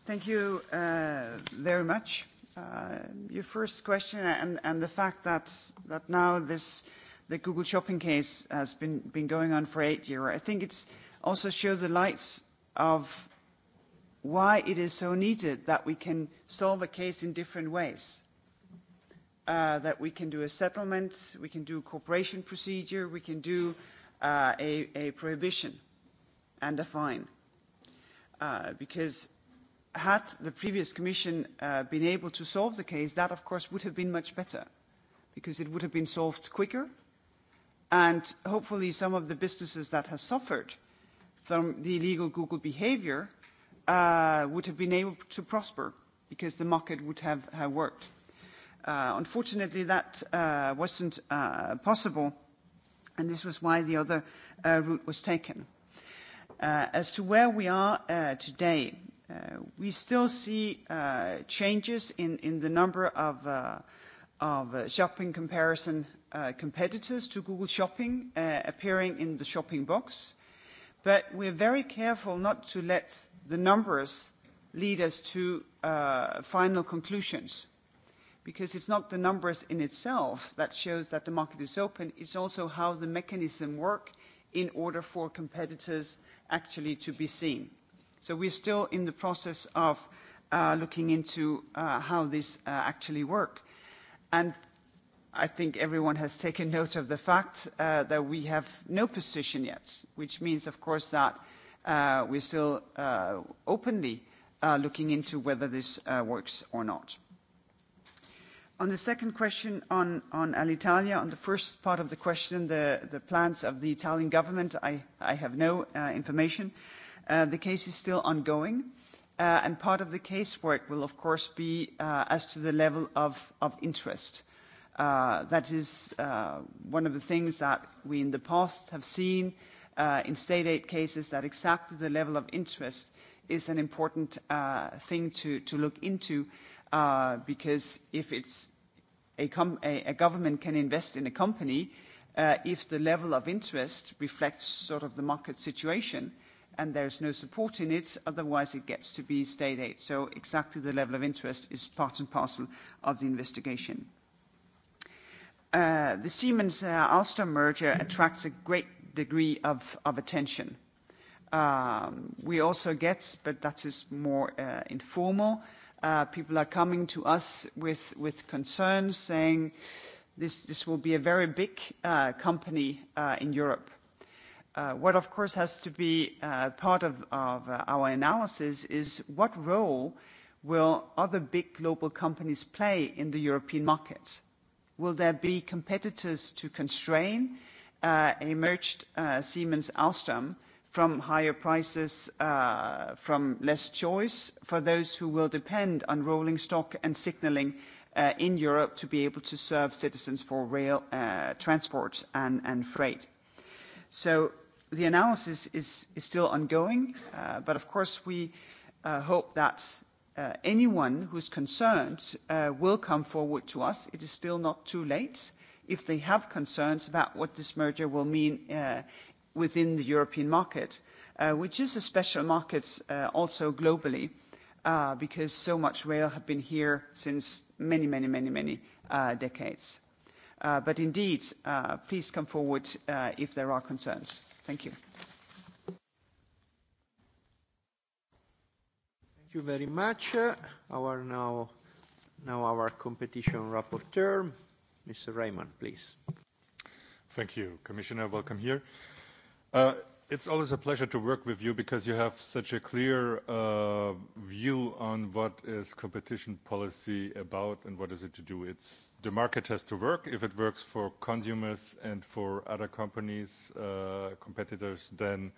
Thank you uh, very much. Uh, your first question and the fact that now this, the Google Shopping case has been going on for eight year, I think it's also show the lights of why it is so needed that we can solve a case in different ways. Uh, that we can do a settlement, we can do a cooperation procedure, we can do a prohibition and a fine. Because had the previous commission uh, been able to solve the case, that of course would have been much better because it would have been solved quicker. And hopefully some of the businesses that have suffered from the illegal Google behavior uh, would have been able to prosper because the market would have, have worked. Uh, unfortunately, that uh, wasn't uh, possible, and this was why the other uh, route was taken. Uh, as to where we are uh, today, Uh, we still see uh, changes in, in the number of, uh, of uh, shopping comparison uh, competitors to Google Shopping uh, appearing in the shopping box. But we're very careful not to let the numbers lead us to uh, final conclusions. Because it's not the numbers in itself that shows that the market is open, it's also how the mechanism works in order for competitors actually to be seen. So we're still in the process of uh, looking into uh, how this uh, actually work. And I think everyone has taken note of the fact uh, that we have no position yet, which means, of course, that uh, we're still uh, openly uh, looking into whether this uh, works or not. On the second question on, on Alitalia, on the first part of the question, the, the plans of the Italian government, I, I have no uh, information. Uh, Uh, the case is still ongoing, uh, and part of the casework will, of course, be uh, as to the level of, of interest. Uh, that is uh, one of the things that we in the past have seen uh, in state aid cases, that exactly the level of interest is an important uh, thing to, to look into, uh, because if it's a, com- a, a government can invest in a company, uh, if the level of interest reflects sort of the market situation, uh, and there's no support in it, otherwise it gets to be state aid. So exactly the level of interest is part and parcel of the investigation. Uh, the Siemens-Alstom uh, merger attracts a great degree of, of attention. Um, we also get, but that is more uh, informal, uh, people are coming to us with, with concerns saying this, this will be a very big uh, company uh, in Europe. Uh, what of course has to be uh, part of, of uh, our analysis is what role will other big global companies play in the European markets? Will there be competitors to constrain uh, a merged uh, Siemens Alstom from higher prices, uh, from less choice for those who will depend on rolling stock and signaling uh, in Europe to be able to serve citizens for rail uh, transport and, and freight? So the analysis is, is still ongoing, uh, but of course, we uh, hope that uh, anyone who is concerned uh, will come forward to us. It is still not too late if they have concerns about what this merger will mean uh, within the European market, uh, which is a special market uh, also globally, uh, because so much rail has been here since many, many, many, many uh, decades uh, but indeed, uh, please come forward uh, if there are concerns. Thank you. Thank you very much. Uh, our now, now our competition rapporteur, Mr. Raymond, please. Thank you, Commissioner. Welcome here. Uh, It's always a pleasure to work with you because you have such a clear uh, view on what is competition policy about and what is it to do. It's the market has to work. If it works for consumers and for other companies, uh, competitors, then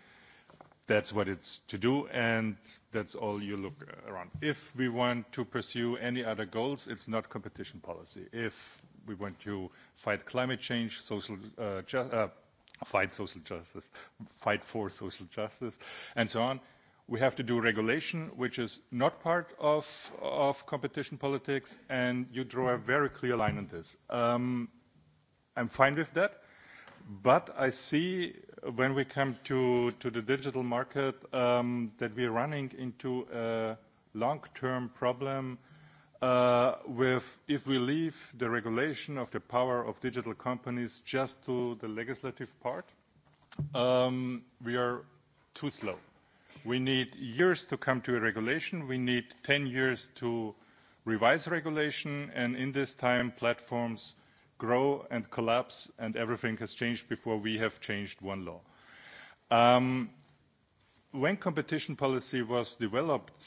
that's what it's to do, and that's all you look around. If we want to pursue any other goals, it's not competition policy. If we want to fight climate change, social uh, fight social justice, fight for social justice, and so on. We have to do regulation, which is not part of, of competition politics, and you draw a very clear line on this. Um, I'm fine with that, but I see when we come to, to the digital market um, that we're running into a long-term problem uh, Uh, with if we leave the regulation of the power of digital companies just to the legislative part, um, we are too slow. We need years to come to a regulation. We need 10 years to revise regulation, and in this time, platforms grow and collapse, and everything has changed before we have changed one law. Um, when competition policy was developed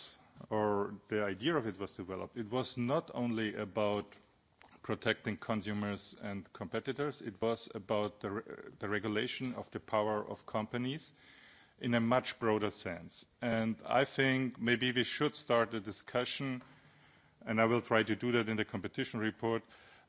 or the idea of it was developed, it was not only about protecting consumers and competitors, it was about the, re- the regulation of the power of companies in a much broader sense. And I think maybe we should start a discussion, and I will try to do that in the competition report,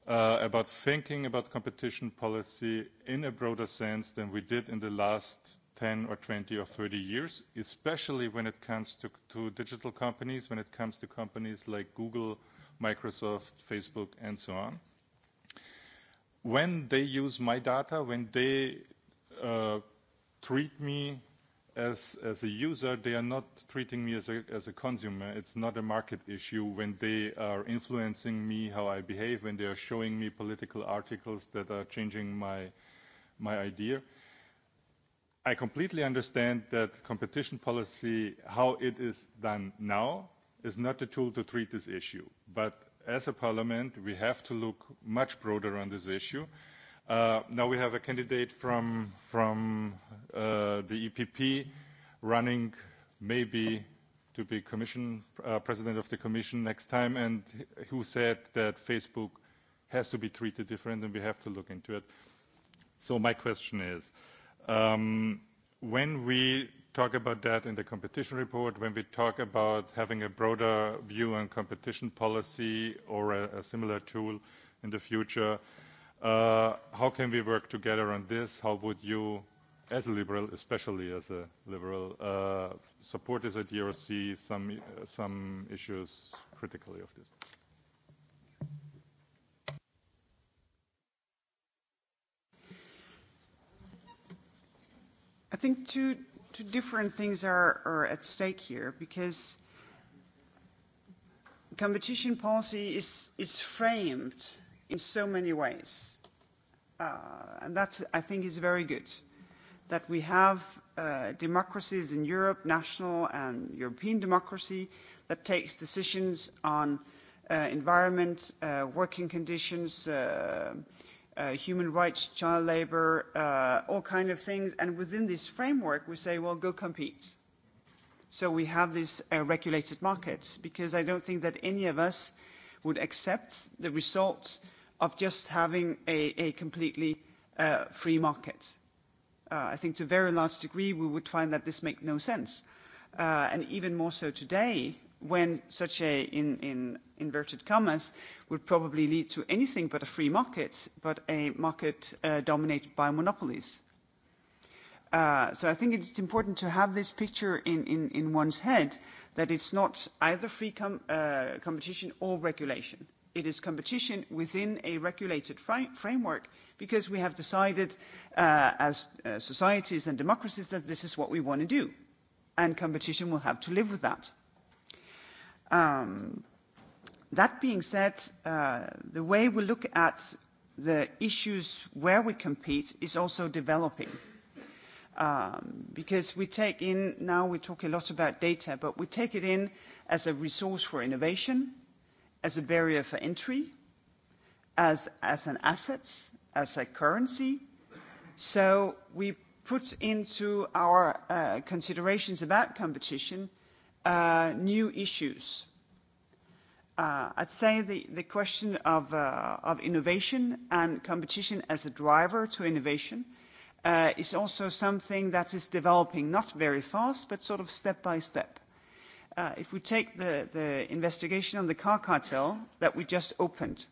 uh, about thinking about competition policy in a broader sense than we did in the last 10 or 20 or 30 years, especially when it comes to digital companies, when it comes to companies like Google, Microsoft, Facebook, and so on. When they use my data, when they uh, treat me as a user, they are not treating me as a consumer. It's not a market issue when they are influencing me, how I behave, when they are showing me political articles that are changing my idea. I completely understand that competition policy, how it is done now, is not the tool to treat this issue. But as a parliament, we have to look much broader on this issue. Uh, now we have a candidate from, from uh, the EPP running maybe to be commission, uh, president of the commission next time, and who said that Facebook has to be treated different and we have to look into it. So my question is, uh, Um, when we talk about that in the competition report, when we talk about having a broader view on competition policy or a similar tool in the future, uh, how can we work together on this? How would you, as a liberal, especially as a liberal, uh, support this idea or see some uh, issues critically of this? think two two different things are are at stake here because competition policy is is framed in so many ways, uh, and that's I think is very good that we have uh, democracies in Europe, national and European democracy, that takes decisions on uh, environment, uh, working conditions. Uh, uh, human rights, child labor, uh, all kind of things. And within this framework, we say, well, go compete. So we have this uh, regulated markets because I don't think that any of us would accept the result of just having a, a completely uh, free market. Uh, I think to a very large degree, we would find that this makes no sense. Uh, and even more so today, when such a, in, in inverted commas, would probably lead to anything but a free market, but a market uh, dominated by monopolies. Uh, so I think it's important to have this picture in, in, in one's head that it's not either free com- uh, competition or regulation. It is competition within a regulated fr- framework because we have decided uh, as uh, societies and democracies that this is what we want to do. And competition will have to live with that. Um, that being said, uh, the way we look at the issues where we compete is also developing. Um, because we take in, now we talk a lot about data, but we take it in as a resource for innovation, as a barrier for entry, as an asset, as a currency. We put into our uh, considerations about competition, Uh, new issues. Uh, I'd say the question uh, of innovation and competition as a driver to innovation is also something that is developing not very fast, but sort of step by step. If we take the investigation on the car cartel that we just opened,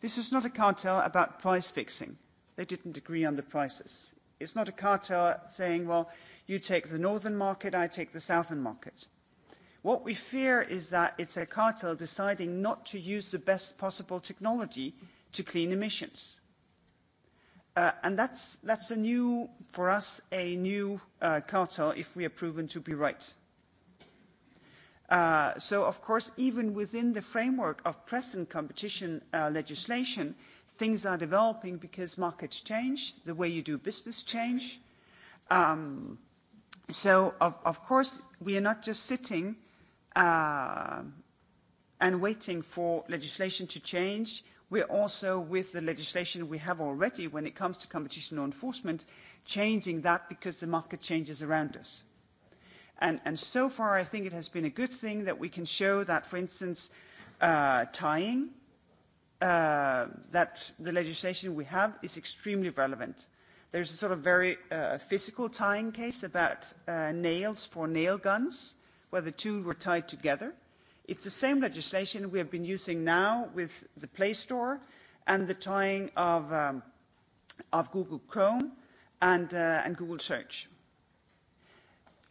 this is not a cartel about price fixing. They didn't agree on the prices. It's not a cartel saying, "Well, you take the northern market, I take the southern market." What we fear is that it's a cartel deciding not to use the best possible technology to clean emissions. Uh, and that's, that's a new, for us, a new uh, cartel if we are proven to be right. Uh, so, of course, even within the framework of present competition uh, legislation, things are developing because markets change, the way you do business change. Um, so, of, of course, we are not just sitting uh, Uh, and waiting for legislation to change. We're also, with the legislation we have already when it comes to competition law enforcement, changing that because the market changes around us. So far, I think it has been a good thing that we can show that, for instance, uh, tying uh, that the legislation we have is extremely relevant. There's a sort of very physical tying case about nails for nail guns, where the two were tied together. It's the same legislation we have been using now with the Play Store and the tying of, um, of Google Chrome and, uh, and Google Search.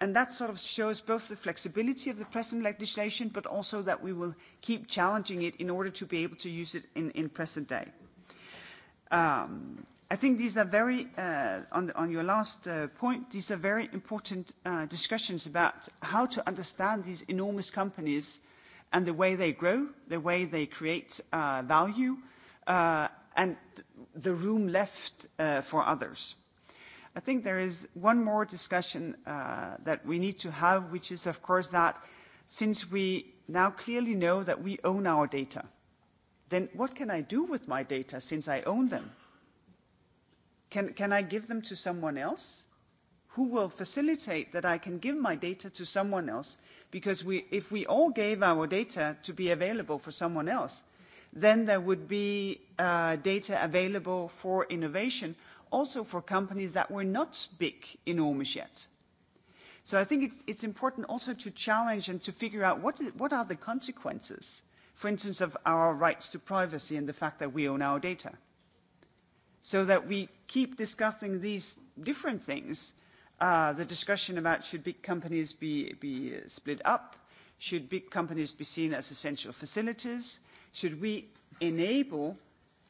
And that sort of shows both the flexibility of the present legislation, but also that we will keep challenging it in order to be able to use it in, in present day. Um, I think these are very, uh, on, on your last uh, point, these are very important uh, discussions about how to understand these enormous companies and the way they grow, the way they create uh, value, uh, and the room left uh, for others. I think there is one more discussion uh, that we need to have, which is, of course, that since we now clearly know that we own our data, then what can I do with my data since I own them? can, can I give them to someone else? Who will facilitate that I can give my data to someone else? Because we, if we all gave our data to be available for someone else, then there would be uh, data available for innovation, also for companies that were not big enormous yet. So I think it's, it's important also to challenge and to figure out what, is, what are the consequences, for instance, of our rights to privacy and the fact that we own our data so that we keep discussing these different things. Uh, the discussion about should big companies be, be split up? Should big companies be seen as essential facilities? Should we enable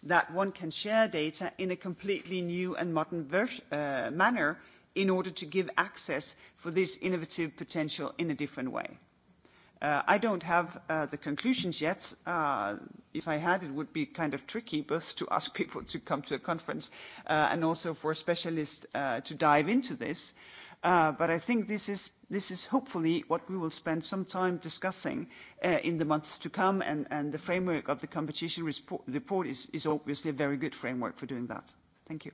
that one can share data in a completely new and modern ver- uh, manner in order to give access for this innovative potential in a different way? Uh, I don't have uh, the conclusions yet. Uh, if I had, it would be kind of tricky both to ask people to come to a conference uh, and also for specialists uh, to dive into this. Uh, but I think this is, this is hopefully what we will spend some time discussing uh, in the months to come, and, and the framework of the competition report, report is, is obviously a very good framework for doing that. Thank you.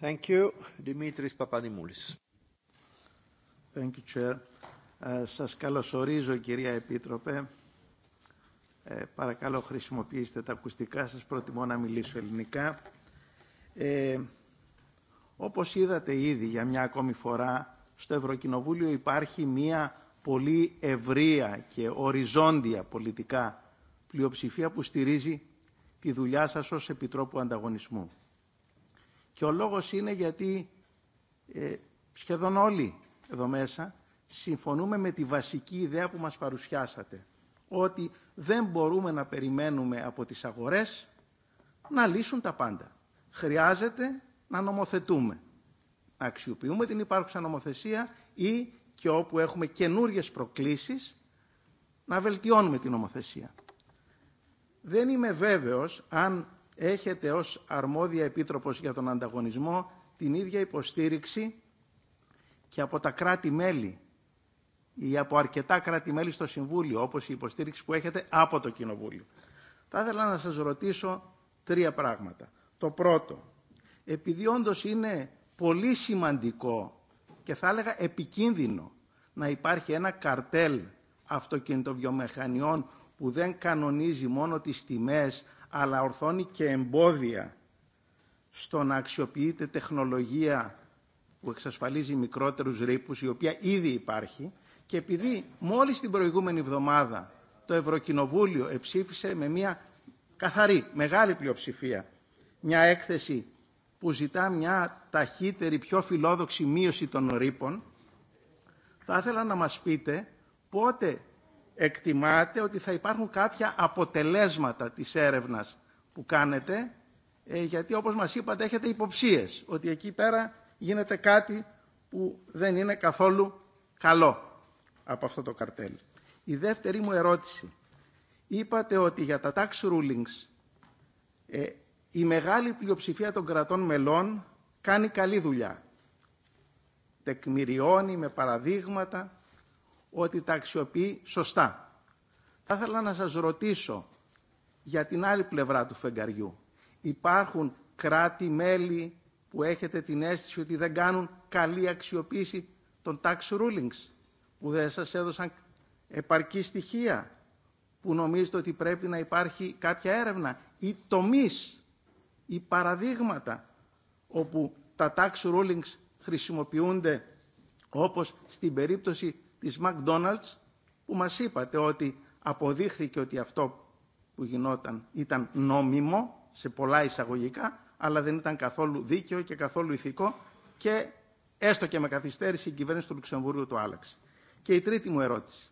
Thank you. Dimitris Papadimoulis. Thank you, Chair. Σας καλωσορίζω, κυρία Επίτροπε. Ε, παρακαλώ, χρησιμοποιήστε τα ακουστικά σας. Προτιμώ να μιλήσω ελληνικά. Ε, όπως είδατε ήδη για μια ακόμη φορά, στο Ευρωκοινοβούλιο υπάρχει μια πολύ ευρεία και οριζόντια πολιτικά πλειοψηφία που στηρίζει τη δουλειά σας ως Επιτρόπου Ανταγωνισμού. Και ο λόγος είναι γιατί ε, σχεδόν όλοι εδώ μέσα – συμφωνούμε με τη βασική ιδέα που μας παρουσιάσατε, ότι δεν μπορούμε να περιμένουμε από τις αγορές να λύσουν τα πάντα. Χρειάζεται να νομοθετούμε, να αξιοποιούμε την υπάρχουσα νομοθεσία ή και όπου έχουμε καινούριες προκλήσεις, να βελτιώνουμε την νομοθεσία. Δεν είμαι βέβαιος αν έχετε ως αρμόδια επίτροπος για τον ανταγωνισμό την ίδια υποστήριξη και από τα κράτη-μέλη ή από αρκετά κράτη-μέλη στο Συμβούλιο, όπως η υποστήριξη που έχετε από το Κοινοβούλιο. Θα ήθελα να σας ρωτήσω τρία πράγματα. Το πρώτο, επειδή όντω είναι πολύ σημαντικό και θα έλεγα επικίνδυνο να υπάρχει ένα καρτέλ αυτοκινητοβιομηχανιών που δεν κανονίζει μόνο τις τιμές, αλλά ορθώνει και εμπόδια στο να αξιοποιείται τεχνολογία που εξασφαλίζει μικρότερους ρήπους, η οποία ήδη υπάρχει, Και επειδή μόλις την προηγούμενη εβδομάδα το Ευρωκοινοβούλιο εψήφισε με μια καθαρή, μεγάλη πλειοψηφία, μια έκθεση που ζητά μια ταχύτερη, πιο φιλόδοξη μείωση των ρήπων, θα ήθελα να μας πείτε πότε εκτιμάτε ότι θα υπάρχουν κάποια αποτελέσματα της έρευνας που κάνετε, γιατί όπως μας είπατε έχετε υποψίες ότι εκεί πέρα γίνεται κάτι που δεν είναι καθόλου καλό από αυτό το καρτέλ. Η δεύτερη μου ερώτηση. Είπατε ότι για τα tax rulings ε, η μεγάλη πλειοψηφία των κρατών μελών κάνει καλή δουλειά. Τεκμηριώνει με παραδείγματα ότι τα αξιοποιεί σωστά. Θα ήθελα να σας ρωτήσω για την άλλη πλευρά του φεγγαριού. Υπάρχουν κράτη, μέλη που έχετε την αίσθηση ότι δεν κάνουν καλή αξιοποίηση των tax rulings που δεν σας έδωσαν επαρκή στοιχεία που νομίζετε ότι πρέπει να υπάρχει κάποια έρευνα ή τομείς ή παραδείγματα όπου τα tax rulings χρησιμοποιούνται όπως στην περίπτωση της McDonald's που μας είπατε ότι αποδείχθηκε ότι αυτό που γινόταν ήταν νόμιμο σε πολλά εισαγωγικά αλλά δεν ήταν καθόλου δίκαιο και καθόλου ηθικό και έστω και με καθυστέρηση η κυβέρνηση του Λουξεμβούργου το άλλαξε. Και η τρίτη μου ερώτηση.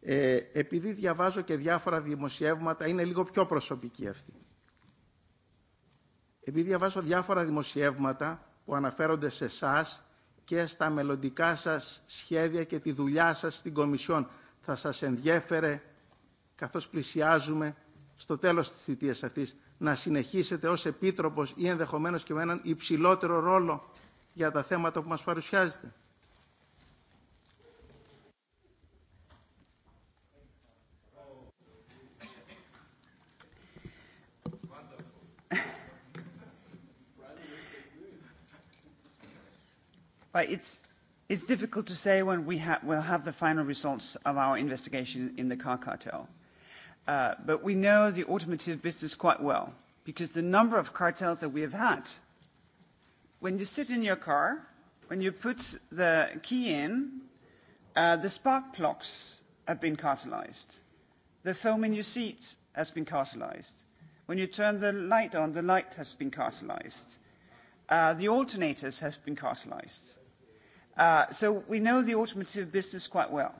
Ε, επειδή διαβάζω και διάφορα δημοσιεύματα, είναι λίγο πιο προσωπική αυτή. Επειδή διαβάζω διάφορα δημοσιεύματα που αναφέρονται σε εσά και στα μελλοντικά σας σχέδια και τη δουλειά σας στην Κομισιόν, θα σας ενδιέφερε, καθώς πλησιάζουμε στο τέλος της θητείας αυτής, να συνεχίσετε ως Επίτροπος ή ενδεχομένως και με έναν υψηλότερο ρόλο για τα θέματα που μας παρουσιάζετε. Well, it's, it's difficult to say when we ha- will have the final results of our investigation in the car cartel. Uh, but we know the automotive business quite well because the number of cartels that we have had, when you sit in your car, when you put the key in, uh, the spark plugs have been cartelized. The foam in your seat has been cartelized. When you turn the light on, the light has been cartelized. Uh, the alternators have been cartelized. Uh, so we know the automotive business quite well.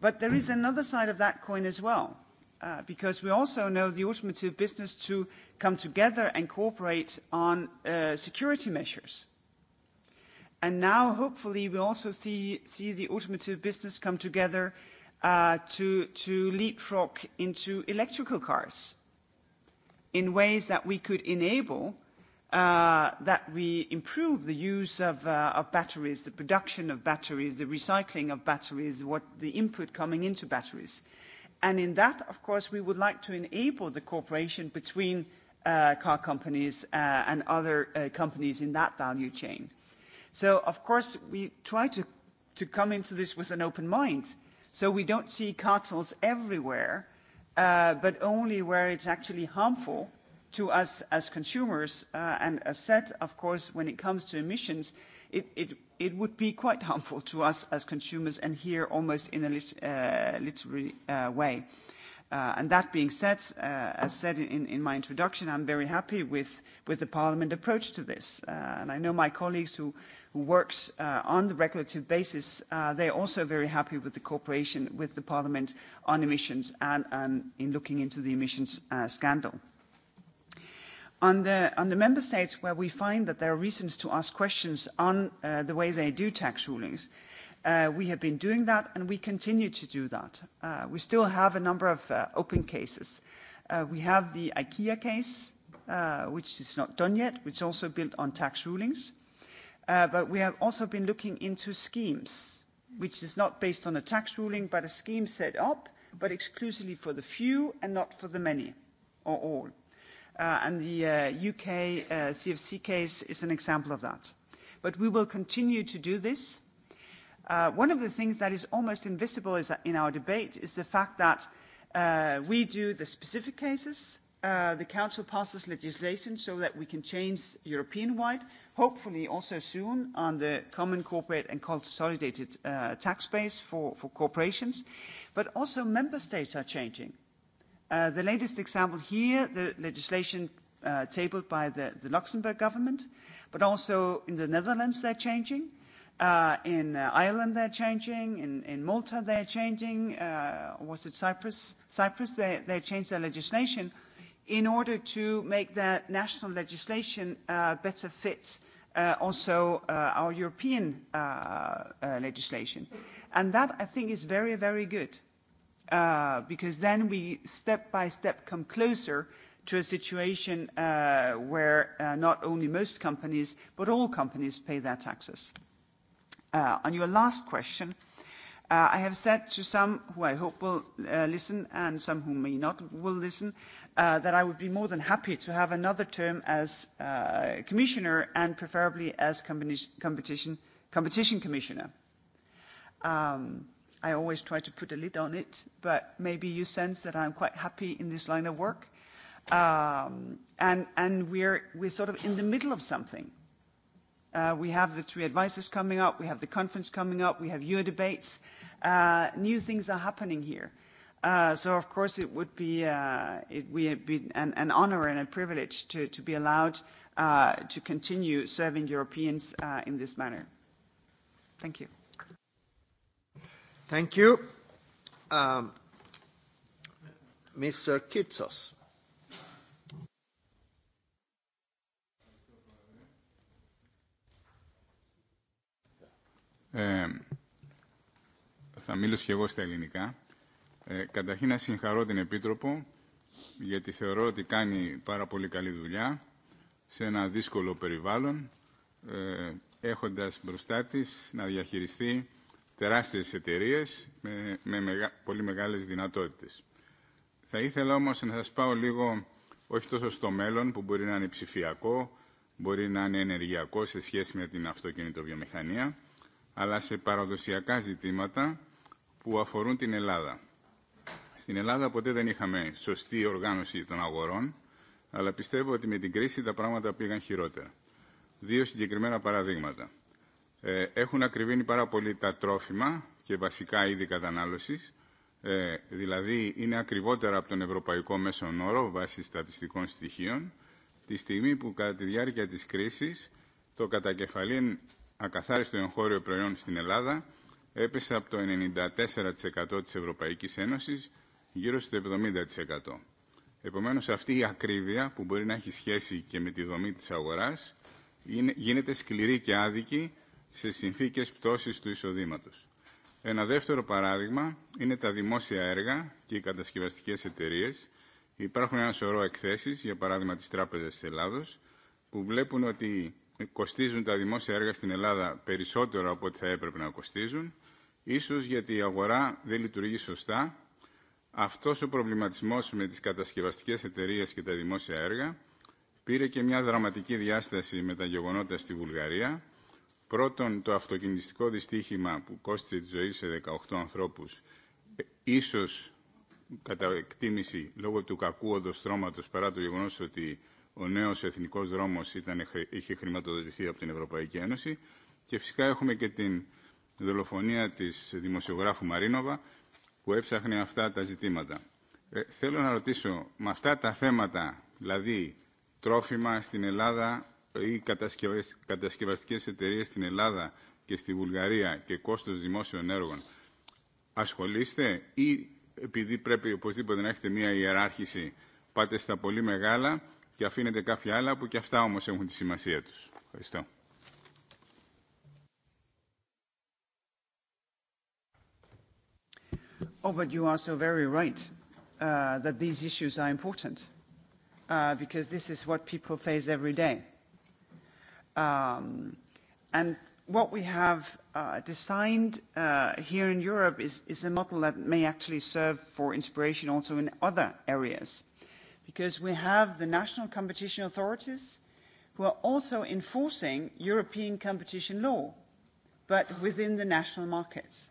But there is another side of that coin as well, uh, because we also know the automotive business to come together and cooperate on uh, security measures. And now, hopefully, we also see, see the automotive business come together uh, to, to leapfrog into electrical cars in ways that we could enable uh, Uh, that we improve the use uh, of batteries, the production of batteries, the recycling of batteries, what the input coming into batteries. In that, of course, we would like to enable the cooperation between uh, car companies and other companies in that value chain. Of course, we try to come into this with an open mind, so we don't see cartels everywhere, but only where it's actually harmful to us as consumers uh, and as said, of course, when it comes to emissions, it, it, it would be quite harmful to us as consumers and here almost in a lit, uh, literary uh, way. Uh, and that being said, uh, as said in, in my introduction, I'm very happy with, with the Parliament approach to this. Uh, and I know my colleagues who, who works uh, on the regulative basis, uh, they're also very happy with the cooperation with the Parliament on emissions and, and in looking into the emissions uh, scandal. On the, on the member states where we find that there are reasons to ask questions on uh, the way they do tax rulings, uh, we have been doing that and we continue to do that. Uh, we still have a number of uh, open cases. Uh, we have the IKEA case, uh, which is not done yet, which is also built on tax rulings. Uh, but we have also been looking into schemes, which is not based on a tax ruling, but a scheme set up, but exclusively for the few and not for the many or all. Uh, and the UK uh, CFC uh, case is an example of that. But we will continue to do this. One of the things that is almost invisible in our debate is the fact that we do the specific cases, the Council passes legislation so that we can change European-wide, hopefully also soon on the common corporate and consolidated tax base for corporations. But also member states are changing. Uh, the latest example here, the legislation uh, tabled by the, the Luxembourg government, but also in the Netherlands they're changing, uh, in uh, Ireland they're changing, in, in Malta they're changing, uh, was it Cyprus? Cyprus, they, they changed their legislation in order to make that national legislation uh, better fit uh, also uh, our European uh, uh, legislation. And that, I think, is very, very good uh, because then we step by step come closer to a situation uh, where uh, not only most companies, but all companies pay their taxes. Uh, on your last question, uh, I have said to some who I hope will uh, listen and some who may not will listen uh, that I would be more than happy to have another term as uh, commissioner and preferably as competition, competition commissioner. Um, I always try to put a lid on it, but maybe you sense that I'm quite happy in this line of work. Um, and and we're, we're sort of in the middle of something. Uh, we have the three advisors coming up, we have the conference coming up, we have your debates. Uh, new things are happening here. Uh, so, of course, it would be, uh, it, we be an, an honor and a privilege to, to be allowed uh, to continue serving Europeans uh, in this manner. Thank you. Thank you. Um, Mr. Kitsos. Ε, θα μιλήσω και εγώ στα ελληνικά. Ε, καταρχήν να συγχαρώ την Επίτροπο, γιατί θεωρώ ότι κάνει πάρα πολύ καλή δουλειά σε ένα δύσκολο περιβάλλον, ε, έχοντας μπροστά της να διαχειριστεί τεράστιες εταιρείε με, με μεγα, πολύ μεγάλες δυνατότητες. Θα ήθελα όμως να σας πάω λίγο όχι τόσο στο μέλλον που μπορεί να είναι ψηφιακό, μπορεί να είναι ενεργειακό σε σχέση με την αυτοκινητοβιομηχανία, αλλά σε παραδοσιακά ζητήματα που αφορούν την Ελλάδα. Στην Ελλάδα ποτέ δεν είχαμε σωστή οργάνωση των αγορών, αλλά πιστεύω ότι με την κρίση τα πράγματα πήγαν χειρότερα. Δύο συγκεκριμένα παραδείγματα. Ε, έχουν ακριβήνει πάρα πολύ τα τρόφιμα και βασικά είδη κατανάλωσης. Ε, δηλαδή είναι ακριβότερα από τον ευρωπαϊκό μέσο όρο βάσει στατιστικών στοιχείων τη στιγμή που κατά τη διάρκεια της κρίσης το κατακεφαλήν ακαθάριστο εγχώριο προϊόν στην Ελλάδα έπεσε από το 94% της Ευρωπαϊκής Ένωσης γύρω στο 70%. Επομένως αυτή η ακρίβεια που μπορεί να έχει σχέση και με τη δομή της αγοράς γίνεται σκληρή και άδικη σε συνθήκες πτώσης του εισοδήματος. Ένα δεύτερο παράδειγμα είναι τα δημόσια έργα και οι κατασκευαστικές εταιρείε. Υπάρχουν ένα σωρό εκθέσεις, για παράδειγμα της Τράπεζας της Ελλάδος, που βλέπουν ότι κοστίζουν τα δημόσια έργα στην Ελλάδα περισσότερο από ό,τι θα έπρεπε να κοστίζουν, ίσως γιατί η αγορά δεν λειτουργεί σωστά. Αυτός ο προβληματισμός με τις κατασκευαστικές εταιρείε και τα δημόσια έργα πήρε και μια δραματική διάσταση με τα γεγονότα στη Βουλγαρία, Πρώτον, το αυτοκινητικό δυστύχημα που κόστησε τη ζωή σε 18 ανθρώπους, ίσως κατά εκτίμηση λόγω του κακού οδοστρώματος, παρά το γεγονός ότι ο νέος εθνικός δρόμος ήταν, είχε χρηματοδοτηθεί από την Ευρωπαϊκή Ένωση. Και φυσικά έχουμε και την δολοφονία της δημοσιογράφου Μαρίνοβα, που έψαχνε αυτά τα ζητήματα. Ε, θέλω να ρωτήσω, με αυτά τα θέματα, δηλαδή τρόφιμα στην Ελλάδα, οι κατασκευαστικέ εταιρείε στην Ελλάδα και στη Βουλγαρία και κόστο δημόσιων έργων, ασχολείστε ή επειδή πρέπει οπωσδήποτε να έχετε μία ιεράρχηση, πάτε στα πολύ μεγάλα και αφήνετε κάποια άλλα που και αυτά όμω έχουν τη σημασία του. Ευχαριστώ. Oh, but you are so very right uh, that these issues are important uh, because this is what people face every day. Um, and what we have uh, designed uh, here in Europe is, is a model that may actually serve for inspiration also in other areas. Because we have the national competition authorities who are also enforcing European competition law, but within the national markets.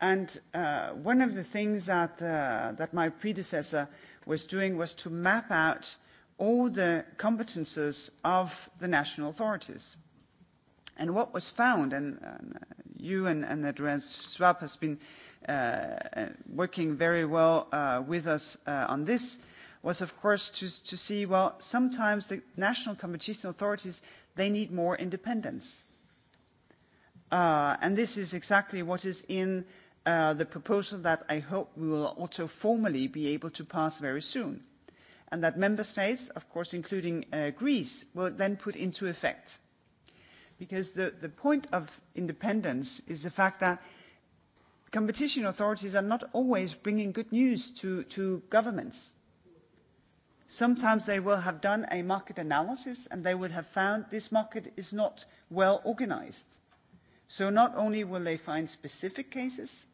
And uh, one of the things that, uh, that my predecessor was doing was to map out uh, all the competences of the national authorities. And what was found, and, and uh, you and, and the Drenz Swap has been uh, uh, working very well uh, with us uh, on this, was of course to, to see, well, sometimes the national competition authorities, they need more independence. Uh, and this is exactly what is in uh, the proposal that I hope we will also formally be able to pass very soon and that member states, of course, including uh, Greece, will then put into effect. Because the, the point of independence is the fact that competition authorities are not always bringing good news to, to governments. Sometimes they will have done a market analysis and they would have found this market is not well organized. So not only will they find specific cases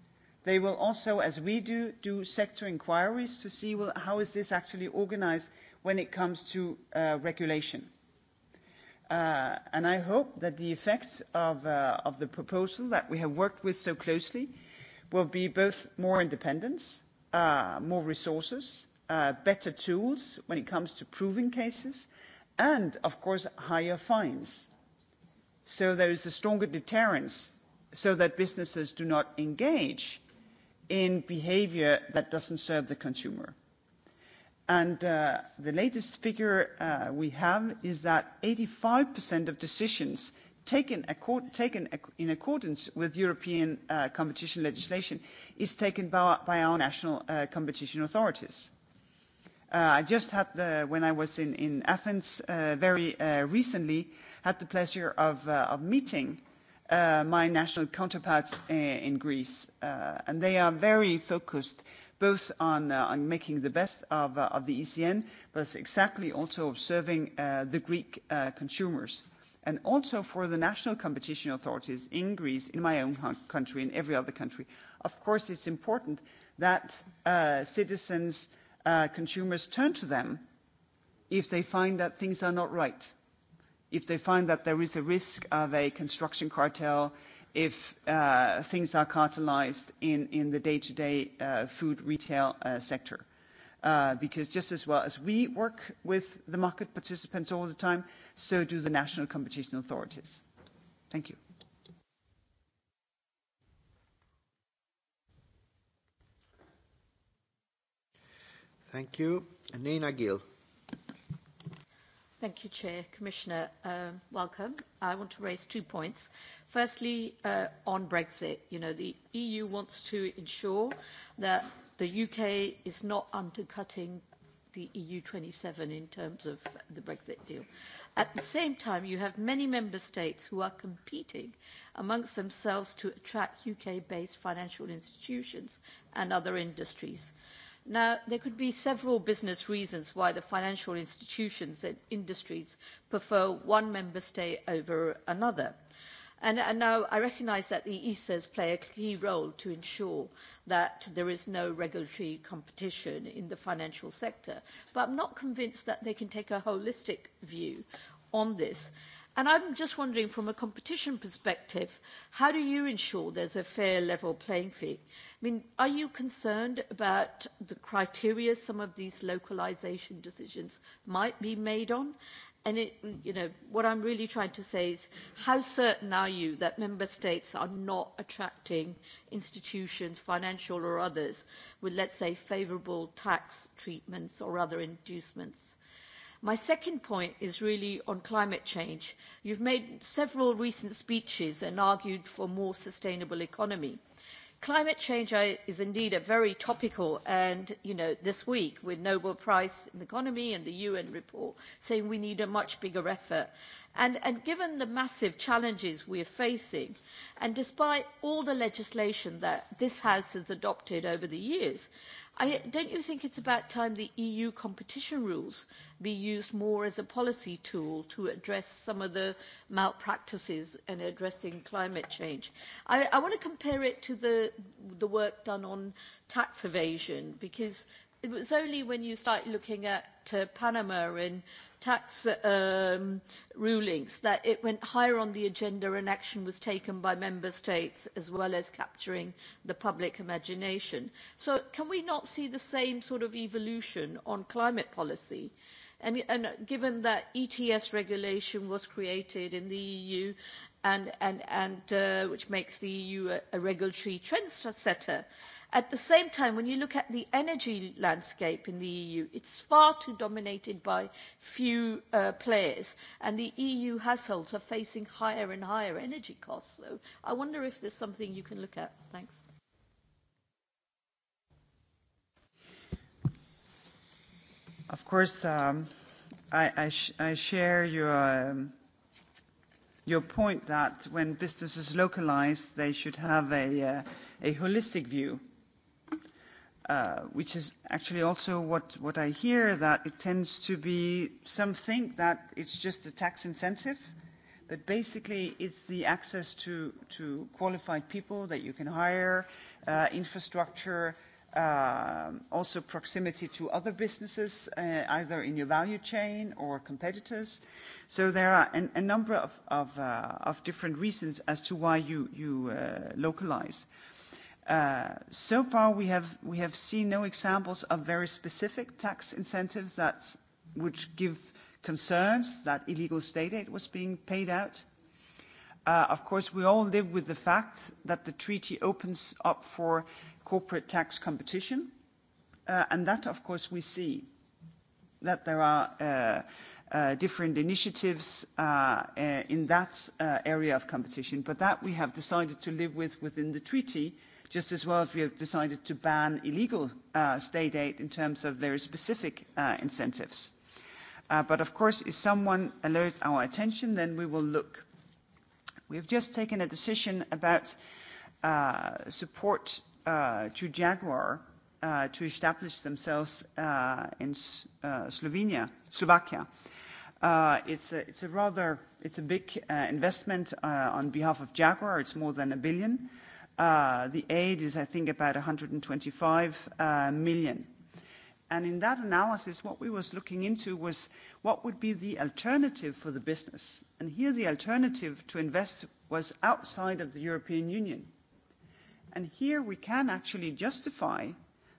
They will also, as we do, do sector inquiries to see well, how is this actually organized when it comes to uh, regulation. Uh, and I hope that the effects of, uh, of the proposal that we have worked with so closely will be both more independence, uh, more resources, uh, better tools when it comes to proving cases, and, of course, higher fines. So there is a stronger deterrence so that businesses do not engage – in behavior that doesn't serve the consumer. And uh, the latest figure uh, we have is that 85% of decisions taken, accor- taken ac- in accordance with European uh, competition legislation is taken by our, by our national uh, competition authorities. Uh, I just had the, when I was in, in Athens uh, very uh, recently, had the pleasure of, uh, of meeting uh, uh, my national counterparts uh, in Greece, uh, and they are very focused both on, uh, on making the best of, uh, of the ECN, but exactly also observing uh, the Greek uh, consumers. And also for the national competition authorities in Greece, in my own country, in every other country, of course it's important that uh, citizens, uh, consumers turn to them if they find that things are not right. Uh, if they find that there is a risk of a construction cartel, if uh, things are cartelized in, in the day-to-day uh, food retail uh, sector. Uh, because just as well as we work with the market participants all the time, so do the national competition authorities. Thank you. Thank you. Nina Gill. Thank you, Chair. Commissioner, um, welcome. I want to raise two points. Firstly, uh, on Brexit, you know, the EU wants to ensure that the UK is not undercutting the EU27 in terms of the Brexit deal. At the same time, you have many member states who are competing amongst themselves to attract UK-based financial institutions and other industries. Now, there could be several business reasons why the financial institutions and industries prefer one member state over another. And, and now I recognize that the ESAs play a key role to ensure that there is no regulatory competition in the financial sector. But I'm not convinced that they can take a holistic view on this. And I'm just wondering, from a competition perspective, how do you ensure there's a fair level playing field? I mean, are you concerned about the criteria some of these localization decisions might be made on? And, it, you know, what I'm really trying to say is, how certain are you that member states are not attracting institutions, financial or others, with, let's say, favorable tax treatments or other inducements? My second point is really on climate change. You've made several recent speeches and argued for more sustainable economy. Climate change uh, is indeed a very topical and, you know, this week with Nobel Prize in the economy and the UN report saying we need a much bigger effort. And, and given the massive challenges we are facing, and despite all the legislation that this House has adopted over the years, I, don't you think it's about time the EU competition rules be used more as a policy tool to address some of the malpractices and addressing climate change? I, I want to compare it to the, the work done on tax evasion because uh, it was only when you start looking at uh, Panama and tax um, rulings that it went higher on the agenda and action was taken by member states as well as capturing the public imagination. So can we not see the same sort of evolution on climate policy? And, and given that ETS regulation was created in the EU and, and, and uh, which makes the EU a, a regulatory trendsetter, At the same time, when you look at the energy landscape in the EU, it's far too dominated by few uh, players, and the EU households are facing higher and higher energy costs. So I wonder if there's something you can look at. Thanks. Of course, um, I, I, sh I share your, um, your point that when businesses localize, they should have a, uh, a holistic view Uh, which is actually also what, what I hear, that it tends to be some think that it's just a tax incentive, but basically it's the access to, to qualified people that you can hire, uh, infrastructure, uh, also proximity to other businesses, uh, either in your value chain or competitors. So there are an, a number of, of, uh, of different reasons as to why you, you uh, localize. Uh, Uh, so far, we have seen no examples of very specific tax incentives that would give concerns that illegal state aid was being paid out. Uh, of course, we all live with the fact that the treaty opens up for corporate tax competition, uh, and that, of course, we see that there are different initiatives in that area of competition. But that we have decided to live with within the treaty, just as well as we have decided to ban illegal uh, state aid in terms of very specific uh, incentives. Uh, but of course, if someone alerts our attention, then we will look. We have just taken a decision about uh, support uh, to Jaguar uh, to establish themselves uh, in S- uh, Slovenia, Slovakia. Uh, it's, a, it's a rather it's a big uh, investment uh, on behalf of Jaguar. It's more than a billion. Uh, Uh, the aid is, I think, about 125 uh, million. In that analysis, what we was looking into was what would be the alternative for the business. Here, the alternative to invest was outside of the European Union. Here we can actually justify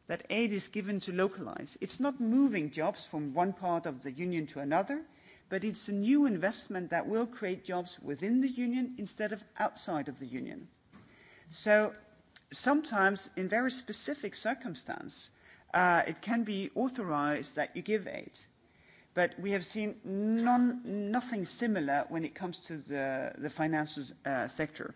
that aid is given to localize. It's not moving jobs from one part of the union to another, but it's a new investment that will create jobs within the union instead of outside of the union. So sometimes, in very specific circumstances, uh, it can be authorized that you give aid. But we have seen non, nothing similar when it comes to the, the finances uh, sector.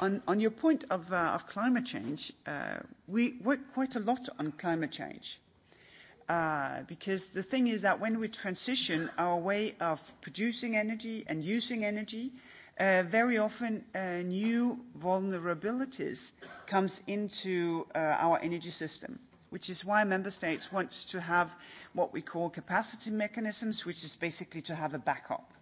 On, on your point of, uh, of climate change, uh, we work quite a lot on climate change. Uh, because the thing is that when we transition our way of producing energy and using energy, uh, uh, very often uh, new vulnerabilities comes into uh, our energy system, which is why member states want to have what we call capacity mechanisms, which is basically to have a backup.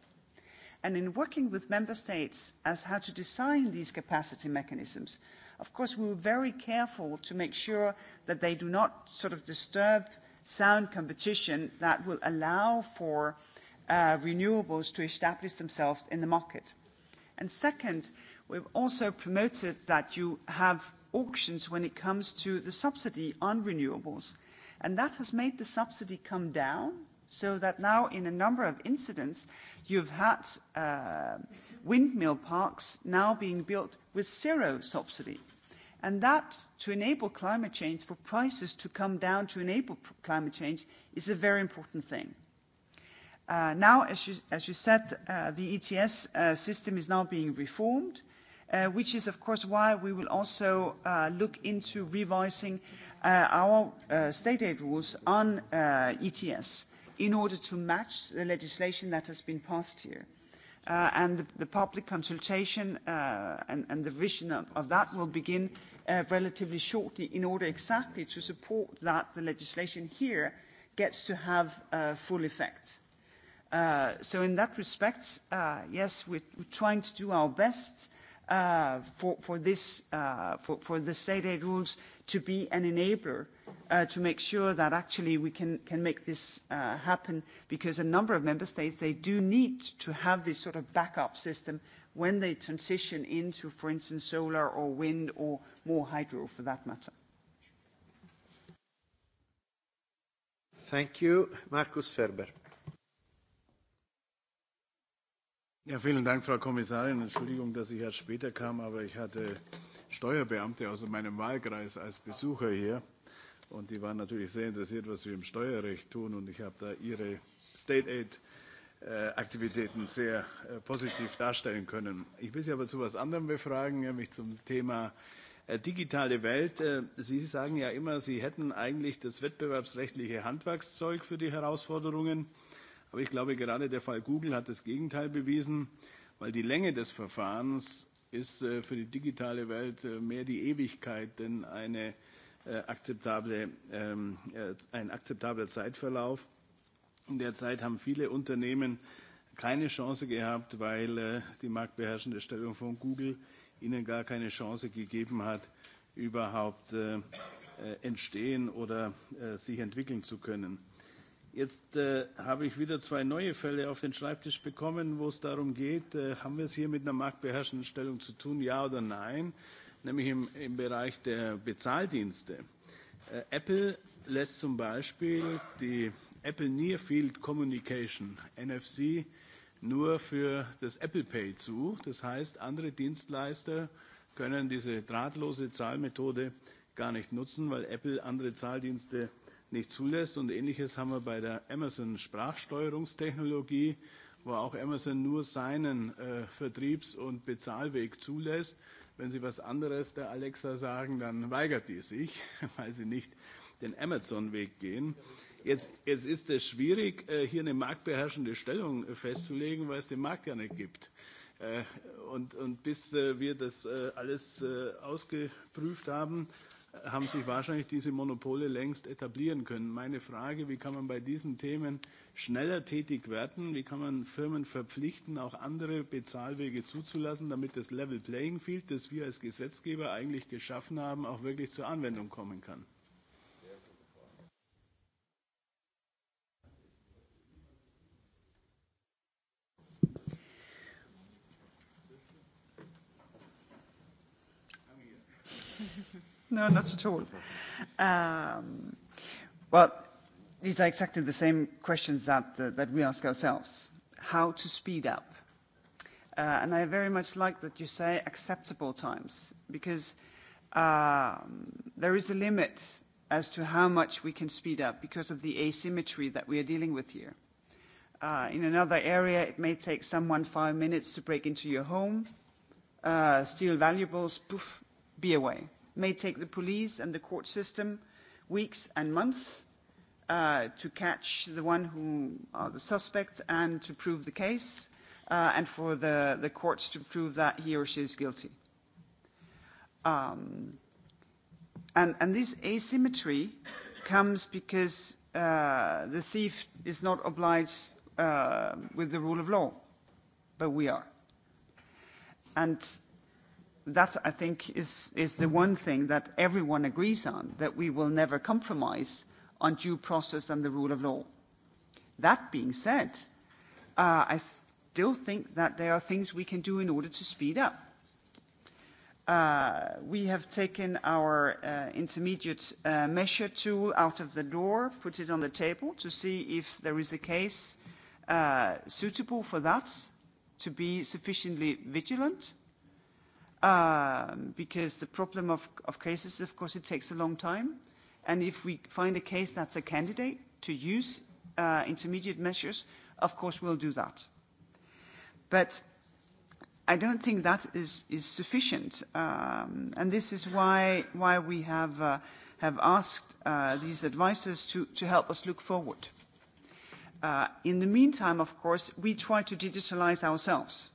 And in working with member states as how to design these capacity mechanisms, of course, we were very careful to make sure that they do not sort of disturb sound competition that will allow for uh, renewables to establish themselves in the market. Second, we've also promoted that you have auctions when it comes to the subsidy on renewables, and that has made the subsidy come down so that now in a number of incidents, you've had uh, windmill parks now being built with zero subsidy. That, to enable climate change, for prices to come down to enable climate change, is a very important thing. Uh, now, as you, as you said, uh, the ETS uh, system is now being reformed, which is, of course, why we will also look into revising our state aid rules on ETS in order to match the legislation that has been passed here. And the public consultation and the vision of that will begin relatively shortly in order exactly to support that the legislation here gets to have full effect. Uh, so in that respect, uh, yes, we're trying to do our best uh, for the state aid rules to be an enabler to make sure that actually we can make this happen, because a number of member states, they do need to have this sort of backup system when they transition into, for instance, solar or wind or more hydro, for that matter. Thank you. Markus Ferber. Ja, vielen Dank, Frau Kommissarin. Entschuldigung, dass ich erst später kam, aber ich hatte Steuerbeamte aus meinem Wahlkreis als Besucher hier. Und die waren natürlich sehr interessiert, was wir im Steuerrecht tun. Und ich habe da ihre State Aid-Aktivitäten äh, sehr äh, positiv darstellen können. Ich will Sie aber zu etwas anderem befragen, nämlich zum Thema äh, digitale Welt. Sie sagen ja immer, Sie hätten eigentlich das wettbewerbsrechtliche Handwerkszeug für die Herausforderungen. Aber ich glaube, gerade der Fall Google hat das Gegenteil bewiesen, weil die Länge des Verfahrens ist äh, für die digitale Welt äh, mehr die Ewigkeit, denn eine äh, akzeptable, ähm, ein akzeptabler Zeitverlauf. In der Zeit haben viele Unternehmen keine Chance gehabt, weil die marktbeherrschende Stellung von Google ihnen gar keine Chance gegeben hat, überhaupt entstehen oder sich entwickeln zu können. Jetzt äh, habe ich wieder zwei neue Fälle auf den Schreibtisch bekommen, wo es darum geht, äh, haben wir es hier mit einer marktbeherrschenden Stellung zu tun, ja oder nein, nämlich im, im Bereich der Bezahldienste. Äh, Apple lässt zum Beispiel die Apple Near Field Communication, NFC, nur für das Apple Pay zu. Das heißt, andere Dienstleister können diese drahtlose Zahlmethode gar nicht nutzen, weil Apple andere Zahldienste nicht zulässt. Und ähnliches haben wir bei der Amazon Sprachsteuerungstechnologie, wo auch Amazon nur seinen äh, Vertriebs- und Bezahlweg zulässt. Wenn Sie was anderes der Alexa sagen, dann weigert die sich, weil sie nicht den Amazon-Weg gehen. Jetzt, jetzt ist es schwierig, äh, hier eine marktbeherrschende Stellung äh, festzulegen, weil es den Markt ja nicht gibt. Äh, und, und bis äh, wir das äh, alles äh, ausgeprüft haben, haben sich wahrscheinlich diese Monopole längst etablieren können. Meine Frage, wie kann man bei diesen Themen schneller tätig werden? Wie kann man Firmen verpflichten, auch andere Bezahlwege zuzulassen, damit das Level Playing Field, das wir als Gesetzgeber eigentlich geschaffen haben, auch wirklich zur Anwendung kommen kann? No, not at all. These are exactly the same questions uh, that we ask ourselves, how to speed up. Uh, I very much like that you say acceptable times because um, there is a limit as to how much we can speed up because of the asymmetry that we are dealing with here. Uh, in another area, it may take someone five minutes to break into your home, steal valuables, poof, be away may take the police and the court system weeks and months uh, to catch the one who are the suspect and to prove the case uh, and for the, the courts to prove that he or she is guilty. Um, and, and this asymmetry comes because uh, the thief is not obliged uh, with the rule of law, but we are. And that I think is is the one thing that everyone agrees on that we will never compromise on due process and the rule of law. That being said, uh, I still think that there are things we can do in order to speed up. Uh, we have taken our uh, intermediate uh, measure tool out of the door, put it on the table to see if there is a case uh, suitable for that to be sufficiently vigilant. Uh, Um, because the problem of cases, of course, it takes a long time. And if we find a case that's a candidate to use uh, intermediate measures, of course, we'll do that. But I don't think that is sufficient. Um, and this is why we have uh, asked uh, these advisors to help us look forward. In the meantime, of course, we try to digitalize ourselves.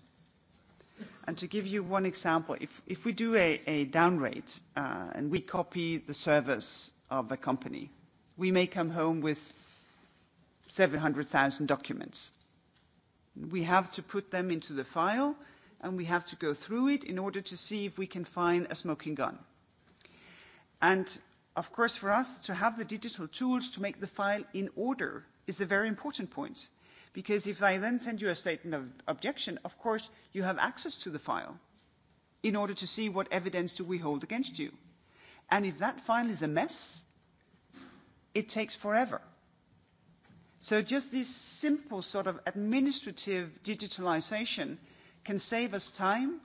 And to give you one example, if, if we do a, a downrate uh, and we copy the servers of a company, we may come home with 700,000 documents. We have to put them into the file and we have to go through it in order to see if we can find a smoking gun. And of course, for us to have the digital tools to make the file in order is a very important point. Because if I then send you a statement of objection, of course, you have access to the file in order to see what evidence do we hold against you. And if that file is a mess, it takes forever. So just this simple sort of administrative digitalization can save us time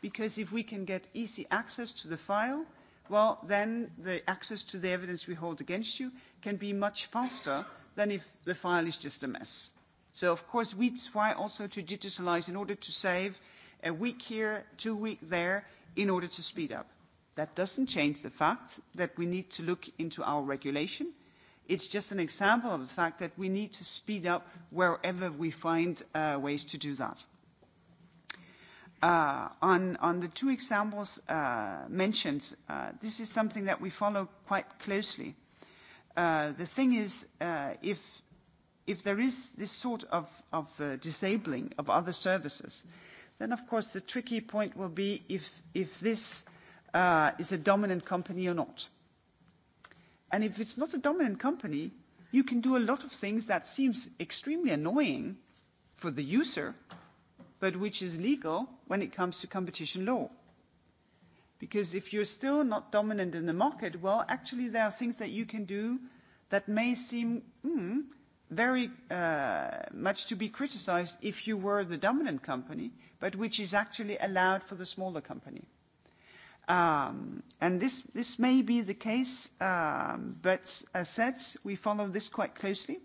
because if we can get easy access to the file, well, then the access to the evidence we hold against you can be much faster than if the file is just a mess. Of course, we try also to digitalize in order to save a week here, two weeks there, in order to speed up. That doesn't change the fact that we need to look into our regulation. It's just an example of the fact that we need to speed up wherever we find uh, ways to do that. Uh, on the two examples uh, mentioned, this is something that we follow quite closely. The thing is, if if there is this sort of, of uh, disabling of other services, then of course the tricky point will be if, if this uh, is a dominant company or not. And if it's not a dominant company, you can do a lot of things that seems extremely annoying for the user, but which is legal when it comes to competition law. Because if you're still not dominant in the market, well, actually there are things that you can do that may seem, hmm, very uh, much to be criticized if you were the dominant company, but which is actually allowed for the smaller company. Um, and this, this may be the case, um, but as said, we follow this quite closely.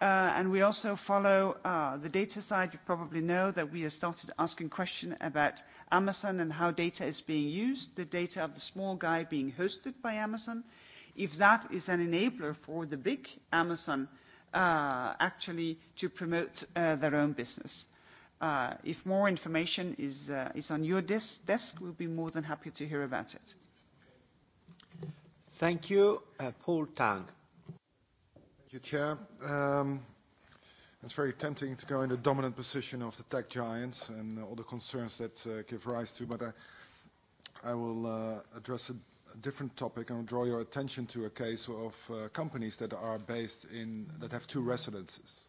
Uh, and we also follow uh, the data side. You probably know that we have started asking questions about Amazon and how data is being used, the data of the small guy being hosted by Amazon. If that is an enabler for the big Amazon uh, Uh, actually to promote uh, their own business. Uh, if more information is, uh, is on your des desk, we'll be more than happy to hear about it. Thank you. Uh, Paul Tang. Thank you, Chair. Um, it's very tempting to go in the dominant position of the tech giants and uh, all the concerns that uh, give rise to, but I, I will uh, address a different topic and draw your attention to a case of uh, companies that are based in that have two residences,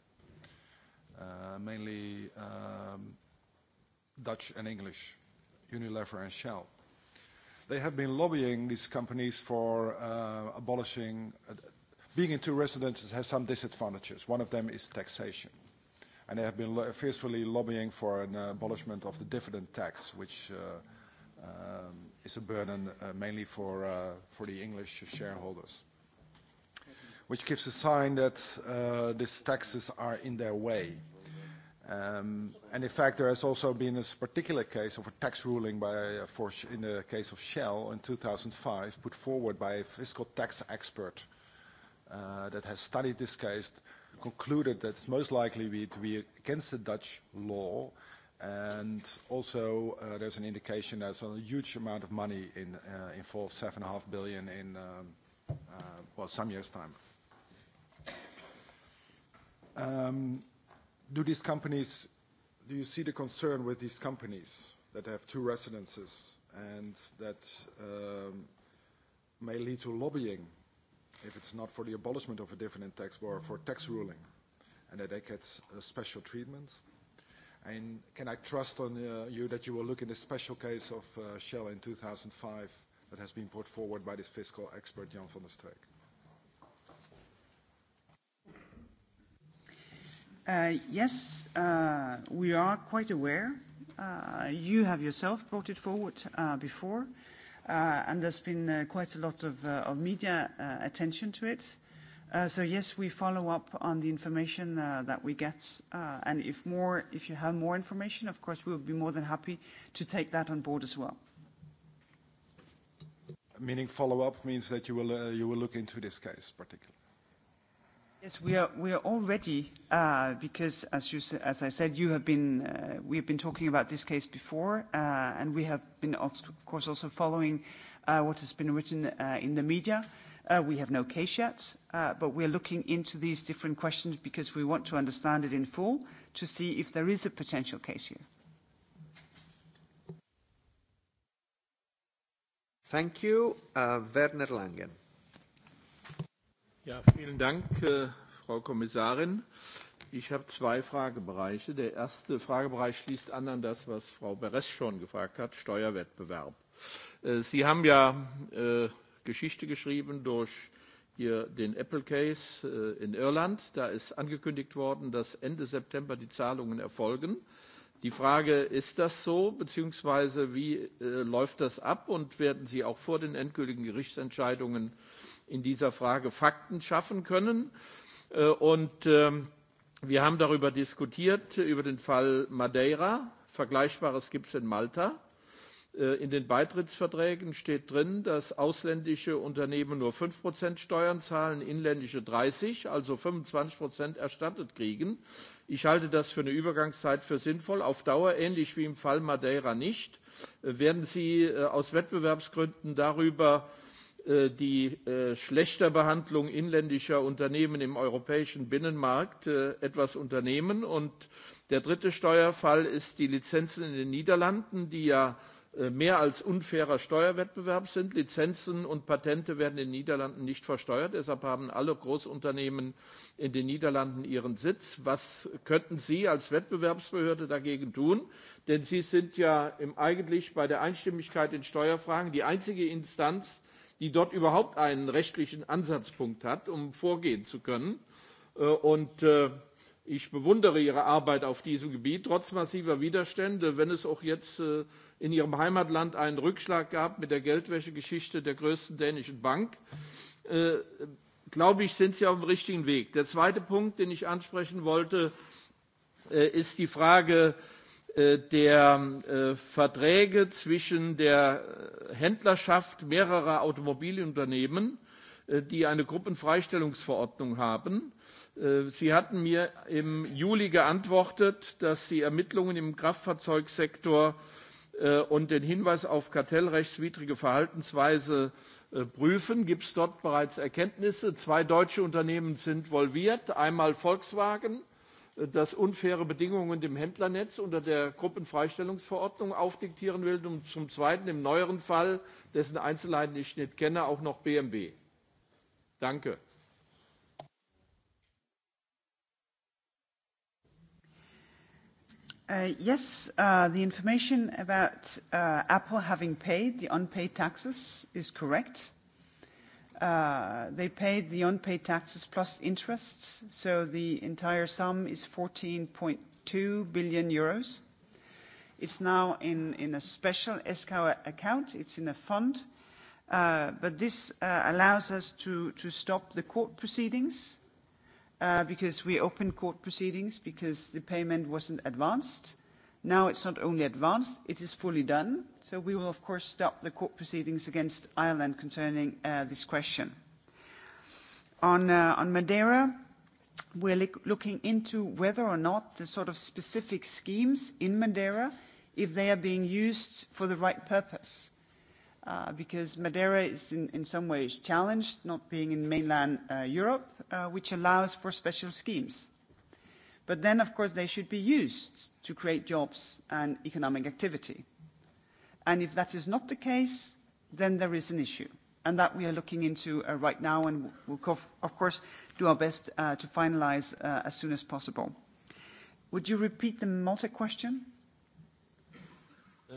uh, mainly um, Dutch and English, Unilever and Shell. They have been lobbying these companies for uh, abolishing. Uh, being in two residences has some disadvantages. One of them is taxation. And they have been lo- fiercely lobbying for an uh, abolishment of the dividend tax, which uh, um, is a burden uh, mainly uh, for the English shareholders, which gives a sign that uh, these taxes are in their way. Um, in fact, there has also been this particular case of a tax ruling in the case of Shell in 2005, put forward by a fiscal tax expert that has studied this case, concluded that it's most likely to be against the Dutch law, And also, uh, there's an indication there's a huge amount of money involved, uh, 7.5 billion in, um, uh, well, some years' time. Um, do these companies, do you see the concern with these companies that have two residences and that um, may lead to lobbying if it's not for the abolishment of a dividend tax or for tax ruling and that they get special treatments? And can I trust on uh, you that you will look in the special case of uh, Shell in 2005 that has been put forward by this fiscal expert, Jan van der Streek? Uh, yes, uh, we are quite aware. Uh, you have yourself brought it forward uh, before, uh, and there's been uh, quite a lot of, uh, of media uh, attention to it. Uh, Uh, so yes, we follow up on the information uh, that we get, uh, and if more, if you have more information, of course, we would be more than happy to take that on board as well. Meaning follow up means that you will uh, you will look into this case particularly. Yes, we are we are already uh, because as you as I said, you have been uh, we have been talking about this case before, uh, and we have been of course also following uh, what has been written uh, in the media. Uh, Uh, we have no case yet, uh, but we're looking into these different questions because we want to understand it in full to see if there is a potential case here. Thank you. Uh, Werner Langen. Ja, vielen Dank, äh, Frau Kommissarin. Ich habe zwei Fragebereiche. Der erste Fragebereich schließt an an das, was Frau Beres schon gefragt hat: Steuerwettbewerb. Äh, Sie haben ja äh, Geschichte geschrieben durch hier den Apple Case äh, in Irland. Da ist angekündigt worden, dass Ende September die Zahlungen erfolgen. Die Frage, ist das so, beziehungsweise wie äh, läuft das ab und werden Sie auch vor den endgültigen Gerichtsentscheidungen in dieser Frage Fakten schaffen können? Äh, und ähm, wir haben darüber diskutiert, über den Fall Madeira. Vergleichbares gibt es in Malta. Äh, Äh, in den Beitrittsverträgen steht drin, dass ausländische Unternehmen nur 5% Steuern zahlen, inländische 30%, also 25% erstattet kriegen. Ich halte das für eine Übergangszeit für sinnvoll. Auf Dauer, ähnlich wie im Fall Madeira nicht, äh, werden Sie äh, aus Wettbewerbsgründen darüber die schlechte Behandlung inländischer Unternehmen im europäischen Binnenmarkt etwas unternehmen. Und der dritte Steuerfall ist die Lizenzen in den Niederlanden, die ja Äh, mehr als unfairer Steuerwettbewerb sind. Lizenzen und Patente werden in den Niederlanden nicht versteuert. Deshalb haben alle Großunternehmen in den Niederlanden ihren Sitz. Was könnten Sie als Wettbewerbsbehörde dagegen tun? Denn Sie sind ja im eigentlich bei der Einstimmigkeit in Steuerfragen die einzige Instanz, die dort überhaupt einen rechtlichen Ansatzpunkt hat, um vorgehen zu können. Äh, und äh, ich bewundere Ihre Arbeit auf diesem Gebiet, trotz massiver Widerstände, wenn es auch jetzt in ihrem Heimatland einen Rückschlag gab mit der Geldwäschegeschichte der größten dänischen Bank, äh, glaube ich, sind sie auf dem richtigen Weg. Der zweite Punkt, den ich ansprechen wollte, äh, ist die Frage äh, der äh, Verträge zwischen der Händlerschaft mehrerer Automobilunternehmen, äh, die eine Gruppenfreistellungsverordnung haben. Äh, sie hatten mir im Juli geantwortet, dass Sie Ermittlungen im Kraftfahrzeugsektor äh, Äh, und den Hinweis auf kartellrechtswidrige Verhaltensweise äh, prüfen. Gibt es dort bereits Erkenntnisse? Zwei deutsche Unternehmen sind involviert. Einmal Volkswagen, äh, das unfaire Bedingungen dem Händlernetz unter der Gruppenfreistellungsverordnung aufdiktieren will. Und zum Zweiten im neueren Fall, dessen Einzelheiten ich nicht kenne, auch noch BMW. Danke. Uh, yes, uh, the information about uh, Apple having paid the unpaid taxes is correct. They paid the unpaid taxes plus interests, so the entire sum is 14.2 billion euros. It's now in a special escrow account. It's in a fund. But this allows us to stop the court proceedings Uh, because we opened court proceedings because the payment wasn't advanced. Now it's not only advanced, it is fully done. So we will, of course, stop the court proceedings against Ireland concerning uh, this question. On, uh, on Madeira, we're looking into whether or not the sort of specific schemes in Madeira, if they are being used for the right purpose. Uh, uh, because Madeira is in, in some ways challenged, not being in mainland uh, Europe, uh, which allows for special schemes. But then, of course, they should be used to create jobs and economic activity. And if that is not the case, then there is an issue. And that we are looking into uh, right now, and we'll, co- of course, do our best uh, to finalize uh, as soon as possible. Would you repeat the Malta question?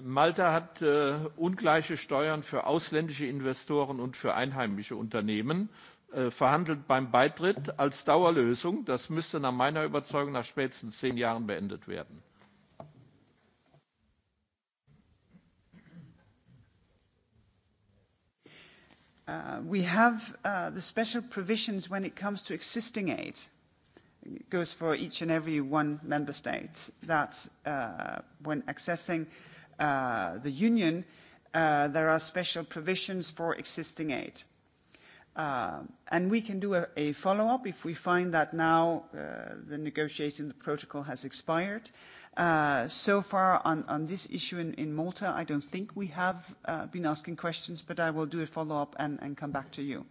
Malta hat äh, ungleiche Steuern für ausländische Investoren und für einheimische Unternehmen äh, verhandelt beim Beitritt als Dauerlösung. Das müsste nach meiner Überzeugung nach spätestens zehn Jahren beendet werden. Uh, we have uh, the special provisions when it comes to existing aid. It goes for each and every one member state that uh, when accessing uh, the Union, uh, there are special provisions for existing aid. Uh, and we can do a, a follow-up if we find that now uh, the negotiation, the protocol has expired. Uh, so far on, on this issue in, in Malta, I don't think we have uh, been asking questions, but I will do a follow-up and, and come back to you.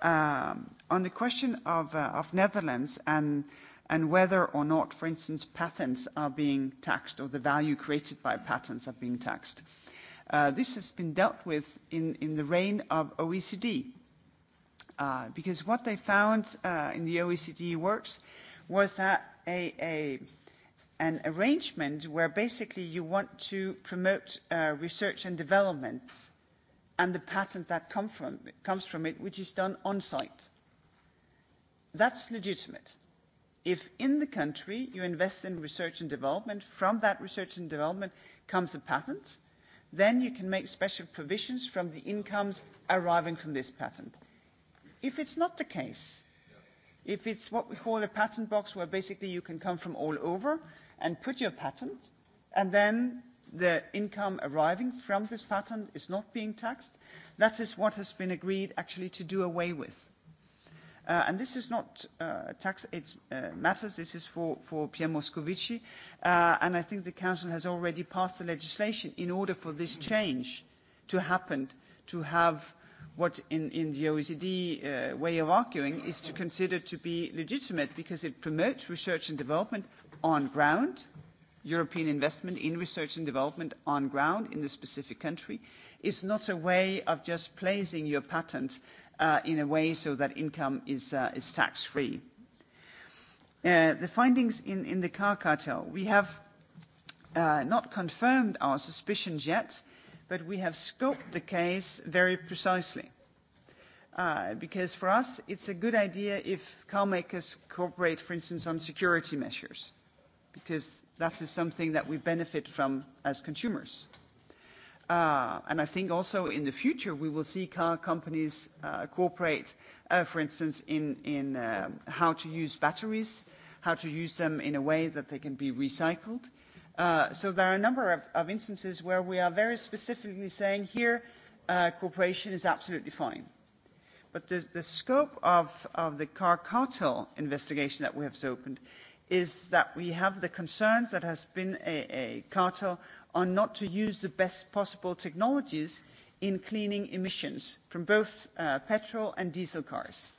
Um, on the question of, uh, of Netherlands and uh, and whether or not, for instance, patents are being taxed or the value created by patents are being taxed. Uh, this has been dealt with in, in the reign of OECD, uh, because what they found uh, in the OECD works was that a, a, an arrangement where basically you want to promote uh, research and development and the patent that come from, comes from it, which is done on site. That's legitimate if in the country you invest in research and development, from that research and development comes a patent, then you can make special provisions from the incomes arriving from this patent. If it's not the case, if it's what we call a patent box where basically you can come from all over and put your patent, and then the income arriving from this patent is not being taxed, that is what has been agreed actually to do away with. Uh, and this is not uh, tax aid uh, matters, this is for, for Pierre Moscovici, uh, and I think the Council has already passed the legislation in order for this change to happen, to have what in, in the OECD uh, way of arguing is to consider to be legitimate because it promotes research and development on ground, European investment in research and development on ground in the specific country. It's not a way of just placing your patent Uh, in a way so that income is, uh, is tax-free. Uh, the findings in, in the car cartel, we have uh, not confirmed our suspicions yet, but we have scoped the case very precisely. Uh, because for us, it's a good idea if car makers cooperate, for instance, on security measures, because that is something that we benefit from as consumers. Uh, and I think also in the future, we will see car companies uh, cooperate, uh, for instance, in, in uh, how to use batteries, how to use them in a way that they can be recycled. Uh, so there are a number of, of instances where we are very specifically saying here, uh, cooperation is absolutely fine. But the, the scope of, of the car cartel investigation that we have opened is that we have the concerns that has been a, a cartel are not to use the best possible technologies in cleaning emissions from both uh, petrol and diesel cars.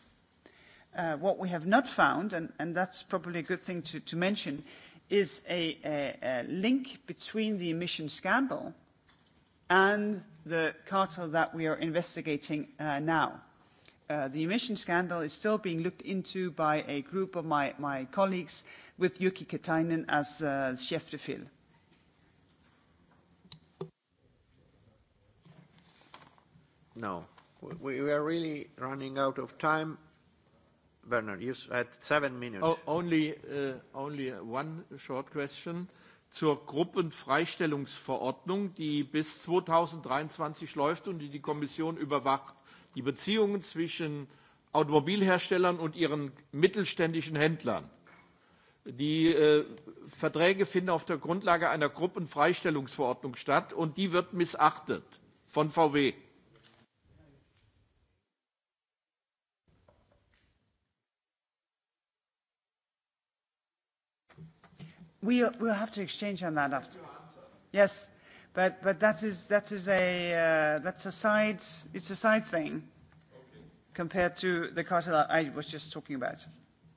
Uh, what we have not found, and, and that's probably a good thing to, to mention, is a, a, a link between the emission scandal and the cartel that we are investigating uh, now. Uh, the emission scandal is still being looked into by a group of my, my colleagues with Yuki Katainen as uh, chef de file. No. We, we are really running out of time. Bernard, you had seven minutes. Oh, only, uh, only one short question. Zur Gruppenfreistellungsverordnung, die bis 2023 läuft und die die Kommission überwacht. Die Beziehungen zwischen Automobilherstellern und ihren mittelständischen Händlern. Die äh, Verträge finden auf der Grundlage einer Gruppenfreistellungsverordnung statt und die wird missachtet von VW. We will have to exchange on that after. Yes, but but that is that is a uh, that's a side it's a side thing okay. compared to the cartel I was just talking about.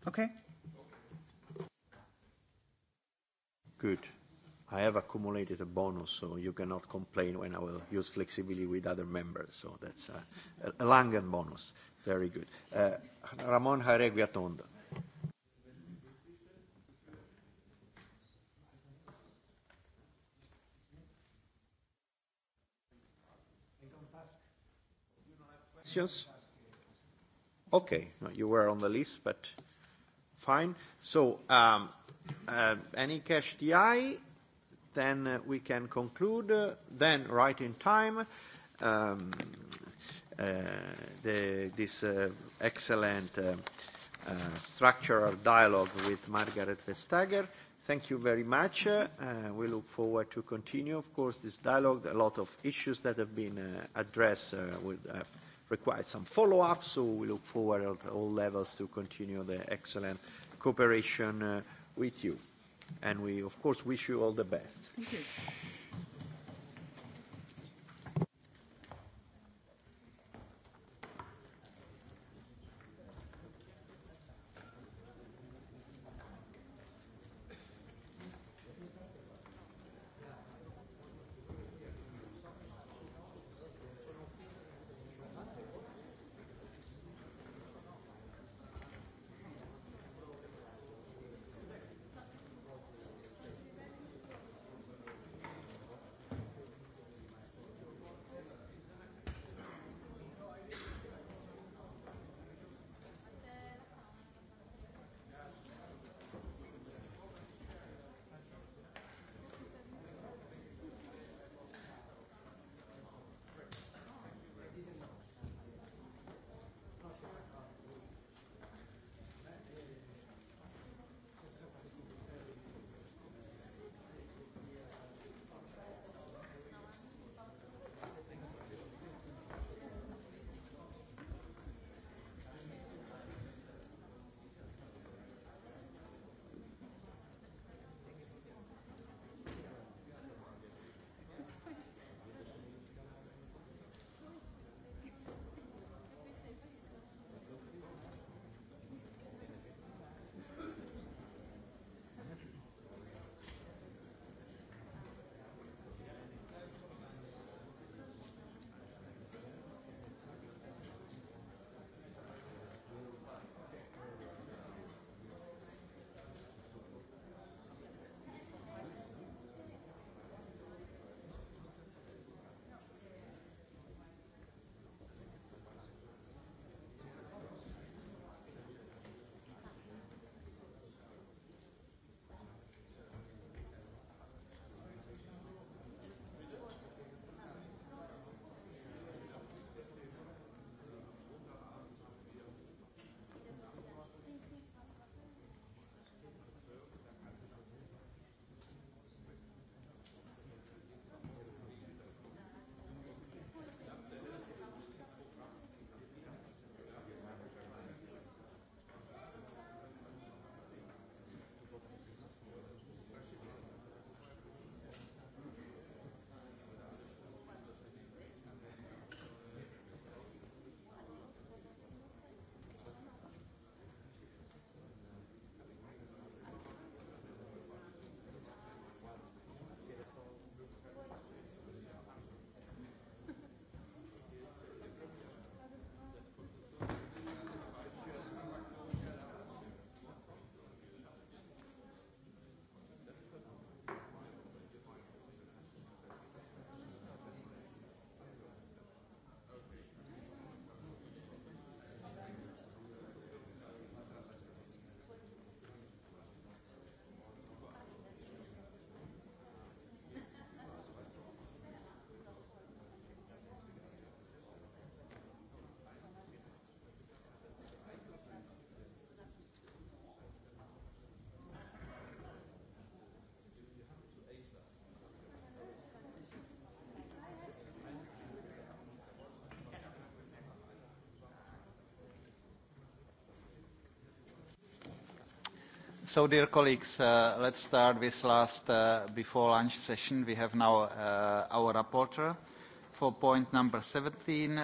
Okay. Good. I have accumulated a bonus, so you cannot complain when I will use flexibility with other members. So that's a, a Langen bonus. Very good. Uh, Ramon Jaregui Atonda. Gracias. Okay. No, you were on the list, but fine. So, um, uh, any cash DI, then uh, we can conclude, then right in time, um, uh, this excellent structural dialogue with Margaret Vestager. Thank you very much. We look forward to continue, of course, this dialogue. A lot of issues that have been addressed would have require some follow-up, so we look forward at all levels to continue the excellent cooperation uh, with you. We, of course, wish you all the best. Thank you. Dear colleagues, uh, let's start this last uh, before lunch session. We have now uh, our reporter for point number 17,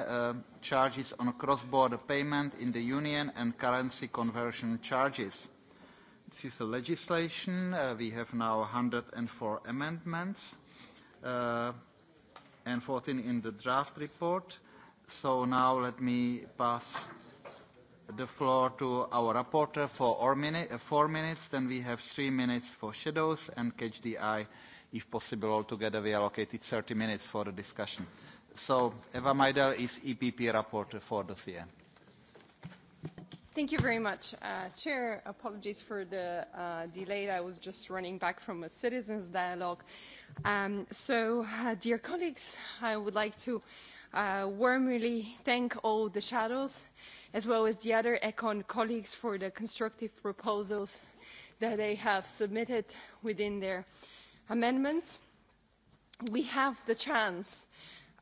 charges on cross-border payment in the Union and currency conversion charges. This is a legislation. We have now 104 amendments and 14 in the draft report. Now let me pass the floor to our reporter for our minute, four minutes, then we have three minutes for shadows and catch the eye. If possible, altogether we allocated 30 minutes for the discussion. So Eva Meidel is EPP reporter for the CN. Thank you very much, uh, Chair. Apologies for the uh, delay. I was just running back from a citizen's dialogue. Um, so, uh, dear colleagues, I would like to uh, warmly thank all the shadows uh, as well as the other ECON colleagues for the constructive proposals that they have submitted within their amendments. We have the chance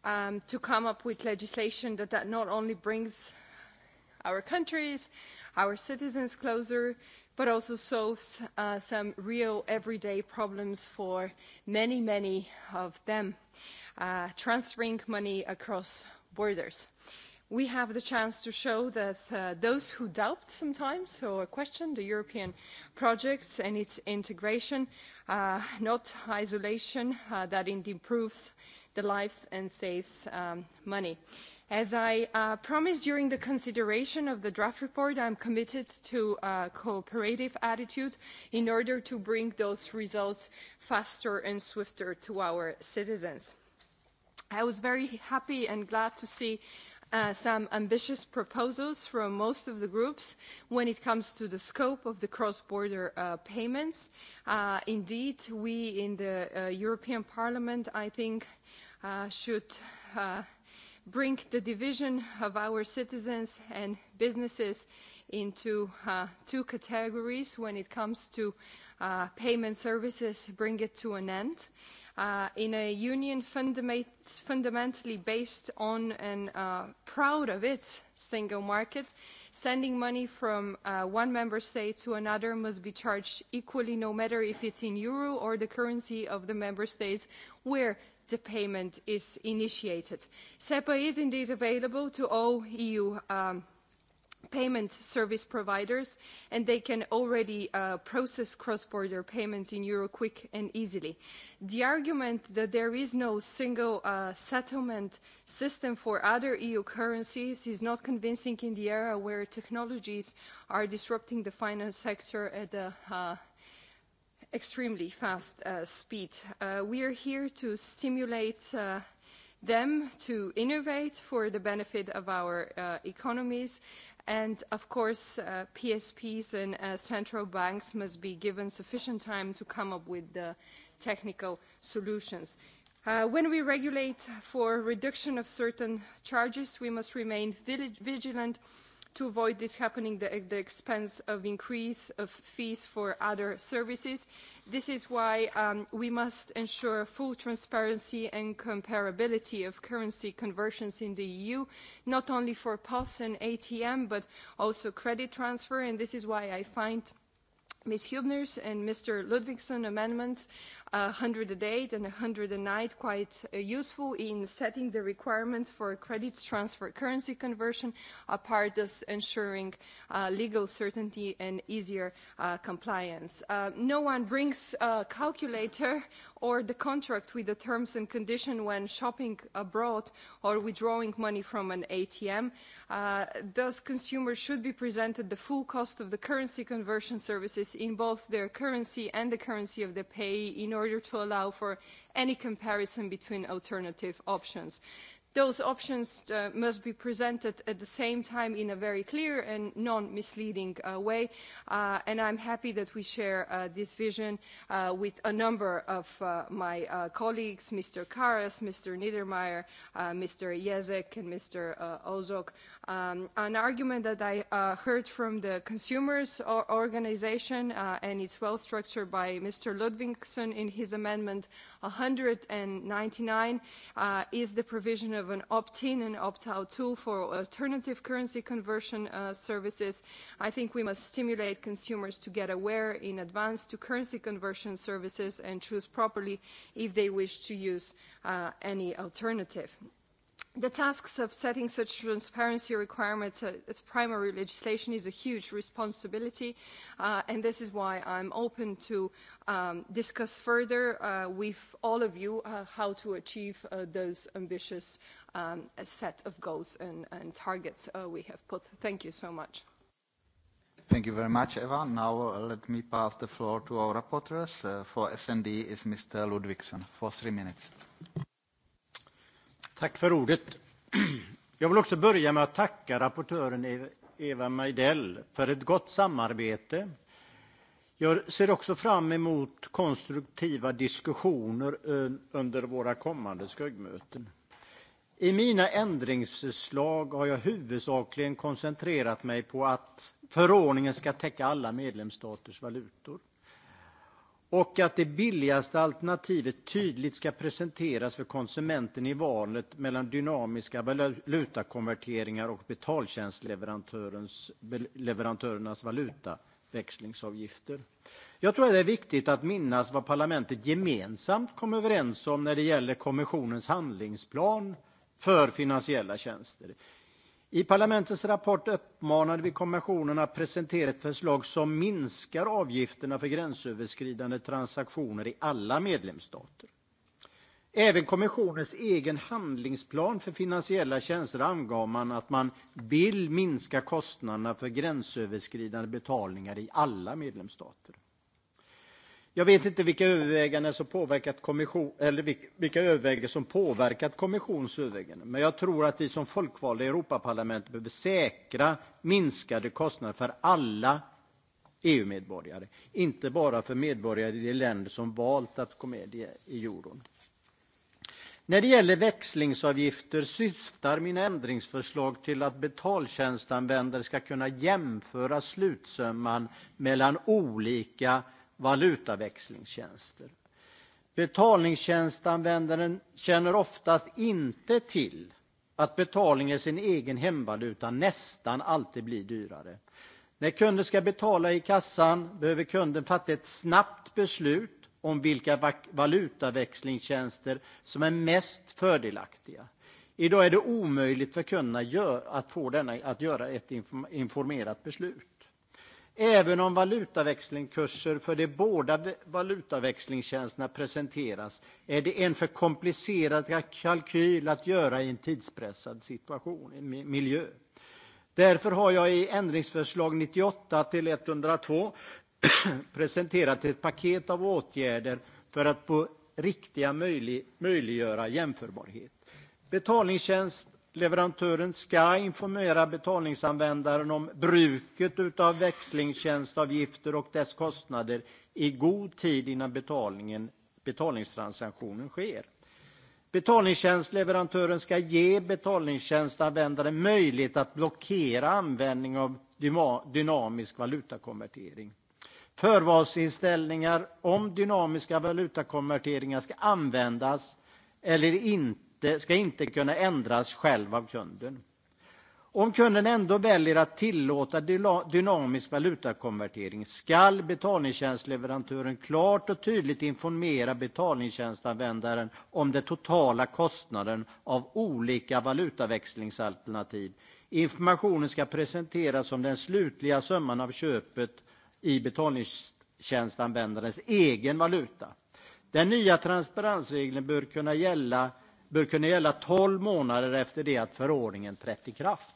um, to come up with legislation that, that not only brings our countries, our citizens closer, but also solves uh, some real everyday problems for many, many of them, uh, transferring money across borders. Uh, we have the chance to show that uh, those who doubt sometimes or question the European projects and its integration, uh, not isolation, uh, that it improves the lives and saves um, money. As I uh, promised during the consideration of the draft report, I'm committed to a cooperative attitude in order to bring those results faster and swifter to our citizens. I was very happy and glad to see uh, some ambitious proposals from most of the groups when it comes to the scope of the cross-border uh, payments. Uh, indeed, we in the uh, European Parliament, I think, uh, should uh, bring the division of our citizens and businesses into uh, two categories when it comes to uh, payment services, bring it to an end. Uh, in a union fundamentally based on and uh, proud of its single market, sending money from uh, one member state to another must be charged equally, no matter if it's in euro or the currency of the member states where the payment is initiated. SEPA is indeed available to all EU. Um, payment service providers and they can already uh, process cross-border payments in euro quick and easily the argument that there is no single uh, settlement system for other eu currencies is not convincing in the era where technologies are disrupting the finance sector at a uh, extremely fast uh, speed uh, we are here to stimulate uh, them to innovate for the benefit of our uh, economies And of course, uh, PSPs and uh, central banks must be given sufficient time to come up with the technical solutions. Uh, when we regulate for reduction of certain charges, we must remain vigilant to avoid this happening at the expense of increase of fees for other services. This is why um, we must ensure full transparency and comparability of currency conversions in the EU, not only for POS and ATM, but also credit transfer. And this is why I find Ms. Hubner's and Mr. Ludwigson amendments 100 a day and 100 a night quite uh, useful in setting the requirements for credits transfer currency conversion, apart thus ensuring uh, legal certainty and easier uh, compliance. Uh, no one brings a calculator or the contract with the terms and condition when shopping abroad or withdrawing money from an ATM. Uh, thus, consumers should be presented the full cost of the currency conversion services in both their currency and the currency of the pay in order order to allow for any comparison between alternative options. Those options uh, must be presented at the same time in a very clear and non-misleading uh, way, uh, and I'm happy that we share uh, this vision uh, with a number of uh, my uh, colleagues, Mr. Karas, Mr. Niedermeyer, uh, Mr. Jezek, and Mr. Uh, Ozok um, an argument that I uh, heard from the consumers' or organization, uh, and it's well structured by Mr. Ludvigson in his amendment 199, uh, is the provision of an opt in and opt out tool for alternative currency conversion uh, services. I think we must stimulate consumers to get aware in advance to currency conversion services and choose properly if they wish to use uh, any alternative the tasks of setting such transparency requirements uh, as primary legislation is a huge responsibility, uh, and this is why I'm open to um, discuss further uh, with all of you uh, how to achieve uh, those ambitious um, set of goals and, and targets uh, we have put. Thank you so much. Thank you very much, Eva. Now uh, let me pass the floor to our rapporteurs. Uh, for SND is Mr. Ludwigson for three minutes. Tack för ordet. Jag vill också börja med att tacka rapportören Eva Majdell för ett gott samarbete. Jag ser också fram emot konstruktiva diskussioner eh, under våra kommande skuggmöten. I mina ändringsförslag har jag huvudsakligen koncentrerat mig på att förordningen ska täcka alla medlemsstaters valutor och att det billigaste alternativet tydligt ska presenteras för konsumenten i valet mellan dynamiska valutakonverteringar och betaltjänstleverantörernas valutaväxlingsavgifter. Jag tror att det är viktigt att minnas vad parlamentet gemensamt kom överens om när det gäller kommissionens handlingsplan för finansiella tjänster. I parlamentets rapport uppmanade vi kommissionen att presentera ett förslag som minskar avgifterna för gränsöverskridande transaktioner i alla medlemsstater. Även kommissionens egen handlingsplan för finansiella tjänster angav man att man vill minska kostnaderna för gränsöverskridande betalningar i alla medlemsstater. Jag vet inte vilka överväganden som påverkat kommission eller vilka överväganden som påverkat kommissionsöverväganden, men jag tror att vi som folkvalda i Europaparlamentet behöver säkra minskade kostnader för alla EU-medborgare, inte bara för medborgare i de länder som valt att gå med i euron. När det gäller växlingsavgifter syftar mina ändringsförslag till att betaltjänstanvändare ska kunna jämföra slutsumman mellan olika valutaväxlingstjänster. Betalningstjänstanvändaren känner oftast inte till att betalning i sin egen hemvaluta nästan alltid blir dyrare. När kunden ska betala i kassan behöver kunden fatta ett snabbt beslut om vilka valutaväxlingstjänster som är mest fördelaktiga. Idag är det omöjligt för kunderna att få denna att göra ett informerat beslut. Även om valutaväxlingskurser för de båda valutaväxlingstjänsterna presenteras är det en för komplicerad kalkyl att göra i en tidspressad situation, i miljö. Därför har jag i ändringsförslag 98 till 102 presenterat ett paket av åtgärder för att på riktiga möjliggöra jämförbarhet. Betalningstjänst Leverantören ska informera betalningsanvändaren om bruket av växlingstjänstavgifter och dess kostnader i god tid innan betalningen, betalningstransaktionen sker. Betalningstjänstleverantören ska ge betalningstjänstanvändaren möjlighet att blockera användning av dynamisk valutakonvertering. Förvalsinställningar om dynamiska valutakonverteringar ska användas eller inte inte, ska inte kunna ändras själv av kunden. Om kunden ändå väljer att tillåta dynamisk valutakonvertering skall betalningstjänstleverantören klart och tydligt informera betalningstjänstanvändaren om den totala kostnaden av olika valutaväxlingsalternativ. Informationen ska presenteras som den slutliga summan av köpet i betalningstjänstanvändarens egen valuta. Den nya transparensregeln bör kunna gälla bör kunna gälla 12 månader efter det att förordningen trätt i kraft.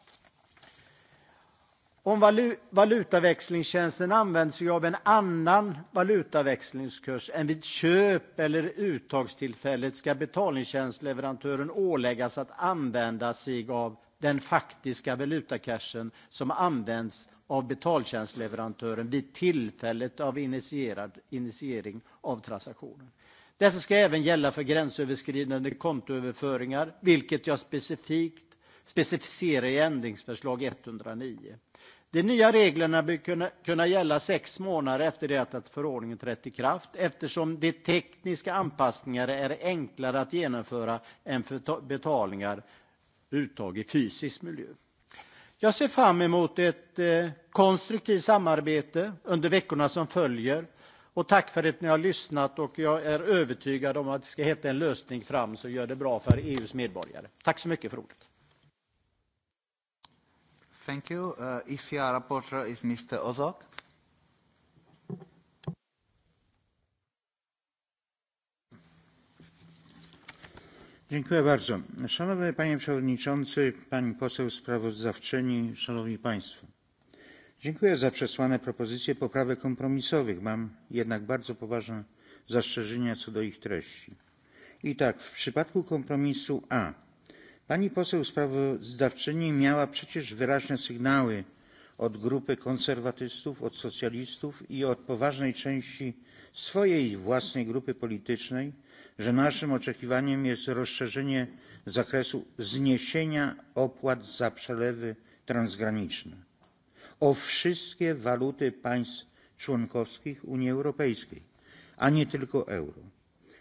Om valu valutaväxlingstjänsten använder sig av en annan valutaväxlingskurs än vid köp eller uttagstillfället ska betalningstjänstleverantören åläggas att använda sig av den faktiska valutakursen som används av betaltjänstleverantören vid tillfället av initierad, initiering av transaktionen. Dessa ska även gälla för gränsöverskridande kontoöverföringar, vilket jag specifikt specificerar i ändringsförslag 109. De nya reglerna bör kunna, kunna gälla sex månader efter det att förordningen trätt i kraft eftersom de tekniska anpassningarna är enklare att genomföra än för betalningar uttag i fysisk miljö. Jag ser fram emot ett eh, konstruktivt samarbete under veckorna som följer. Och tack för att ni har lyssnat och jag är övertygad om att det ska hitta en lösning fram så gör det bra för EUs medborgare. Tack så mycket för ordet. Thank you. Uh, ECR rapporteur is Mr. Ozok. Dziękuję bardzo. Szanowny Panie Przewodniczący, Pani Poseł Sprawozdawczyni, Szanowni Państwo dziękuję za przesłane propozycje poprawek kompromisowych mam jednak bardzo poważne zastrzeżenia co do ich treści. i tak w przypadku kompromisu a pani poseł sprawozdawczyni miała przecież wyraźne sygnały od grupy konserwatystów od socjalistów i od poważnej części swojej własnej grupy politycznej że naszym oczekiwaniem jest rozszerzenie zakresu zniesienia opłat za przelewy transgraniczne o wszystkie waluty państw członkowskich Unii Europejskiej, a nie tylko euro.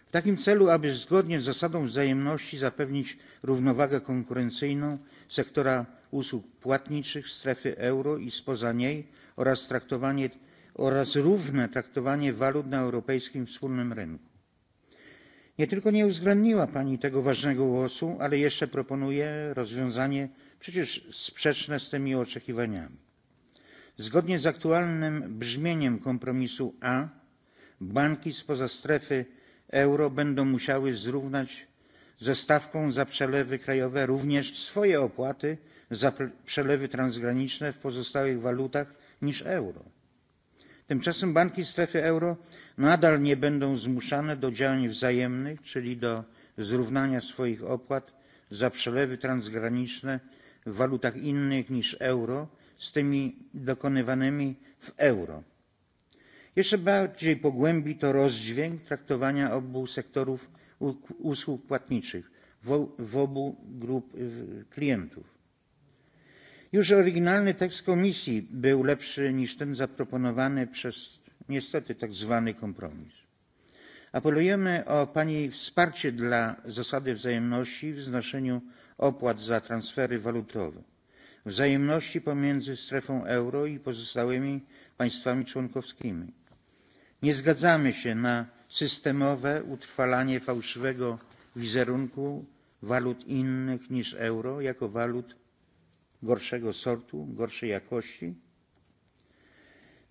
W takim celu, aby zgodnie z zasadą wzajemności zapewnić równowagę konkurencyjną sektora usług płatniczych strefy euro i spoza niej oraz, traktowanie, oraz równe traktowanie walut na europejskim wspólnym rynku. Nie tylko nie uwzględniła Pani tego ważnego głosu, ale jeszcze proponuje rozwiązanie przecież sprzeczne z tymi oczekiwaniami. Zgodnie z aktualnym brzmieniem kompromisu A, banki spoza strefy euro będą musiały zrównać ze stawką za przelewy krajowe również swoje opłaty za przelewy transgraniczne w pozostałych walutach niż euro. Tymczasem banki strefy euro nadal nie będą zmuszane do działań wzajemnych, czyli do zrównania swoich opłat za przelewy transgraniczne w walutach innych niż euro z tymi dokonywanymi w euro. Jeszcze bardziej pogłębi to rozdźwięk traktowania obu sektorów usług płatniczych w obu grup klientów. Już oryginalny tekst komisji był lepszy niż ten zaproponowany przez niestety tak zwany kompromis. Apelujemy o Pani wsparcie dla zasady wzajemności w znoszeniu opłat za transfery walutowe wzajemności pomiędzy strefą euro i pozostałymi państwami członkowskimi. Nie zgadzamy się na systemowe utrwalanie fałszywego wizerunku walut innych niż euro jako walut gorszego sortu, gorszej jakości.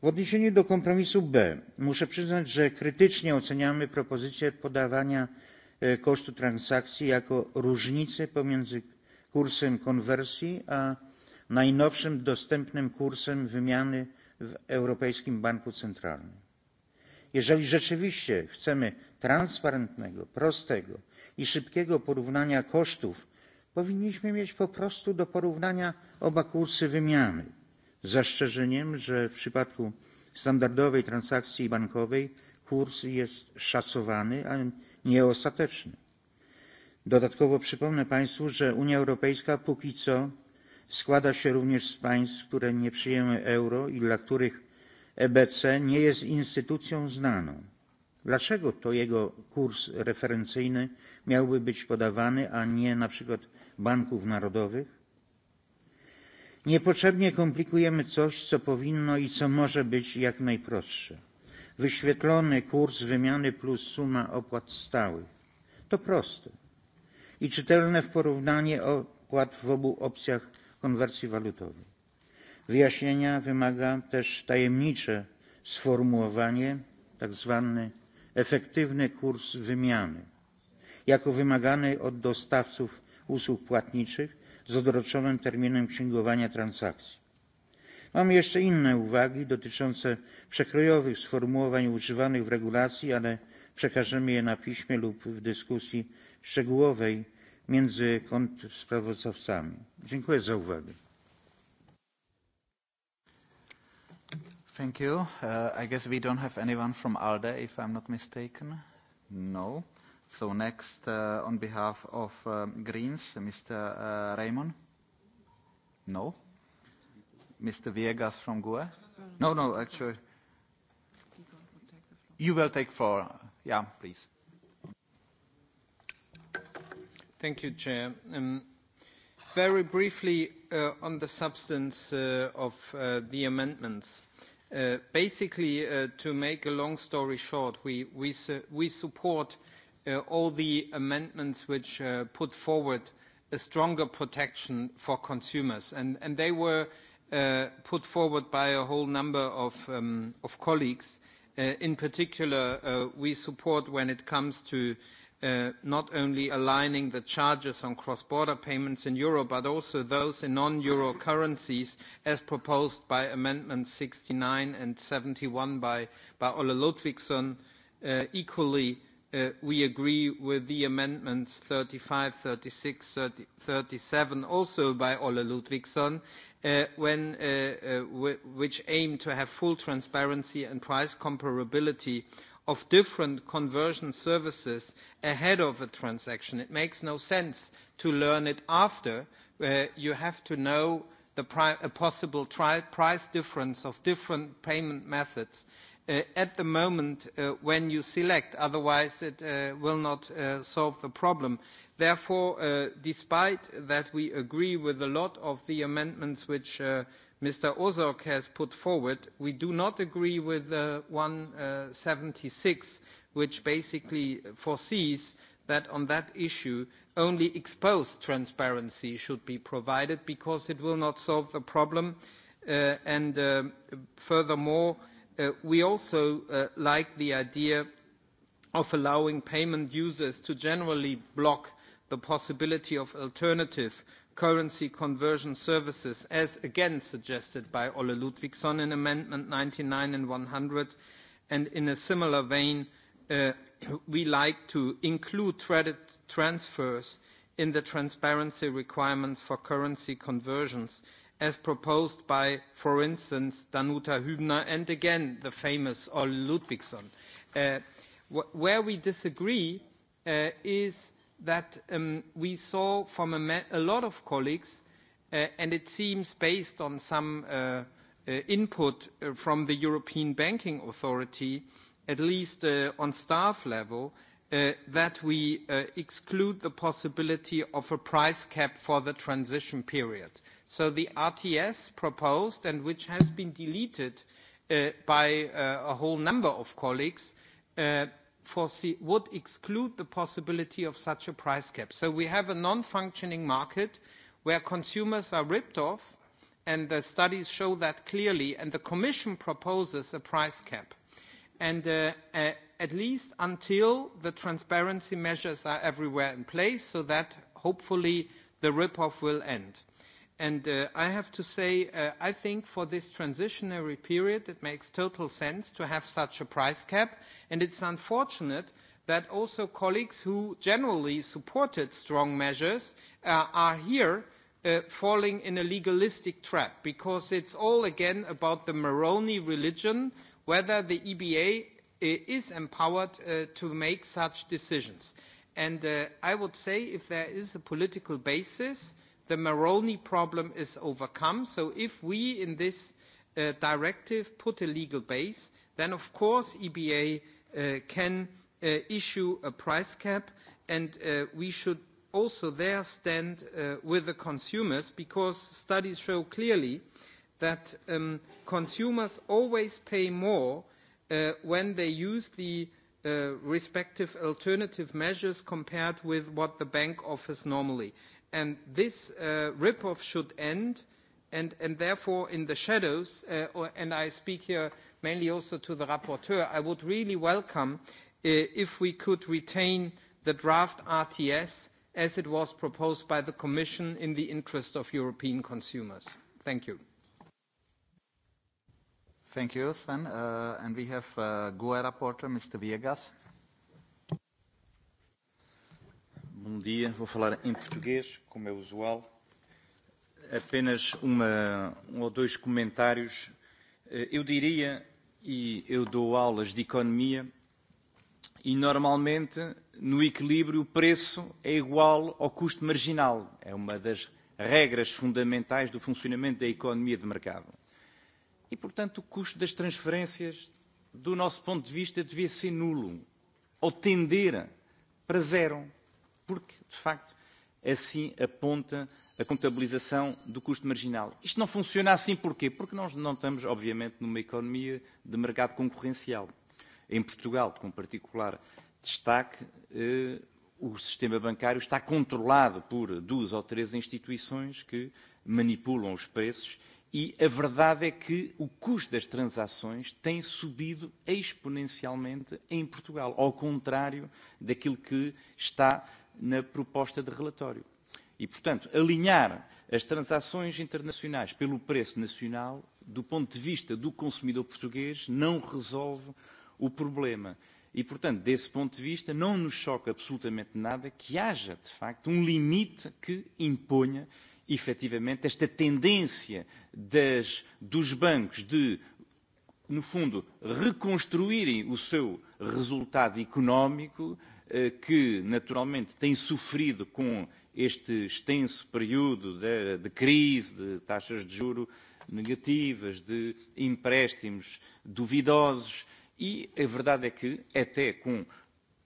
W odniesieniu do kompromisu B muszę przyznać, że krytycznie oceniamy propozycję podawania e, kosztu transakcji jako różnicy pomiędzy kursem konwersji a najnowszym dostępnym kursem wymiany w Europejskim Banku Centralnym. Jeżeli rzeczywiście chcemy transparentnego, prostego i szybkiego porównania kosztów, powinniśmy mieć po prostu do porównania oba kursy wymiany. Z zastrzeżeniem, że w przypadku standardowej transakcji bankowej kurs jest szacowany, a nie ostateczny. Dodatkowo przypomnę Państwu, że Unia Europejska póki co składa się również z państw, które nie przyjęły euro i dla których EBC nie jest instytucją znaną. Dlaczego to jego kurs referencyjny miałby być podawany, a nie na przykład banków narodowych? Niepotrzebnie komplikujemy coś, co powinno i co może być jak najprostsze. Wyświetlony kurs wymiany plus suma opłat stałych. To proste i czytelne w porównanie opłat w obu opcjach konwersji walutowej. Wyjaśnienia wymaga też tajemnicze sformułowanie, tak zwany efektywny kurs wymiany, jako wymagany od dostawców usług płatniczych z odroczonym terminem księgowania transakcji. Mam jeszcze inne uwagi dotyczące przekrojowych sformułowań używanych w regulacji, ale przekażemy je na piśmie lub w dyskusji szczegółowej między kontrsprawozdawcami. Dziękuję za uwagę. Thank you. Uh, I guess we don't have anyone from ALDE, if I'm not mistaken. No. So next, uh, on behalf of uh, Greens, Mr. Uh, Raymond. No. Mr. Viegas from GUE. No, no, actually. You will take four. Yeah, please. Thank you, Chair. Um, very briefly uh, on the substance uh, of uh, the amendments. Uh, basically, uh, to make a long story short, we, we, su we support uh, all the amendments which uh, put forward a stronger protection for consumers. And, and they were uh, put forward by a whole number of, um, of colleagues. Uh, in particular, uh, we support when it comes to uh, Uh, not only aligning the charges on cross-border payments in euro, but also those in non-euro currencies, as proposed by Amendments 69 and 71 by Ole Ludvigsson. Uh, equally, uh, we agree with the Amendments 35, 36, 37, also by Ole Ludvigsson, which aim to have full transparency and price comparability of different conversion services ahead of a transaction. It makes no sense to learn it after. Uh, you have to know the pri a possible tri price difference of different payment methods uh, at the moment uh, when you select. Otherwise, it uh, will not uh, solve the problem. Therefore, uh, despite that we agree with a lot of the amendments which uh, Mr. Ozog has put forward, we do not agree with uh, 176, which basically foresees that on that issue only exposed transparency should be provided because it will not solve the problem. Uh, and uh, furthermore, uh, we also uh, like the idea of allowing payment users to generally block the possibility of alternative currency conversion services, as again suggested by Ole Ludwigsson in Amendment 99 and 100, and in a similar vein, uh, we like to include credit transfers in the transparency requirements for currency conversions, as proposed by, for instance, Danuta Hübner and again the famous Ole Ludwigsson. Uh, wh where we disagree uh, is that um, we saw from a, a lot of colleagues, uh, and it seems based on some uh, uh, input uh, from the European Banking Authority, at least uh, on staff level, uh, that we uh, exclude the possibility of a price cap for the transition period. So the RTS proposed, and which has been deleted uh, by uh, a whole number of colleagues, uh, foresee would exclude the possibility of such a price cap. So we have a non-functioning market where consumers are ripped off, and the studies show that clearly, and the Commission proposes a price cap. And uh, uh, at least until the transparency measures are everywhere in place, so that hopefully the rip-off will end. And uh, I have to say, uh, I think for this transitionary period, it makes total sense to have such a price cap. And it's unfortunate that also colleagues who generally supported strong measures uh, are here uh, falling in a legalistic trap because it's all again about the Moroni religion, whether the EBA uh, is empowered uh, to make such decisions. And uh, I would say if there is a political basis, uh, the Moroni problem is overcome. So if we in this uh, directive put a legal base, then of course EBA uh, can uh, issue a price cap and uh, we should also there stand uh, with the consumers because studies show clearly that um, consumers always pay more uh, when they use the uh, respective alternative measures compared with what the bank offers normally and this uh, rip-off should end, and, and therefore in the shadows, uh, or, and I speak here mainly also to the rapporteur, I would really welcome uh, if we could retain the draft RTS as it was proposed by the Commission in the interest of European consumers. Thank you. Thank you, Sven. Uh, and we have uh, GUE rapporteur, Mr. Viegas. Bom dia, vou falar em português, como é usual. Apenas uma, um ou dois comentários. Eh, eu diria, e eu dou aulas de economia, e normalmente no equilíbrio o preço é igual ao custo marginal. É uma das regras fundamentais do funcionamento da economia de mercado. E, portanto, o custo das transferências, do nosso ponto de vista, devia ser nulo ou tender para zero porque, de facto, assim aponta a contabilização do custo marginal. Isto não funciona assim porquê? Porque nós não estamos, obviamente, numa economia de mercado concorrencial. Em Portugal, com particular destaque, eh, o sistema bancário está controlado por duas ou três instituições que manipulam os preços e a verdade é que o custo das transações tem subido exponencialmente em Portugal, ao contrário daquilo que está na proposta de relatório. E, portanto, alinhar as transações internacionais pelo preço nacional, do ponto de vista do consumidor português, não resolve o problema. E, portanto, desse ponto de vista, não nos choca absolutamente nada que haja, de facto, um limite que imponha, efetivamente, esta tendência das, dos bancos de, no fundo, reconstruírem o seu resultado económico. Eh, que naturalmente tem sofrido com este extenso período de, de crise, de taxas de juro negativas, de empréstimos duvidosos, e a verdade é que, até com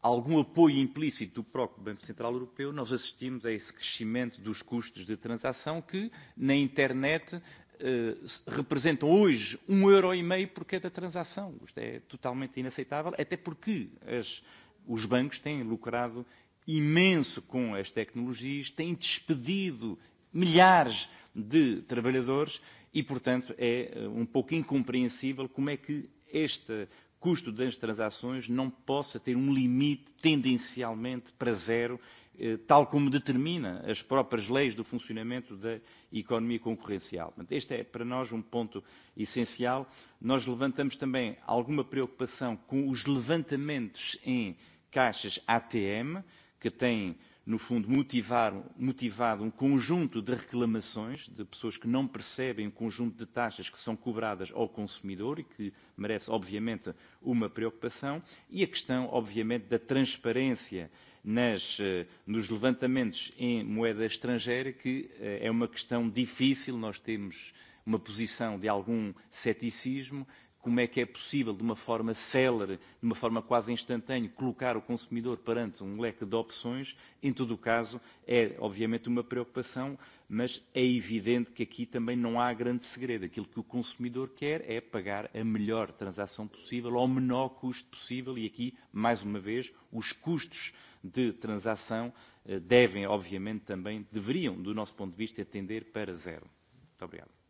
algum apoio implícito do próprio Banco Central Europeu, nós assistimos a esse crescimento dos custos de transação que, na internet, eh, representam hoje um euro e meio por cada transação. Isto é totalmente inaceitável, até porque as, eh, os bancos têm lucrado imenso com as tecnologias, têm despedido milhares de trabalhadores e, portanto, é eh, um pouco incompreensível como é que este custo das transações não possa ter um limite tendencialmente para zero, eh, tal como determina as próprias leis do funcionamento da economia concorrencial. Este é, para nós, um ponto essencial. Nós levantamos também alguma preocupação com os levantamentos em caixas ATM, que têm, no fundo, motivar, motivado um conjunto de reclamações de pessoas que não percebem o conjunto de taxas que são cobradas ao consumidor e que merece, obviamente, uma preocupação, e a questão, obviamente, da transparência nas, eh, nos levantamentos em moeda estrangeira, que eh, é uma questão difícil, nós temos uma posição de algum ceticismo, como é que é possível, de uma forma célere, de uma forma quase instantânea, colocar o consumidor perante um leque de opções, em todo o caso, é obviamente uma preocupação, mas é evidente que aqui também não há grande segredo. Aquilo que o consumidor quer é pagar a melhor transação possível, ao menor custo possível, e aqui, mais uma vez, os custos de transação eh, devem, obviamente, também, deveriam, do nosso ponto de vista, atender para zero. Muito obrigado.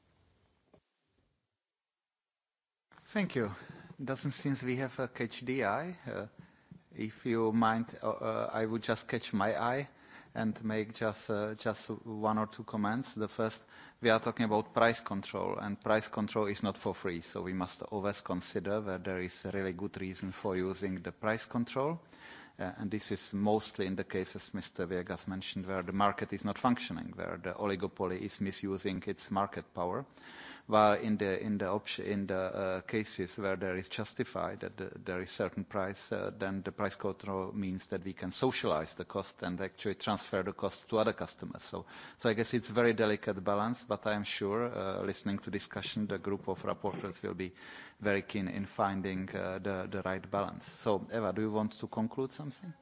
Thank you. Doesn't seem we have a catch the eye. Uh, if you mind, uh, uh, I would just catch my eye and make just, uh, just one or two comments. The first, we are talking about price control, and price control is not for free, so we must always consider that there is a really good reason for using the price control. Uh, and this is mostly in the cases Mr. Viegas mentioned where the market is not functioning, where the oligopoly is misusing its market power. Uh, while in the in the option in the uh, cases where there is justified that the, there is certain price, uh, then the price control means that we can socialize the cost and actually transfer the cost to other customers. So, so I guess it's very delicate balance. But I am sure, uh, listening to discussion, the group of reporters will be very keen in finding uh, the the right balance. So, Eva, do you want to conclude something?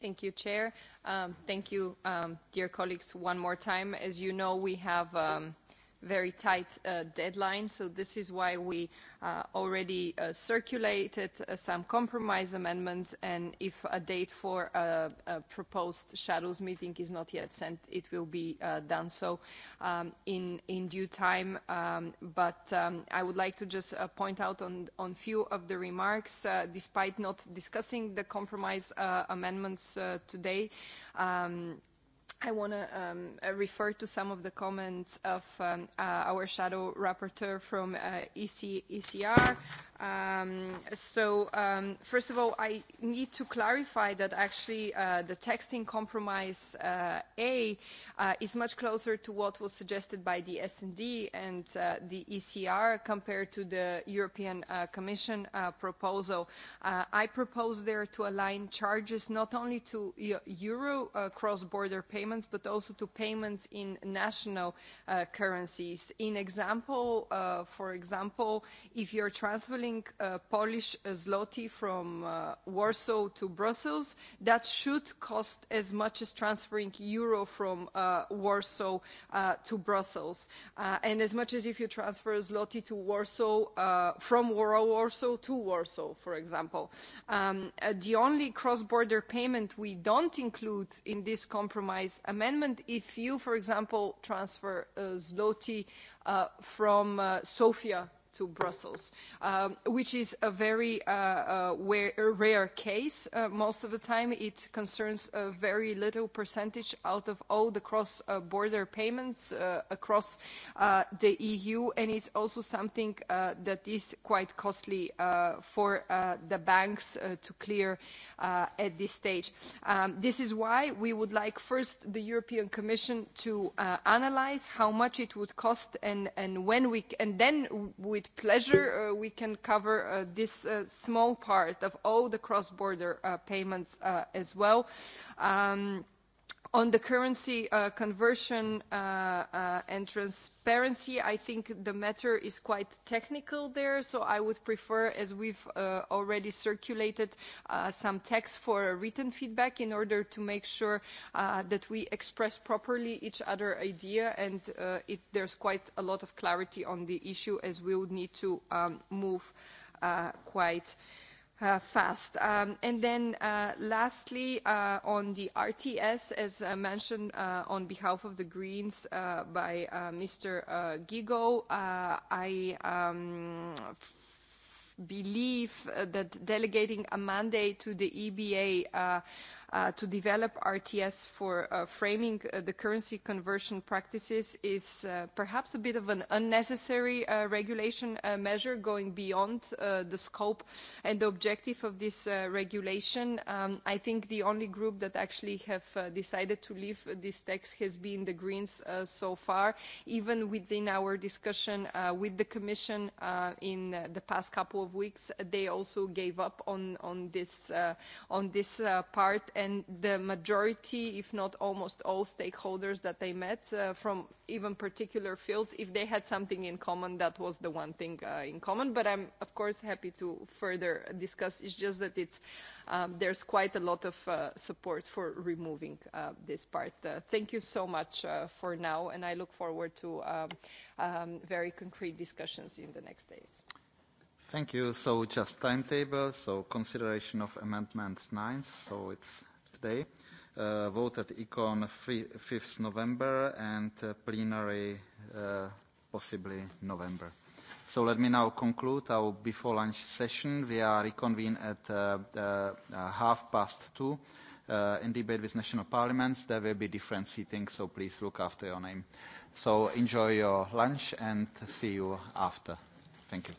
Thank you, Chair. Um, thank you, um, dear colleagues, one more time. As you know, we have um, very tight uh, deadline. So this is why we uh, already uh, circulated uh, some compromise amendments. And if a date for a, a proposed shadows meeting is not yet sent, it will be uh, done so um, in, in due time. Um, but um, I would like to just uh, point out on, on few of the remarks, uh, despite not discussing the compromise uh, amendments uh, today, um, I want to um, uh, refer to some of the comments of um, uh, our shadow rapporteur from uh, EC ECR. Um, so, um, first of all, I need to clarify that actually uh, the texting compromise uh, A uh, is much closer to what was suggested by the S&D and uh, the ECR compared to the European uh, Commission uh, proposal. Uh, I propose there to align charges not only to euro uh, cross-border payments, but also to payments in national uh, currencies. In example, uh, for example, if you're transferring traveling uh, Polish uh, zloty from uh, Warsaw to Brussels, that should cost as much as transferring euro from uh, Warsaw uh, to Brussels. Uh, and as much as if you transfer zloty to Warsaw, uh, from Warsaw to Warsaw, for example. Um, uh, the only cross-border payment we don't include in this compromise amendment, if you, for example, transfer uh, zloty uh, from uh, Sofia to Brussels, um, which is a very uh, uh, rare case. Uh, most of the time, it concerns a very little percentage out of all the cross-border uh, payments uh, across uh, the EU, and it's also something uh, that is quite costly uh, for uh, the banks uh, to clear uh, uh, at this stage. Um, this is why we would like first the European Commission to uh, analyze how much it would cost and, and when we, and then with pleasure uh, we can cover uh, this uh, small part of all the cross-border uh, payments uh, as well. Um, On the currency uh, conversion uh, uh, and transparency, I think the matter is quite technical there, so I would prefer, as we've already circulated some text for written feedback in order to make sure that we express properly each other idea, and it there's quite a lot of clarity on the issue, as we would need to um, move quite Uh, fast. Um, and then uh, lastly, uh, on the RTS, as mentioned on behalf of the Greens by Mr. Gigo, I um, believe that delegating a mandate to the EBA Uh, to develop RTS for uh, framing uh, the currency conversion practices is uh, perhaps a bit of an unnecessary uh, regulation uh, measure going beyond uh, the scope and the objective of this uh, regulation. Um, I think the only group that actually have uh, decided to leave this text has been the Greens uh, so far, even within our discussion uh, with the Commission uh, in the past couple of weeks. They also gave up on, on this, uh, on this uh, part and the majority, if not almost all stakeholders that they met uh, from even particular fields, if they had something in common, that was the one thing uh, in common. But I'm, of course, happy to further discuss. It's just that it's, um, there's quite a lot of uh, support for removing uh, this part. Uh, thank you so much uh, for now, and I look forward to um, um, very concrete discussions in the next days. Thank you. So just timetable. So consideration of amendments 9. So it's today. Uh, vote at ECON 5th November and uh, plenary uh, possibly November. So let me now conclude our before lunch session. We are reconvened at uh, uh, uh, half past two uh, in debate with national parliaments. There will be different seating, so please look after your name. So enjoy your lunch and see you after. Thank you.